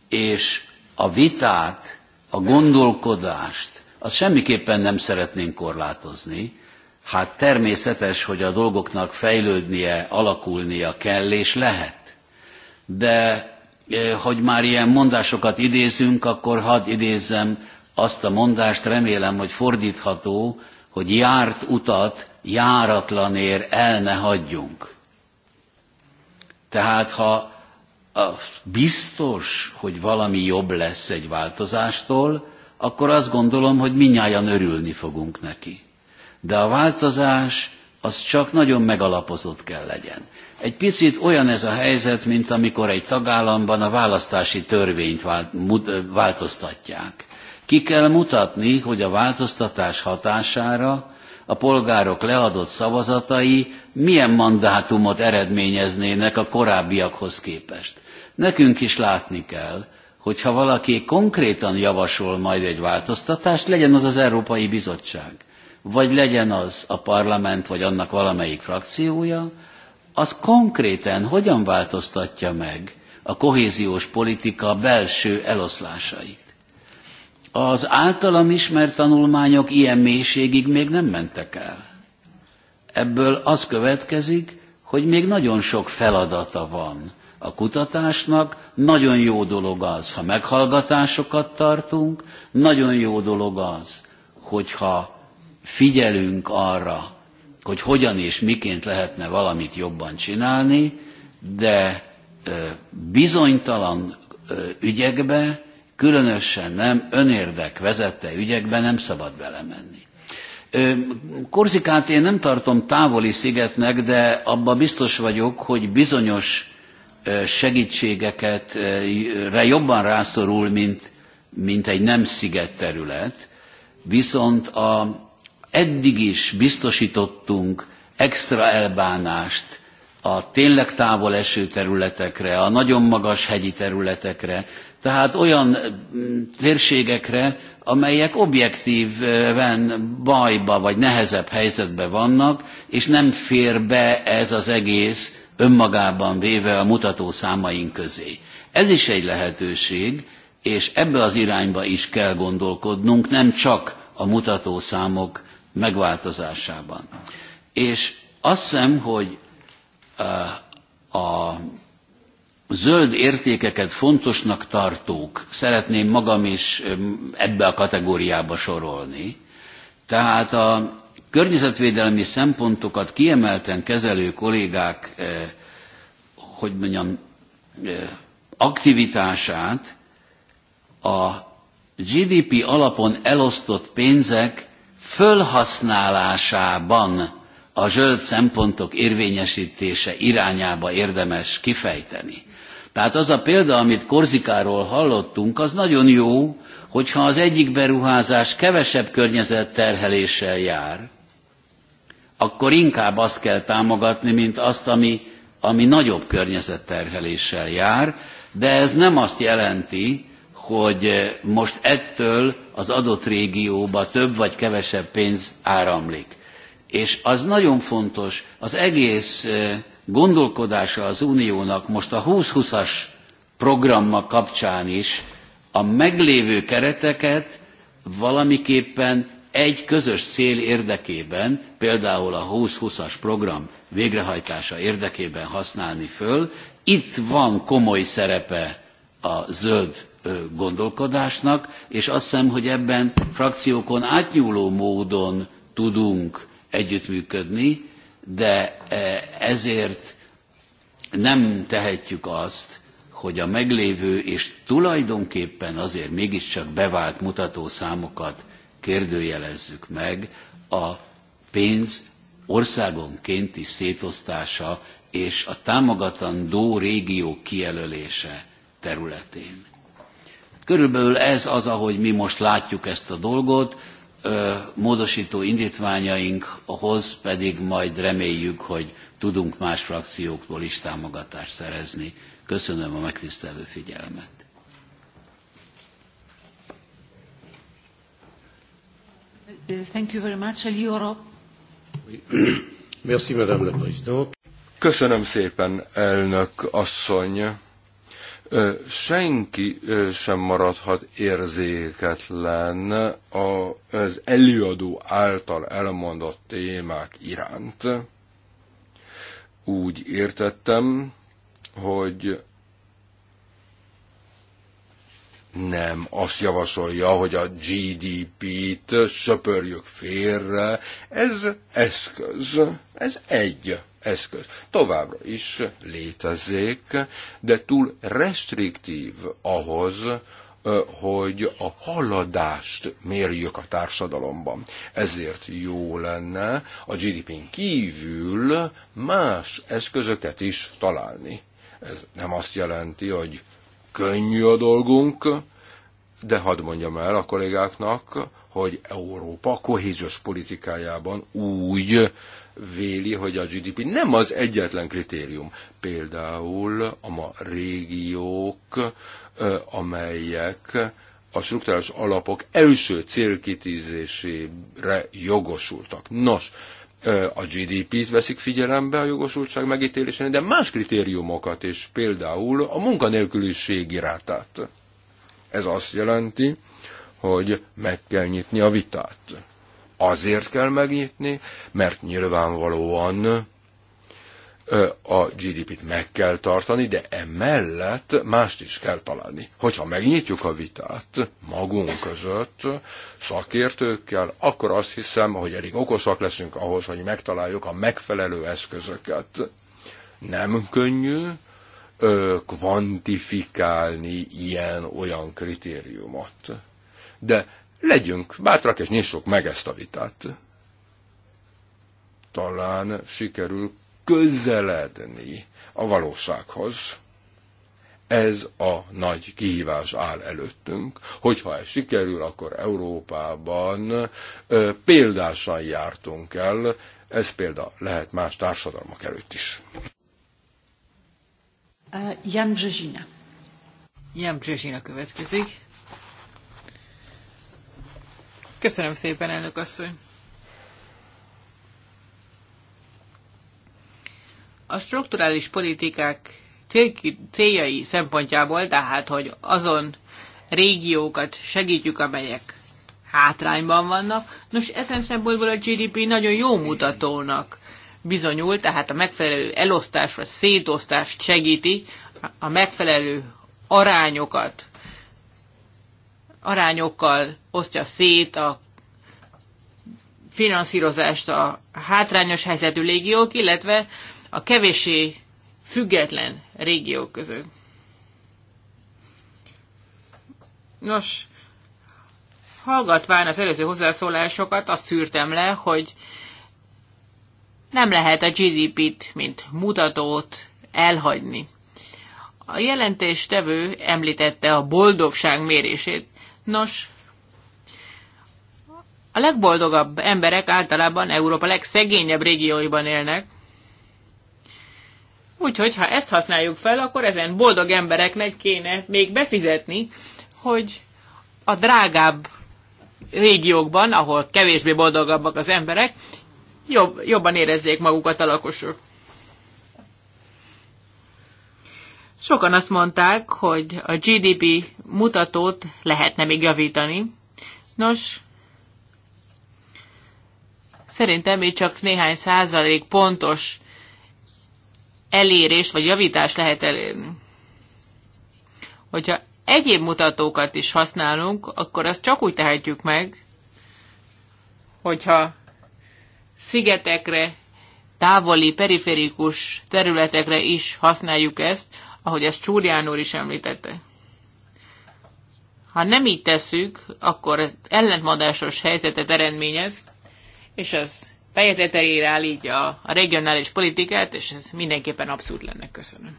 és a vitát, a gondolkodást, azt semmiképpen nem szeretnénk korlátozni. Hát természetes, hogy a dolgoknak fejlődnie, alakulnia kell és lehet. De eh, hogy már ilyen mondásokat idézünk, akkor hadd idézzem azt a mondást, remélem, hogy fordítható, hogy járt utat járatlanér el ne hagyjunk. Tehát ha biztos, hogy valami jobb lesz egy változástól, akkor azt gondolom, hogy minnyáján örülni fogunk neki. De a változás az csak nagyon megalapozott kell legyen. Egy picit olyan ez a helyzet, mint amikor egy tagállamban a választási törvényt változtatják. Ki kell mutatni, hogy a változtatás hatására a polgárok leadott szavazatai milyen mandátumot eredményeznének a korábbiakhoz képest. Nekünk is látni kell, hogy ha valaki konkrétan javasol majd egy változtatást, legyen az az Európai Bizottság, vagy legyen az a parlament, vagy annak valamelyik frakciója, az konkrétan hogyan változtatja meg a kohéziós politika belső eloszlásait az általam ismert tanulmányok ilyen mélységig még nem mentek el. Ebből az következik, hogy még nagyon sok feladata van a kutatásnak, nagyon jó dolog az, ha meghallgatásokat tartunk, nagyon jó dolog az, hogyha figyelünk arra, hogy hogyan és miként lehetne valamit jobban csinálni, de bizonytalan ügyekbe különösen nem önérdek vezette ügyekbe nem szabad belemenni. Korzikát én nem tartom távoli szigetnek, de abba biztos vagyok, hogy bizonyos segítségeket jobban rászorul, mint, mint egy nem sziget terület. Viszont a, eddig is biztosítottunk extra elbánást a tényleg távol eső területekre, a nagyon magas hegyi területekre, tehát olyan mm, térségekre, amelyek objektíven bajba vagy nehezebb helyzetbe vannak, és nem fér be ez az egész önmagában véve a mutató számaink közé. Ez is egy lehetőség, és ebbe az irányba is kell gondolkodnunk, nem csak a mutató számok megváltozásában. És azt hiszem, hogy eh, a zöld értékeket fontosnak tartók szeretném magam is ebbe a kategóriába sorolni. Tehát a környezetvédelmi szempontokat kiemelten kezelő kollégák, eh, hogy mondjam, eh, aktivitását a GDP alapon elosztott pénzek fölhasználásában a zöld szempontok érvényesítése irányába érdemes kifejteni. Tehát az a példa, amit Korzikáról hallottunk, az nagyon jó, hogyha az egyik beruházás kevesebb környezetterheléssel jár, akkor inkább azt kell támogatni, mint azt, ami, ami nagyobb környezetterheléssel jár, de ez nem azt jelenti, hogy most ettől az adott régióba több vagy kevesebb pénz áramlik. És az nagyon fontos, az egész eh, gondolkodása az uniónak most a 2020-as programma kapcsán is a meglévő kereteket valamiképpen egy közös cél érdekében, például a 2020-as program végrehajtása érdekében használni föl. Itt van komoly szerepe a zöld gondolkodásnak, és azt hiszem, hogy ebben frakciókon átnyúló módon tudunk együttműködni, de eh, ezért nem tehetjük azt, hogy a meglévő és tulajdonképpen azért mégiscsak bevált mutatószámokat kérdőjelezzük meg a pénz országonkénti szétosztása és a támogatandó régiók kijelölése területén. Körülbelül ez az, ahogy mi most látjuk ezt a dolgot, módosító indítványaink, ahhoz pedig majd reméljük, hogy tudunk más frakcióktól is támogatást szerezni. Köszönöm a megtisztelő figyelmet. Uh, thank you very much, Europe. Merci, Madame la Présidente. Köszönöm szépen, elnök asszony senki sem maradhat érzéketlen az előadó által elmondott témák iránt. Úgy értettem, hogy nem azt javasolja, hogy a GDP-t söpörjük félre. Ez eszköz, ez egy eszköz. Továbbra is létezik, de túl restriktív ahhoz, hogy a haladást mérjük a társadalomban. Ezért jó lenne a GDP-n kívül más eszközöket is találni. Ez nem azt jelenti, hogy könnyű a dolgunk, de hadd mondjam el a kollégáknak, hogy Európa kohéziós politikájában úgy véli, hogy a GDP nem az egyetlen kritérium. Például a ma régiók, amelyek a struktúrás alapok első célkitűzésére jogosultak. Nos, a GDP-t veszik figyelembe a jogosultság megítélésén, de más kritériumokat is, például a munkanélküliségi rátát. Ez azt jelenti, hogy meg kell nyitni a vitát azért kell megnyitni, mert nyilvánvalóan a GDP-t meg kell tartani, de emellett mást is kell találni. Hogyha megnyitjuk a vitát magunk között, szakértőkkel, akkor azt hiszem, hogy elég okosak leszünk ahhoz, hogy megtaláljuk a megfelelő eszközöket. Nem könnyű kvantifikálni ilyen-olyan kritériumot. De Legyünk bátrak, és nyissuk meg ezt a vitát. Talán sikerül közeledni a valósághoz. Ez a nagy kihívás áll előttünk, hogyha ez sikerül, akkor Európában ö, példásan jártunk el, ez példa lehet más társadalmak előtt is. Jan Brzezina. Jan Brzezina következik. Köszönöm szépen, elnök asszony. A strukturális politikák céljai szempontjából, tehát, hogy azon régiókat segítjük, amelyek hátrányban vannak. Nos, ezen szempontból a GDP nagyon jó mutatónak bizonyul, tehát a megfelelő elosztás vagy szétosztást segíti, a megfelelő arányokat arányokkal osztja szét a finanszírozást a hátrányos helyzetű légiók, illetve a kevésé független régiók között. Nos, hallgatván az előző hozzászólásokat, azt szűrtem le, hogy nem lehet a GDP-t, mint mutatót elhagyni. A jelentéstevő említette a boldogság mérését. Nos, a legboldogabb emberek általában Európa legszegényebb régióiban élnek. Úgyhogy, ha ezt használjuk fel, akkor ezen boldog embereknek kéne még befizetni, hogy a drágább régiókban, ahol kevésbé boldogabbak az emberek, jobb, jobban érezzék magukat a lakosok. Sokan azt mondták, hogy a GDP mutatót lehetne még javítani. Nos, szerintem még csak néhány százalék pontos elérés vagy javítás lehet elérni. Hogyha egyéb mutatókat is használunk, akkor azt csak úgy tehetjük meg, hogyha szigetekre, távoli, periférikus területekre is használjuk ezt, ahogy ezt Csúrián úr is említette. Ha nem így tesszük, akkor ez ellentmondásos helyzetet eredményez, és ez fejezeterére állítja a regionális politikát, és ez mindenképpen abszurd lenne. Köszönöm.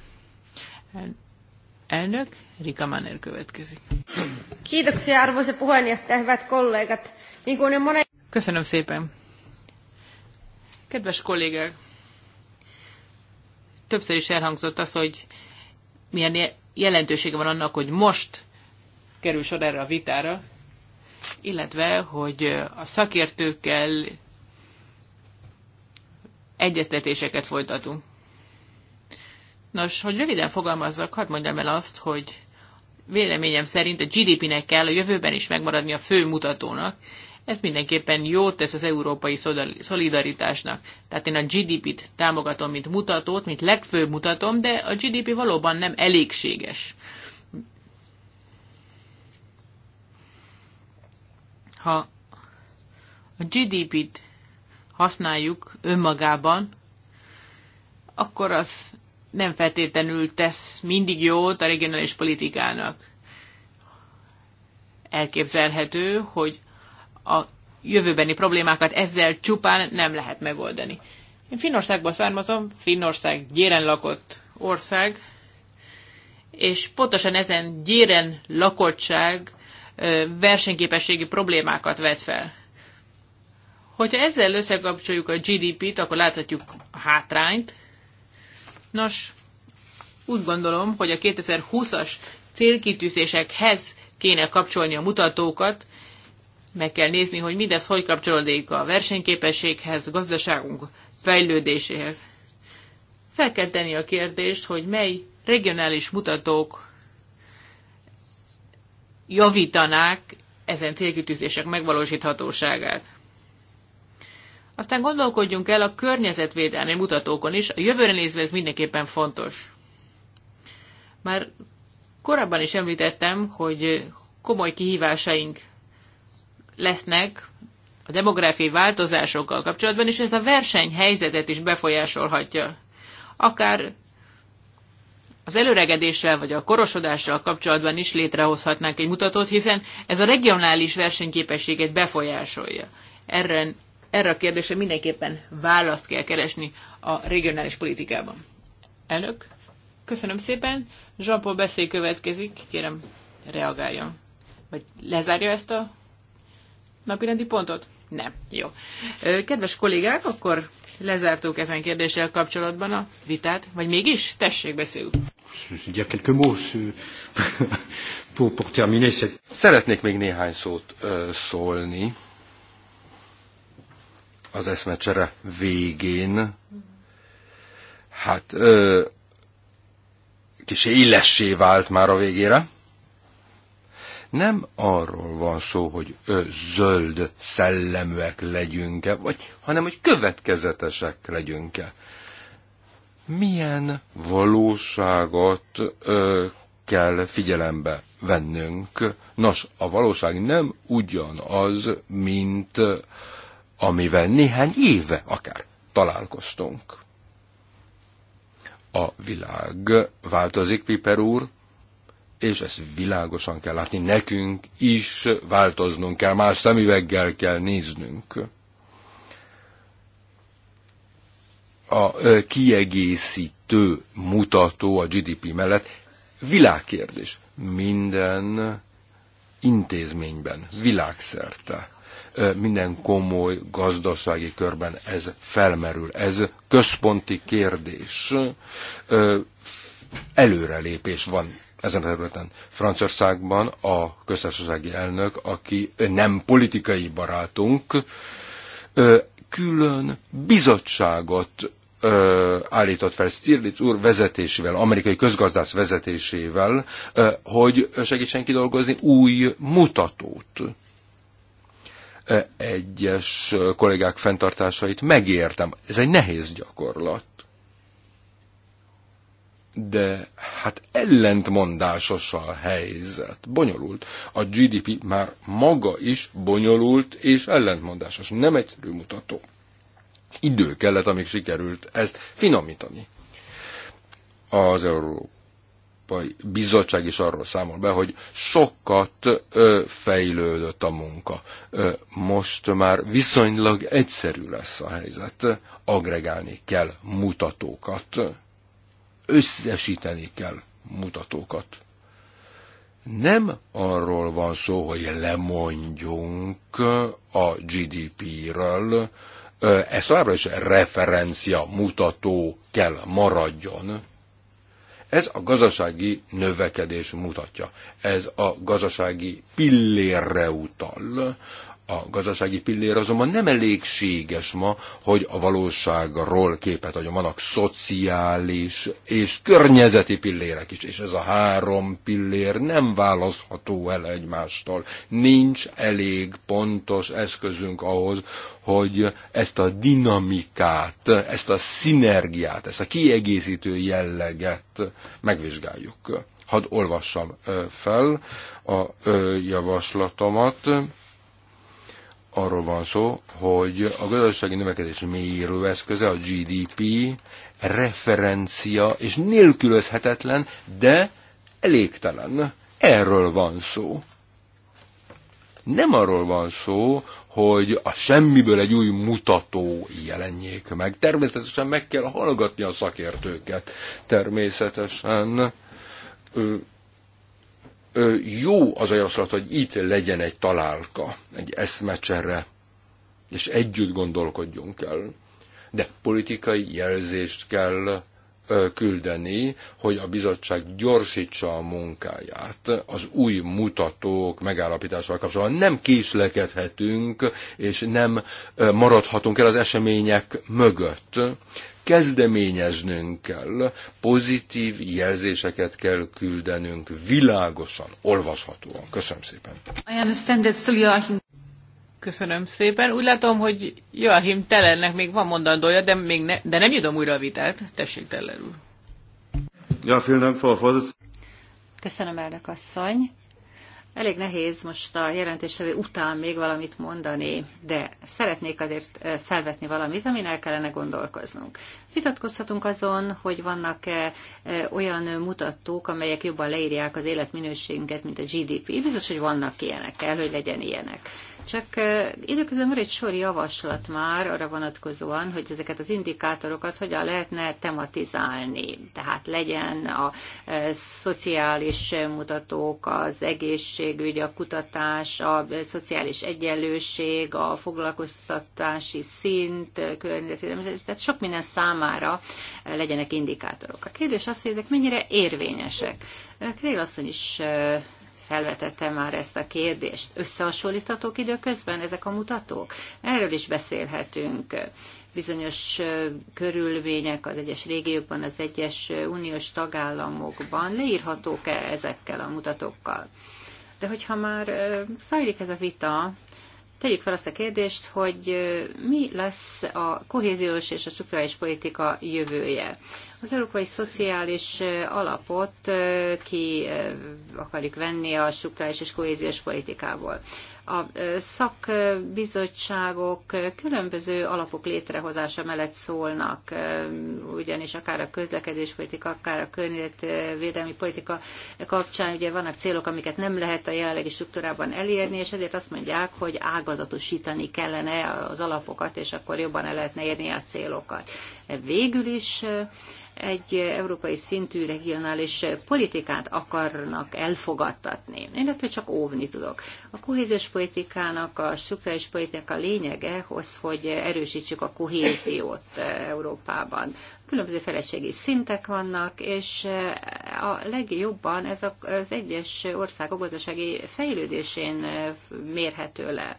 Elnök, Rika Manner következik. Kiitoksia arvoisa puheenjohtaja, hyvät kollégat. Niin kuin Köszönöm szépen. Kedves kollégák, többször is elhangzott az, hogy milyen jelentősége van annak, hogy most kerül sor erre a vitára, illetve, hogy a szakértőkkel egyeztetéseket folytatunk. Nos, hogy röviden fogalmazzak, hadd mondjam el azt, hogy véleményem szerint a GDP-nek kell a jövőben is megmaradni a fő mutatónak, ez mindenképpen jót tesz az európai szolidaritásnak. Tehát én a GDP-t támogatom, mint mutatót, mint legfőbb mutatom, de a GDP valóban nem elégséges. Ha a GDP-t használjuk önmagában, akkor az nem feltétlenül tesz mindig jót a regionális politikának. Elképzelhető, hogy a jövőbeni problémákat ezzel csupán nem lehet megoldani. Én Finnországból származom, Finnország gyéren lakott ország, és pontosan ezen gyéren lakottság versenyképességi problémákat vet fel. Hogyha ezzel összekapcsoljuk a GDP-t, akkor láthatjuk a hátrányt. Nos, úgy gondolom, hogy a 2020-as célkitűzésekhez kéne kapcsolni a mutatókat, meg kell nézni, hogy mindez hogy kapcsolódik a versenyképességhez, gazdaságunk fejlődéséhez. Fel kell tenni a kérdést, hogy mely regionális mutatók javítanák ezen célkitűzések megvalósíthatóságát. Aztán gondolkodjunk el a környezetvédelmi mutatókon is, a jövőre nézve ez mindenképpen fontos. Már korábban is említettem, hogy komoly kihívásaink lesznek a demográfiai változásokkal kapcsolatban, és ez a versenyhelyzetet is befolyásolhatja. Akár az előregedéssel vagy a korosodással kapcsolatban is létrehozhatnánk egy mutatót, hiszen ez a regionális versenyképességet befolyásolja. Erre, erre a kérdésre mindenképpen választ kell keresni a regionális politikában. Elnök, köszönöm szépen. Jean-Paul beszél következik, kérem reagáljon. Vagy lezárja ezt a napirendi pontot? Nem. Jó. Kedves kollégák, akkor lezártuk ezen kérdéssel kapcsolatban a vitát, vagy mégis? Tessék, beszéljük. Szeretnék még néhány szót szólni az eszmecsere végén. Hát ö, kicsi illessé vált már a végére. Nem arról van szó, hogy ö, zöld szelleműek legyünk-e, vagy, hanem hogy következetesek legyünk-e. Milyen valóságot ö, kell figyelembe vennünk? Nos, a valóság nem ugyanaz, mint amivel néhány éve akár találkoztunk. A világ változik, Piper úr, és ezt világosan kell látni, nekünk is változnunk kell, más szemüveggel kell néznünk. A kiegészítő mutató a GDP mellett világkérdés. Minden intézményben, világszerte, minden komoly gazdasági körben ez felmerül. Ez központi kérdés. Előrelépés van ezen a területen. Franciaországban a köztársasági elnök, aki nem politikai barátunk, külön bizottságot állított fel Stirlitz úr vezetésével, amerikai közgazdász vezetésével, hogy segítsen kidolgozni új mutatót. Egyes kollégák fenntartásait megértem. Ez egy nehéz gyakorlat de hát ellentmondásos a helyzet. Bonyolult. A GDP már maga is bonyolult és ellentmondásos. Nem egyszerű mutató. Idő kellett, amíg sikerült ezt finomítani. Az Európai Bizottság is arról számol be, hogy sokat ö, fejlődött a munka. Ö, most már viszonylag egyszerű lesz a helyzet. Agregálni kell mutatókat összesíteni kell mutatókat. Nem arról van szó, hogy lemondjunk a GDP-ről, ez továbbra is referencia mutató kell maradjon. Ez a gazdasági növekedés mutatja. Ez a gazdasági pillérre utal, a gazdasági pillér azonban nem elégséges ma, hogy a valóságról képet adjon. Vannak szociális és környezeti pillérek is, és ez a három pillér nem választható el egymástól. Nincs elég pontos eszközünk ahhoz, hogy ezt a dinamikát, ezt a szinergiát, ezt a kiegészítő jelleget megvizsgáljuk. Hadd olvassam fel a javaslatomat arról van szó, hogy a gazdasági növekedés mérő eszköze a GDP referencia és nélkülözhetetlen, de elégtelen. Erről van szó. Nem arról van szó, hogy a semmiből egy új mutató jelenjék meg. Természetesen meg kell hallgatni a szakértőket. Természetesen jó az a javaslat, hogy itt legyen egy találka, egy eszmecsere, és együtt gondolkodjunk el. De politikai jelzést kell küldeni, hogy a bizottság gyorsítsa a munkáját az új mutatók megállapításával kapcsolatban. Nem késlekedhetünk, és nem maradhatunk el az események mögött. Kezdeményeznünk kell, pozitív jelzéseket kell küldenünk, világosan, olvashatóan. Köszönöm szépen. Köszönöm szépen. Úgy látom, hogy Joachim Tellernek még van mondandója, de, még ne, de nem nyitom újra a vitát. Tessék, Teller úr. Ja, vielen Dank, Frau Köszönöm, elnök asszony. Elég nehéz most a jelentéstevő után még valamit mondani, de szeretnék azért eh, felvetni valamit, amin el kellene gondolkoznunk. Vitatkozhatunk azon, hogy vannak-e eh, olyan mutatók, amelyek jobban leírják az életminőségünket, mint a GDP. Biztos, hogy vannak ilyenek, kell, hogy legyen ilyenek. Csak időközben van egy sor javaslat már arra vonatkozóan, hogy ezeket az indikátorokat hogyan lehetne tematizálni. Tehát legyen a szociális mutatók, az egészségügy, a kutatás, a szociális egyenlőség, a foglalkoztatási szint, környezetvédelem, tehát sok minden számára legyenek indikátorok. A kérdés az, hogy ezek mennyire érvényesek. Krél asszony is felvetette már ezt a kérdést. Összehasonlíthatók időközben ezek a mutatók? Erről is beszélhetünk. Bizonyos körülmények az egyes régiókban, az egyes uniós tagállamokban leírhatók-e ezekkel a mutatókkal? De hogyha már zajlik ez a vita, tegyük fel azt a kérdést, hogy mi lesz a kohéziós és a strukturális politika jövője. Az európai szociális alapot ki akarjuk venni a strukturális és kohéziós politikából. A szakbizottságok különböző alapok létrehozása mellett szólnak, ugyanis akár a közlekedéspolitika, akár a környezetvédelmi politika kapcsán ugye vannak célok, amiket nem lehet a jelenlegi struktúrában elérni, és ezért azt mondják, hogy ágazatosítani kellene az alapokat, és akkor jobban el lehetne érni a célokat. Végül is egy európai szintű regionális politikát akarnak elfogadtatni. illetve csak óvni tudok. A kohéziós politikának, a struktúrális politika lényege az, hogy erősítsük a kohéziót Európában. Különböző feleségi szintek vannak, és a legjobban ez az egyes országok gazdasági fejlődésén mérhető le.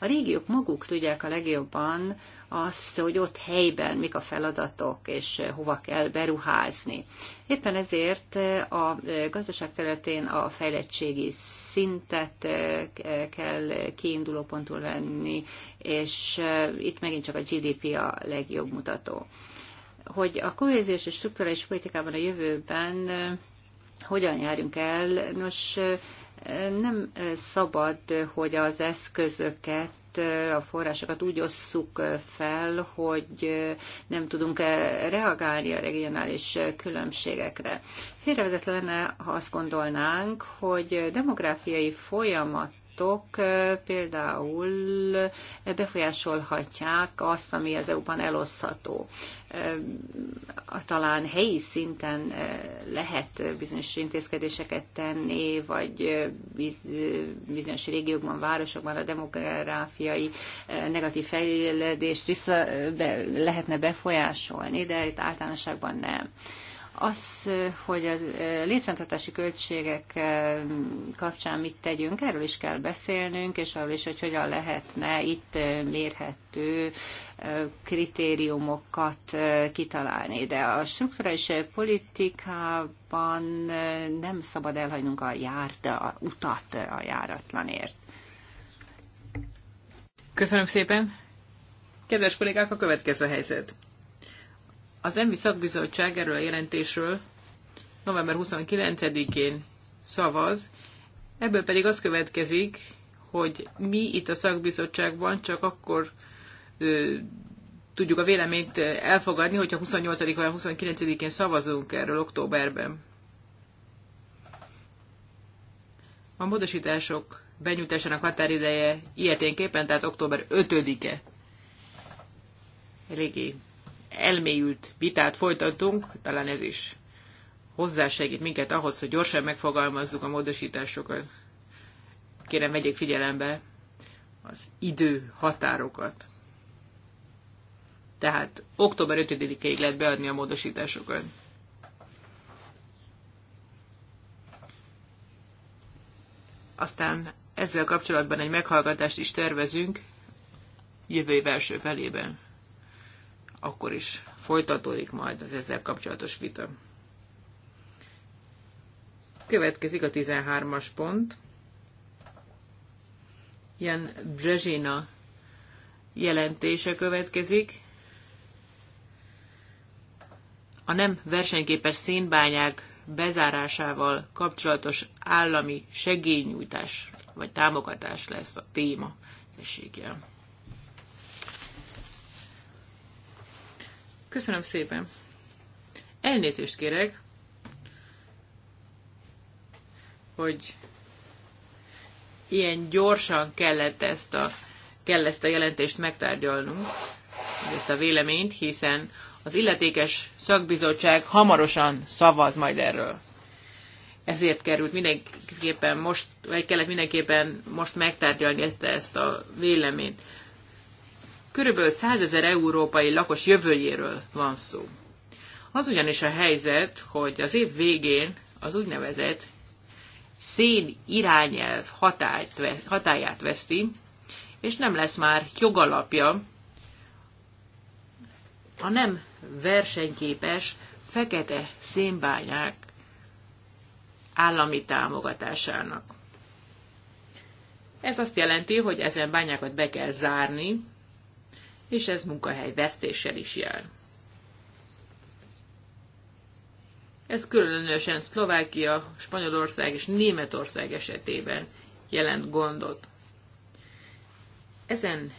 A régiók maguk tudják a legjobban, azt, hogy ott helyben mik a feladatok, és hova kell beruházni. Éppen ezért a gazdaság területén a fejlettségi szintet kell kiinduló pontul venni, és itt megint csak a GDP a legjobb mutató. Hogy a kohéziós és strukturális politikában a jövőben hogyan járjunk el, nos, nem szabad, hogy az eszközöket a forrásokat úgy osszuk fel, hogy nem tudunk reagálni a regionális különbségekre. Félrevezetlen lenne, ha azt gondolnánk, hogy demográfiai folyamat aktok például befolyásolhatják azt, ami az EU-ban elosztható. Talán helyi szinten lehet bizonyos intézkedéseket tenni, vagy bizonyos régiókban, városokban a demográfiai negatív fejlődést vissza be, lehetne befolyásolni, de itt általánosságban nem. Az, hogy a létrendhatási költségek kapcsán mit tegyünk, erről is kell beszélnünk, és arról is, hogy hogyan lehetne itt mérhető kritériumokat kitalálni. De a strukturális politikában nem szabad elhagynunk a járt, a utat a járatlanért. Köszönöm szépen! Kedves kollégák, a következő helyzet. Az ENVI szakbizottság erről a jelentésről november 29-én szavaz, ebből pedig az következik, hogy mi itt a szakbizottságban csak akkor ö, tudjuk a véleményt elfogadni, hogyha 28 vagy 29-én szavazunk erről októberben. A módosítások benyújtásának határideje ilyeténképpen, tehát október 5-e. Eléggé elmélyült vitát folytatunk, talán ez is hozzásegít minket ahhoz, hogy gyorsan megfogalmazzuk a módosításokat. Kérem, vegyék figyelembe az idő határokat. Tehát október 5-ig lehet beadni a módosításokat. Aztán ezzel kapcsolatban egy meghallgatást is tervezünk jövő első felében akkor is folytatódik majd az ezzel kapcsolatos vita. Következik a 13-as pont. Ilyen Brezsina jelentése következik. A nem versenyképes szénbányák bezárásával kapcsolatos állami segélynyújtás vagy támogatás lesz a téma. Tessék, jel. Köszönöm szépen. Elnézést kérek, hogy ilyen gyorsan kellett ezt a, kell ezt a jelentést megtárgyalnunk, ezt a véleményt, hiszen az illetékes szakbizottság hamarosan szavaz majd erről. Ezért került mindenképpen most, vagy kellett mindenképpen most megtárgyalni ezt, ezt a véleményt. Körülbelül 100 ezer európai lakos jövőjéről van szó. Az ugyanis a helyzet, hogy az év végén az úgynevezett szén irányelv hatáját veszti, és nem lesz már jogalapja a nem versenyképes fekete szénbányák állami támogatásának. Ez azt jelenti, hogy ezen bányákat be kell zárni, és ez munkahely vesztéssel is jár. Ez különösen Szlovákia, Spanyolország és Németország esetében jelent gondot. Ezen,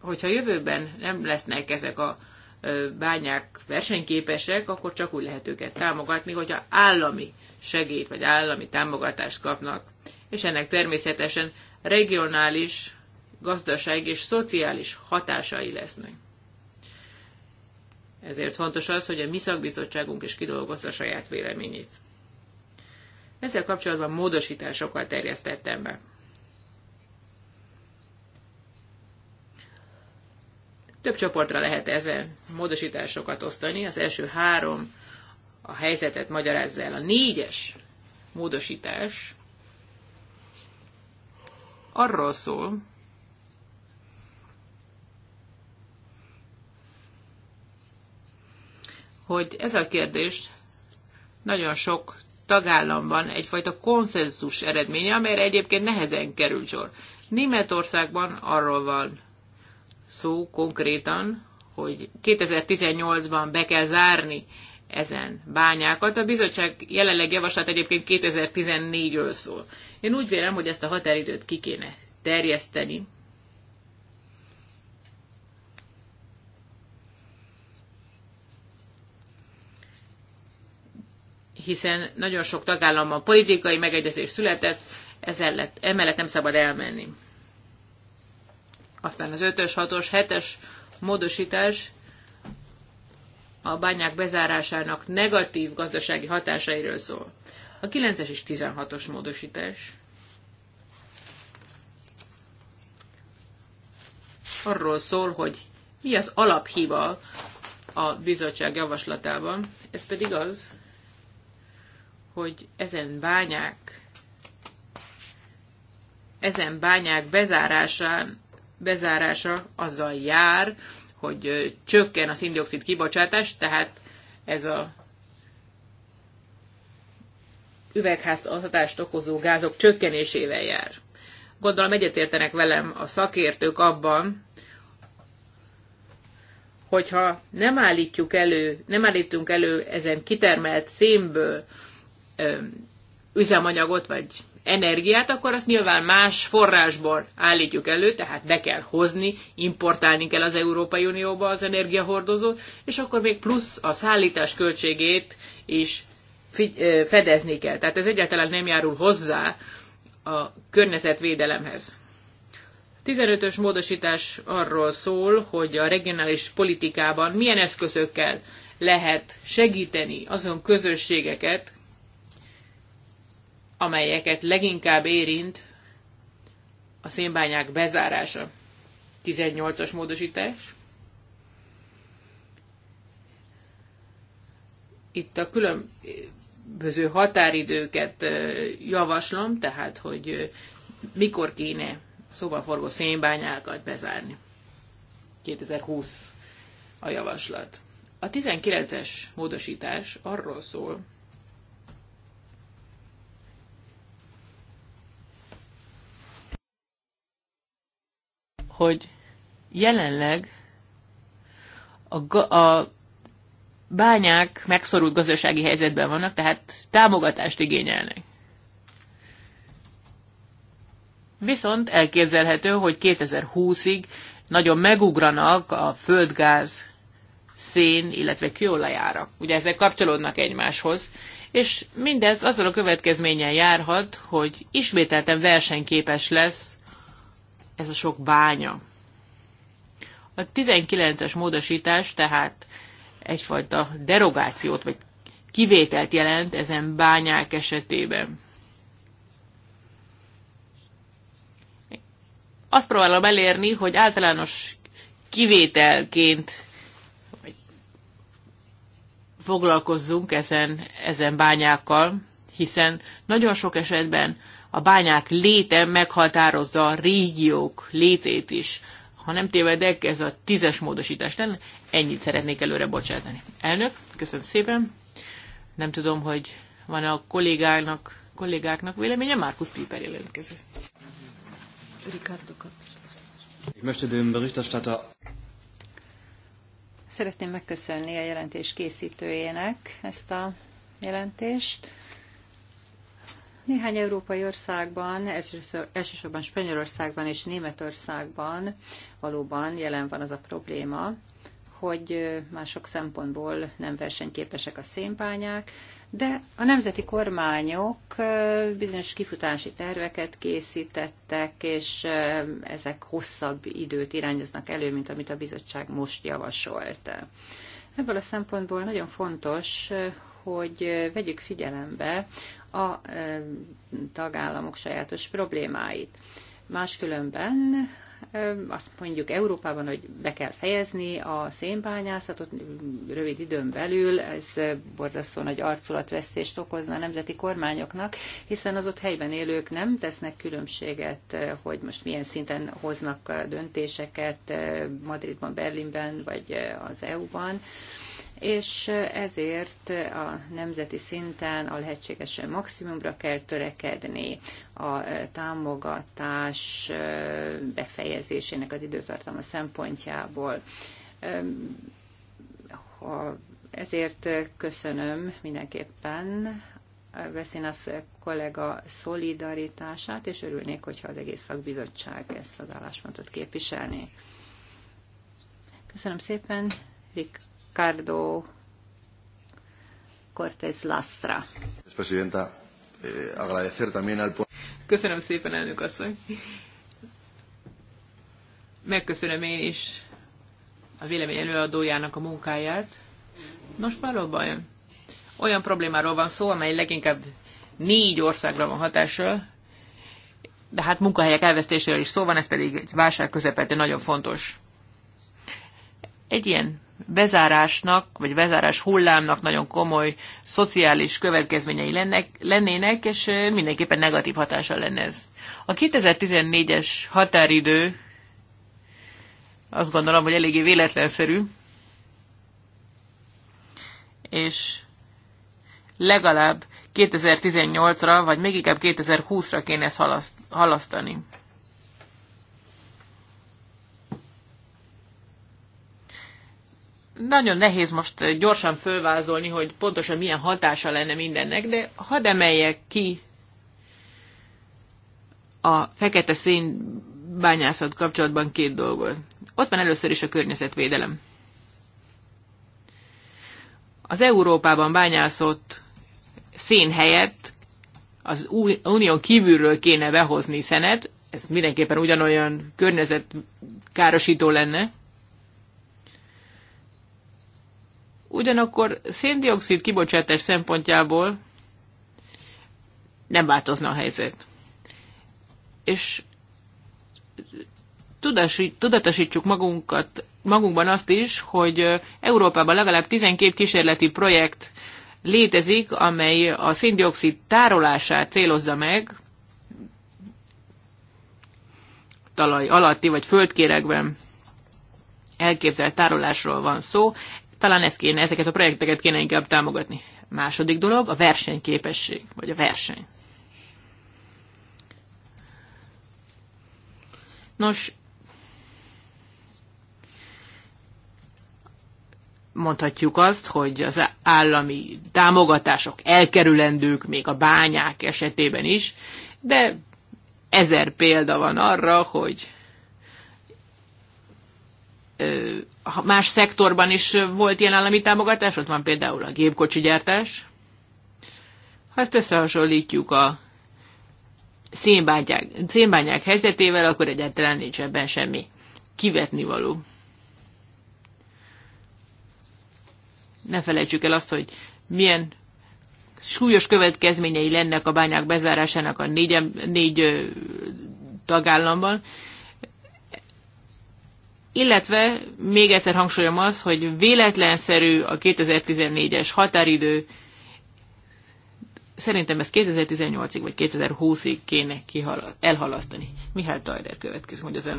hogyha jövőben nem lesznek ezek a bányák versenyképesek, akkor csak úgy lehet őket támogatni, hogyha állami segít vagy állami támogatást kapnak. És ennek természetesen regionális gazdaság és szociális hatásai lesznek. Ezért fontos az, hogy a mi szakbizottságunk is kidolgozza saját véleményét. Ezzel kapcsolatban módosításokkal terjesztettem be. Több csoportra lehet ezen módosításokat osztani. Az első három a helyzetet magyarázza el. A négyes módosítás arról szól, hogy ez a kérdés nagyon sok tagállamban egyfajta konszenzus eredménye, amelyre egyébként nehezen kerül sor. Németországban arról van szó konkrétan, hogy 2018-ban be kell zárni ezen bányákat. A bizottság jelenleg javaslat egyébként 2014-ről szól. Én úgy vélem, hogy ezt a határidőt ki kéne terjeszteni. hiszen nagyon sok tagállamban politikai megegyezés született, ezzel lett, emellett nem szabad elmenni. Aztán az 5-ös, 6-os, 7-es módosítás a bányák bezárásának negatív gazdasági hatásairól szól. A 9-es és 16-os módosítás arról szól, hogy mi az alaphiba a bizottság javaslatában, ez pedig az, hogy ezen bányák ezen bányák bezárásán, bezárása azzal jár, hogy csökken a szindioxid kibocsátás, tehát ez a üvegházhatást okozó gázok csökkenésével jár. Gondolom egyetértenek velem a szakértők abban, hogyha nem állítjuk elő, nem állítunk elő ezen kitermelt szénből üzemanyagot vagy energiát, akkor azt nyilván más forrásból állítjuk elő, tehát be kell hozni, importálni kell az Európai Unióba az energiahordozót, és akkor még plusz a szállítás költségét is fedezni kell. Tehát ez egyáltalán nem járul hozzá a környezetvédelemhez. 15-ös módosítás arról szól, hogy a regionális politikában milyen eszközökkel lehet segíteni azon közösségeket, amelyeket leginkább érint a szénbányák bezárása. 18-as módosítás. Itt a különböző határidőket javaslom, tehát hogy mikor kéne szobaforgó szénbányákat bezárni. 2020 a javaslat. A 19-es módosítás arról szól, hogy jelenleg a, a bányák megszorult gazdasági helyzetben vannak, tehát támogatást igényelnek. Viszont elképzelhető, hogy 2020-ig nagyon megugranak a földgáz, szén, illetve kőolajárak. Ugye ezek kapcsolódnak egymáshoz, és mindez azzal a következménnyel járhat, hogy ismételten versenyképes lesz ez a sok bánya. A 19-es módosítás tehát egyfajta derogációt vagy kivételt jelent ezen bányák esetében. Azt próbálom elérni, hogy általános kivételként foglalkozzunk ezen, ezen bányákkal, hiszen nagyon sok esetben a bányák léte meghatározza a régiók létét is. Ha nem tévedek, ez a tízes módosítás lenne. Ennyit szeretnék előre bocsátani. Elnök, köszönöm szépen. Nem tudom, hogy van -e a kollégának, kollégáknak véleménye. Markus Piper jelentkezett. Ricardo Szeretném megköszönni a jelentés készítőjének ezt a jelentést. Néhány európai országban, elsősorban Spanyolországban és Németországban valóban jelen van az a probléma, hogy már sok szempontból nem versenyképesek a szénbányák, de a nemzeti kormányok bizonyos kifutási terveket készítettek, és ezek hosszabb időt irányoznak elő, mint amit a bizottság most javasolt. Ebből a szempontból nagyon fontos, hogy vegyük figyelembe a e, tagállamok sajátos problémáit. Máskülönben e, azt mondjuk Európában, hogy be kell fejezni a szénbányászatot rövid időn belül, ez borzasztó nagy arculatvesztést okozna a nemzeti kormányoknak, hiszen az ott helyben élők nem tesznek különbséget, e, hogy most milyen szinten hoznak döntéseket Madridban, Berlinben vagy az EU-ban és ezért a nemzeti szinten a lehetségesen maximumra kell törekedni a támogatás befejezésének az időtartama szempontjából. Ezért köszönöm mindenképpen Veszinasz kollega szolidaritását, és örülnék, hogyha az egész szakbizottság ezt az álláspontot képviselni. Köszönöm szépen, rik. Ricardo Cortés Lastra. Eh, Köszönöm szépen, elnök asszony. Megköszönöm én is a vélemény előadójának a munkáját. Nos, valóban olyan problémáról van szó, amely leginkább négy országra van hatással, de hát munkahelyek elvesztéséről is szó van, ez pedig egy válság közepette nagyon fontos. Egy ilyen bezárásnak, vagy bezárás hullámnak nagyon komoly szociális következményei lennek, lennének, és mindenképpen negatív hatása lenne ez. A 2014-es határidő azt gondolom, hogy eléggé véletlenszerű, és legalább 2018-ra, vagy még inkább 2020-ra kéne ezt halasztani. nagyon nehéz most eh, gyorsan fölvázolni, hogy pontosan milyen hatása lenne mindennek, de hadd emeljek ki a fekete bányászat kapcsolatban két dolgot. Ott van először is a környezetvédelem. Az Európában bányászott szén helyett az unión kívülről kéne behozni szenet, ez mindenképpen ugyanolyan környezetkárosító lenne, Ugyanakkor széndiokszid kibocsátás szempontjából nem változna a helyzet. És tudatosítsuk magunkat, magunkban azt is, hogy Európában legalább 12 kísérleti projekt létezik, amely a széndiokszid tárolását célozza meg, talaj alatti vagy földkéregben elképzelt tárolásról van szó. Talán ezt kéne, ezeket a projekteket kéne inkább támogatni. Második dolog a versenyképesség, vagy a verseny. Nos, mondhatjuk azt, hogy az állami támogatások elkerülendők még a bányák esetében is, de ezer példa van arra, hogy más szektorban is volt ilyen állami támogatás, ott van például a gépkocsi gyártás. Ha ezt összehasonlítjuk a szénbányák, szénbányák helyzetével, akkor egyáltalán nincs ebben semmi kivetnivaló. Ne felejtsük el azt, hogy milyen súlyos következményei lennek a bányák bezárásának a négy, négy tagállamban illetve még egyszer hangsúlyom az, hogy véletlenszerű a 2014-es határidő, szerintem ez 2018-ig vagy 2020-ig kéne elhalasztani. Mihály Tajder következik, hogy az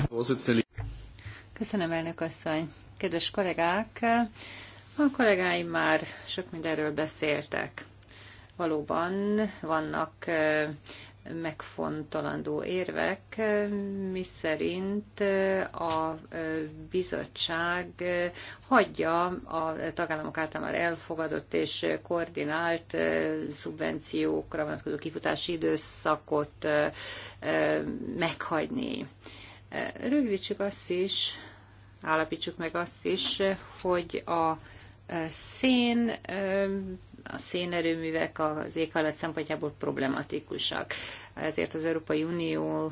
Köszönöm, elnök asszony. Kedves kollégák, a kollégáim már sok mindenről beszéltek. Valóban vannak megfontolandó érvek, miszerint a bizottság hagyja a tagállamok által már elfogadott és koordinált szubvenciókra vonatkozó kifutási időszakot meghagyni. Rögzítsük azt is, állapítsuk meg azt is, hogy a szén a szénerőművek az éghajlat szempontjából problematikusak. Ezért az Európai Unió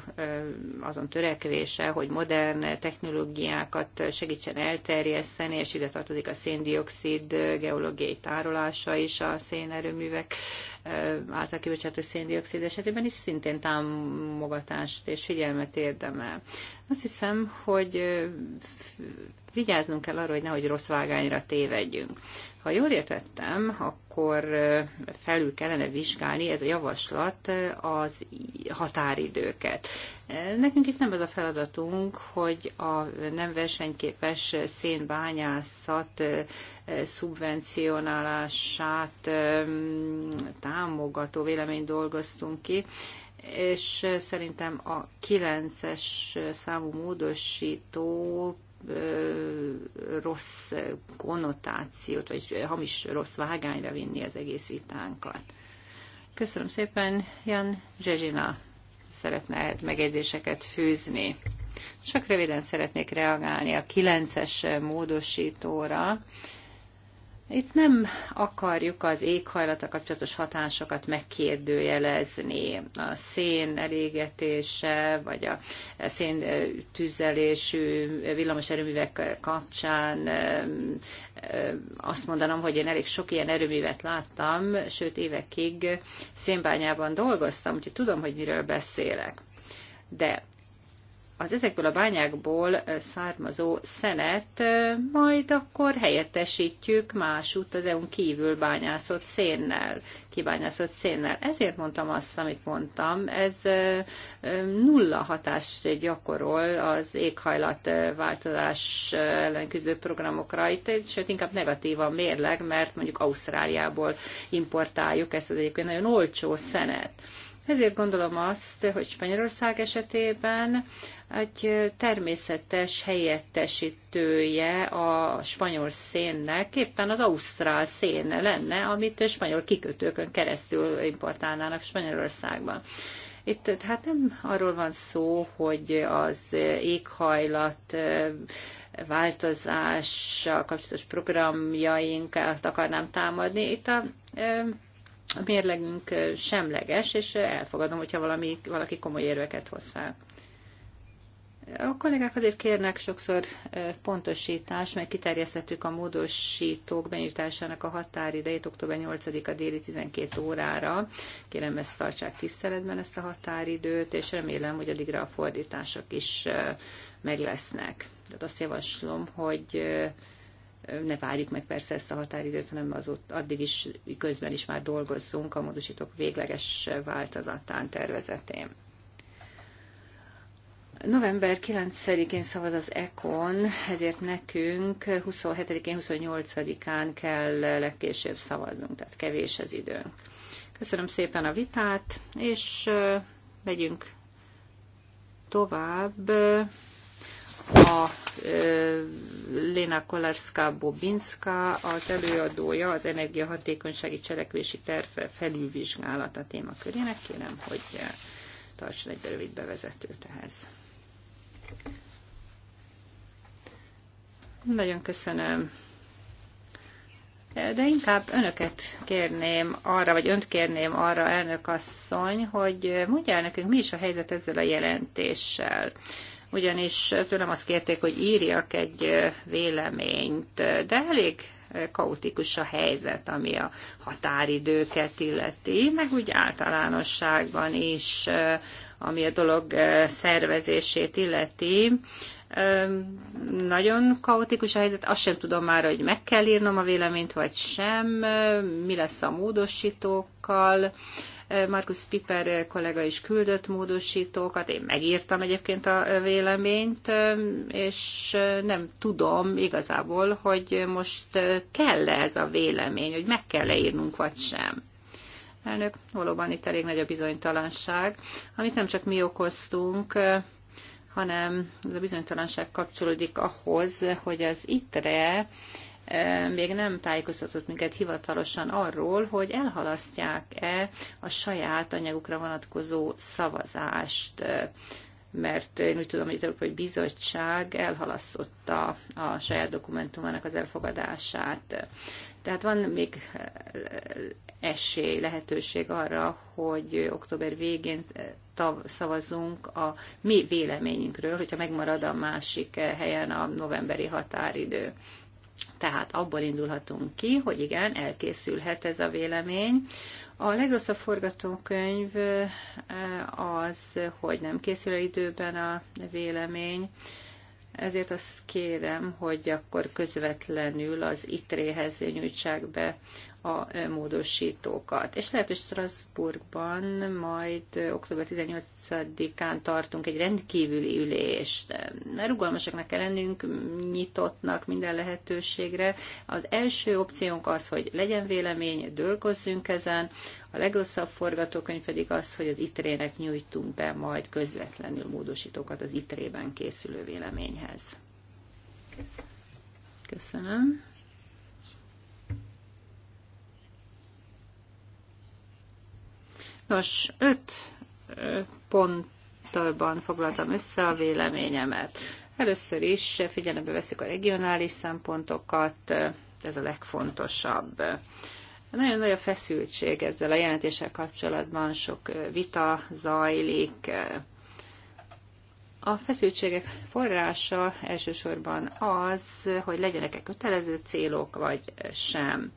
azon törekvése, hogy modern technológiákat segítsen elterjeszteni, és ide tartozik a széndiokszid geológiai tárolása is a szénerőművek által kibocsátó széndiokszid esetében is szintén támogatást és figyelmet érdemel. Azt hiszem, hogy vigyáznunk kell arra, hogy nehogy rossz vágányra tévedjünk. Ha jól értettem, akkor felül kellene vizsgálni ez a javaslat az határidőket. Nekünk itt nem az a feladatunk, hogy a nem versenyképes szénbányászat szubvencionálását támogató véleményt dolgoztunk ki, és szerintem a 9-es számú módosító rossz konnotációt, vagy hamis rossz vágányra vinni az egész vitánkat. Köszönöm szépen, Jan Zsezsina szeretne ehhez megjegyzéseket fűzni. Csak röviden szeretnék reagálni a kilences módosítóra. Itt nem akarjuk az éghajlata kapcsolatos hatásokat megkérdőjelezni. A szén elégetése, vagy a szén tüzelésű villamos erőművek kapcsán azt mondanom, hogy én elég sok ilyen erőművet láttam, sőt évekig szénbányában dolgoztam, úgyhogy tudom, hogy miről beszélek. De az ezekből a bányákból származó szenet majd akkor helyettesítjük másút az EU-n kívül bányászott szénnel, kibányászott szénnel. Ezért mondtam azt, amit mondtam, ez nulla hatást gyakorol az éghajlatváltozás ellen küzdő programokra, itt, sőt inkább negatív a mérleg, mert mondjuk Ausztráliából importáljuk ezt az egyébként nagyon olcsó szenet. Ezért gondolom azt, hogy Spanyolország esetében egy természetes helyettesítője a spanyol szénnek éppen az ausztrál szén lenne, amit spanyol kikötőkön keresztül importálnának Spanyolországban. Itt hát nem arról van szó, hogy az éghajlat eh, változással kapcsolatos programjainkat akarnám támadni. Itt a eh, a mérlegünk semleges, és elfogadom, hogyha valami, valaki komoly érveket hoz fel. A kollégák azért kérnek sokszor pontosítás, mert kiterjesztettük a módosítók benyújtásának a határidejét október 8-a déli 12 órára. Kérem, ezt tartsák tiszteletben ezt a határidőt, és remélem, hogy addigra a fordítások is meg lesznek. Tehát azt javaslom, hogy ne várjuk meg persze ezt a határidőt, hanem az ott addig is, közben is már dolgozzunk a módosítók végleges változatán tervezetén. November 9-én szavaz az ECON, ezért nekünk 27-én, 28-án kell legkésőbb szavaznunk, tehát kevés az időnk. Köszönöm szépen a vitát, és megyünk tovább a Léna Kolarska-Bobinska, az előadója az energiahatékonysági cselekvési terv felülvizsgálata témakörének. Kérem, hogy tartson egy rövid bevezetőt ehhez. Nagyon köszönöm. De inkább önöket kérném arra, vagy önt kérném arra, elnök asszony, hogy mondja nekünk, mi is a helyzet ezzel a jelentéssel ugyanis tőlem azt kérték, hogy írjak egy véleményt, de elég kaotikus a helyzet, ami a határidőket illeti, meg úgy általánosságban is, ami a dolog szervezését illeti. Nagyon kaotikus a helyzet, azt sem tudom már, hogy meg kell írnom a véleményt, vagy sem, mi lesz a módosítókkal, Markus Piper kollega is küldött módosítókat, én megírtam egyébként a véleményt, és nem tudom igazából, hogy most kell-e ez a vélemény, hogy meg kell-e írnunk, vagy sem. Elnök, valóban itt elég nagy a bizonytalanság, amit nem csak mi okoztunk, hanem ez a bizonytalanság kapcsolódik ahhoz, hogy az ITRE még nem tájékoztatott minket hivatalosan arról, hogy elhalasztják-e a saját anyagukra vonatkozó szavazást mert én úgy tudom, hogy az Európai Bizottság elhalasztotta a saját dokumentumának az elfogadását. Tehát van még esély, lehetőség arra, hogy október végén tav- szavazunk a mi véleményünkről, hogyha megmarad a másik helyen a novemberi határidő. Tehát abból indulhatunk ki, hogy igen, elkészülhet ez a vélemény. A legrosszabb forgatókönyv az, hogy nem készül el időben a vélemény, ezért azt kérem, hogy akkor közvetlenül az itréhez nyújtsák be a módosítókat. És lehet, hogy Strasbourgban majd október 18-án tartunk egy rendkívüli ülést. Rugalmasaknak kell lennünk, nyitottnak minden lehetőségre. Az első opciónk az, hogy legyen vélemény, dolgozzunk ezen. A legrosszabb forgatókönyv pedig az, hogy az ITRE-nek nyújtunk be majd közvetlenül módosítókat az ITRE-ben készülő véleményhez. Köszönöm. Nos, öt pontban foglaltam össze a véleményemet. Először is figyelembe veszük a regionális szempontokat, ez a legfontosabb. Nagyon nagy a feszültség ezzel a jelentéssel kapcsolatban, sok vita zajlik. A feszültségek forrása elsősorban az, hogy legyenek-e kötelező célok, vagy sem.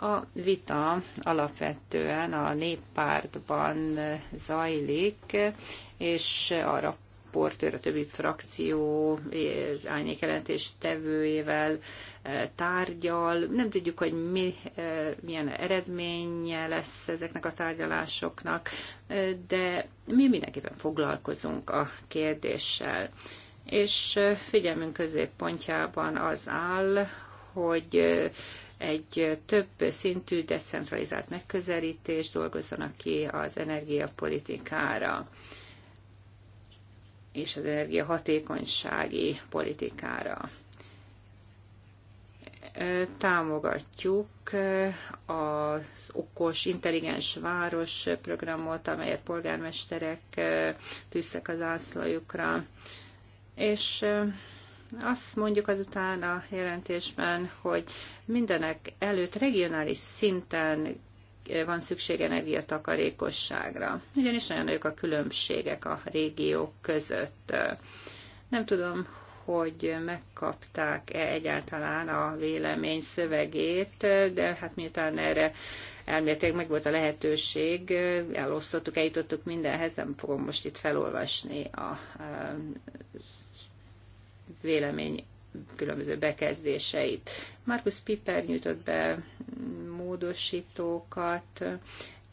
A vita alapvetően a néppártban zajlik, és a raportőr a többi frakció árnyékjelentés tevőjével eh, tárgyal. Nem tudjuk, hogy mi, eh, milyen eredménye lesz ezeknek a tárgyalásoknak, eh, de mi mindenképpen foglalkozunk a kérdéssel. És figyelmünk középpontjában az áll, hogy egy több szintű decentralizált megközelítés dolgozzanak ki az energiapolitikára és az energiahatékonysági politikára. Támogatjuk az okos, intelligens város programot, amelyet polgármesterek tűztek az ászlajukra, és azt mondjuk azután a jelentésben, hogy mindenek előtt regionális szinten van szükség energiatakarékosságra, ugyanis nagyon nagyok a különbségek a régiók között. Nem tudom, hogy megkapták-e egyáltalán a vélemény szövegét, de hát miután erre elméletileg meg volt a lehetőség, elosztottuk, eljutottuk mindenhez, nem fogom most itt felolvasni a vélemény különböző bekezdéseit. Markus Piper nyújtott be módosítókat,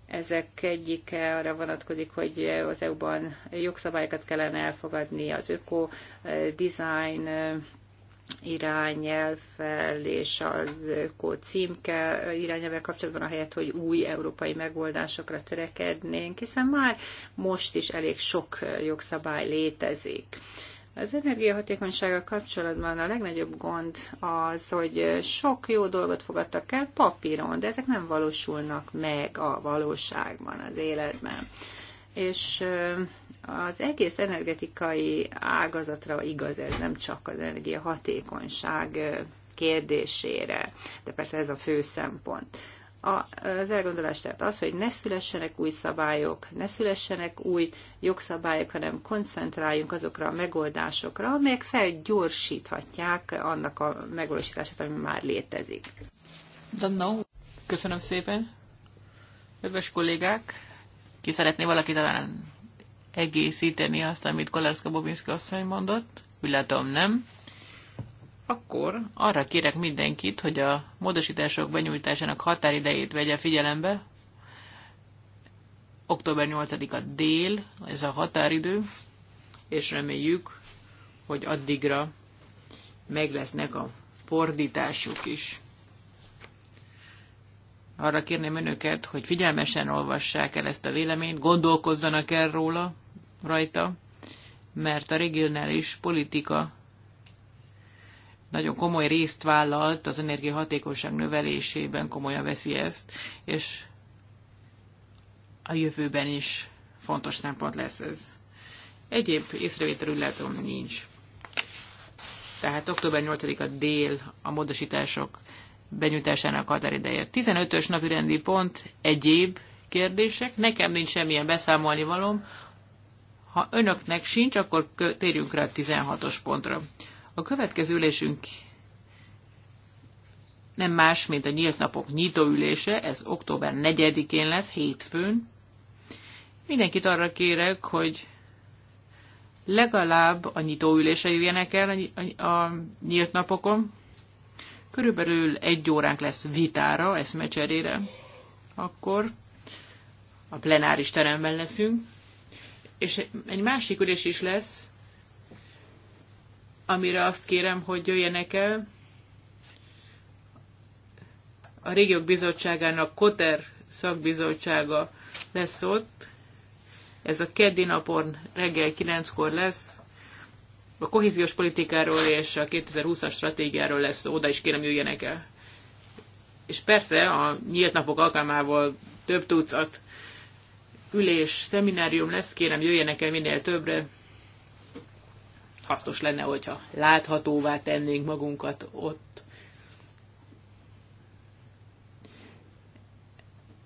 ezek egyike arra vonatkozik, hogy az EU-ban jogszabályokat kellene elfogadni az öko design irányelvvel és az öko címke irányelvvel kapcsolatban, ahelyett, hogy új európai megoldásokra törekednénk, hiszen már most is elég sok jogszabály létezik. Az energiahatékonysággal kapcsolatban a legnagyobb gond az, hogy sok jó dolgot fogadtak el papíron, de ezek nem valósulnak meg a valóságban, az életben. És az egész energetikai ágazatra igaz ez, nem csak az energiahatékonyság kérdésére, de persze ez a fő szempont az elgondolás tehát az, hogy ne szülessenek új szabályok, ne szülessenek új jogszabályok, hanem koncentráljunk azokra a megoldásokra, amelyek felgyorsíthatják annak a megvalósítását, ami már létezik. Köszönöm szépen. Kedves kollégák, ki szeretné valaki talán egészíteni azt, amit Kolarska Bobinski asszony mondott? Úgy látom, nem akkor arra kérek mindenkit, hogy a módosítások benyújtásának határidejét vegye figyelembe. Október 8-a dél, ez a határidő, és reméljük, hogy addigra meg lesznek a fordításuk is. Arra kérném önöket, hogy figyelmesen olvassák el ezt a véleményt, gondolkozzanak el róla, rajta, mert a regionális politika nagyon komoly részt vállalt az energiahatékonyság növelésében, komolyan veszi ezt, és a jövőben is fontos szempont lesz ez. Egyéb észrevételül látom nincs. Tehát október 8-a dél a módosítások benyújtásának határideje. 15-ös napi rendi pont, egyéb kérdések. Nekem nincs semmilyen beszámolni valom. Ha önöknek sincs, akkor térjünk rá a 16-os pontra. A következő ülésünk nem más, mint a nyílt napok nyitóülése, ez október 4-én lesz, hétfőn. Mindenkit arra kérek, hogy legalább a nyitóülése jöjjenek el a nyílt napokon. Körülbelül egy óránk lesz vitára, eszmecserére. Akkor a plenáris teremben leszünk. És egy másik ülés is lesz, amire azt kérem, hogy jöjjenek el. A Régiók Bizottságának Koter szakbizottsága lesz ott. Ez a keddi napon reggel 9-kor lesz. A kohéziós politikáról és a 2020-as stratégiáról lesz, oda is kérem jöjjenek el. És persze a nyílt napok alkalmával több tucat ülés, szeminárium lesz, kérem jöjjenek el minél többre hasznos lenne, hogyha láthatóvá tennénk magunkat ott.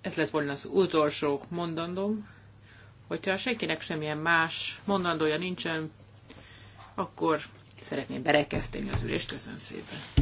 Ez lett volna az utolsó mondandom. Hogyha senkinek semmilyen más mondandója nincsen, akkor szeretném berekezteni az ülést. Köszönöm szépen!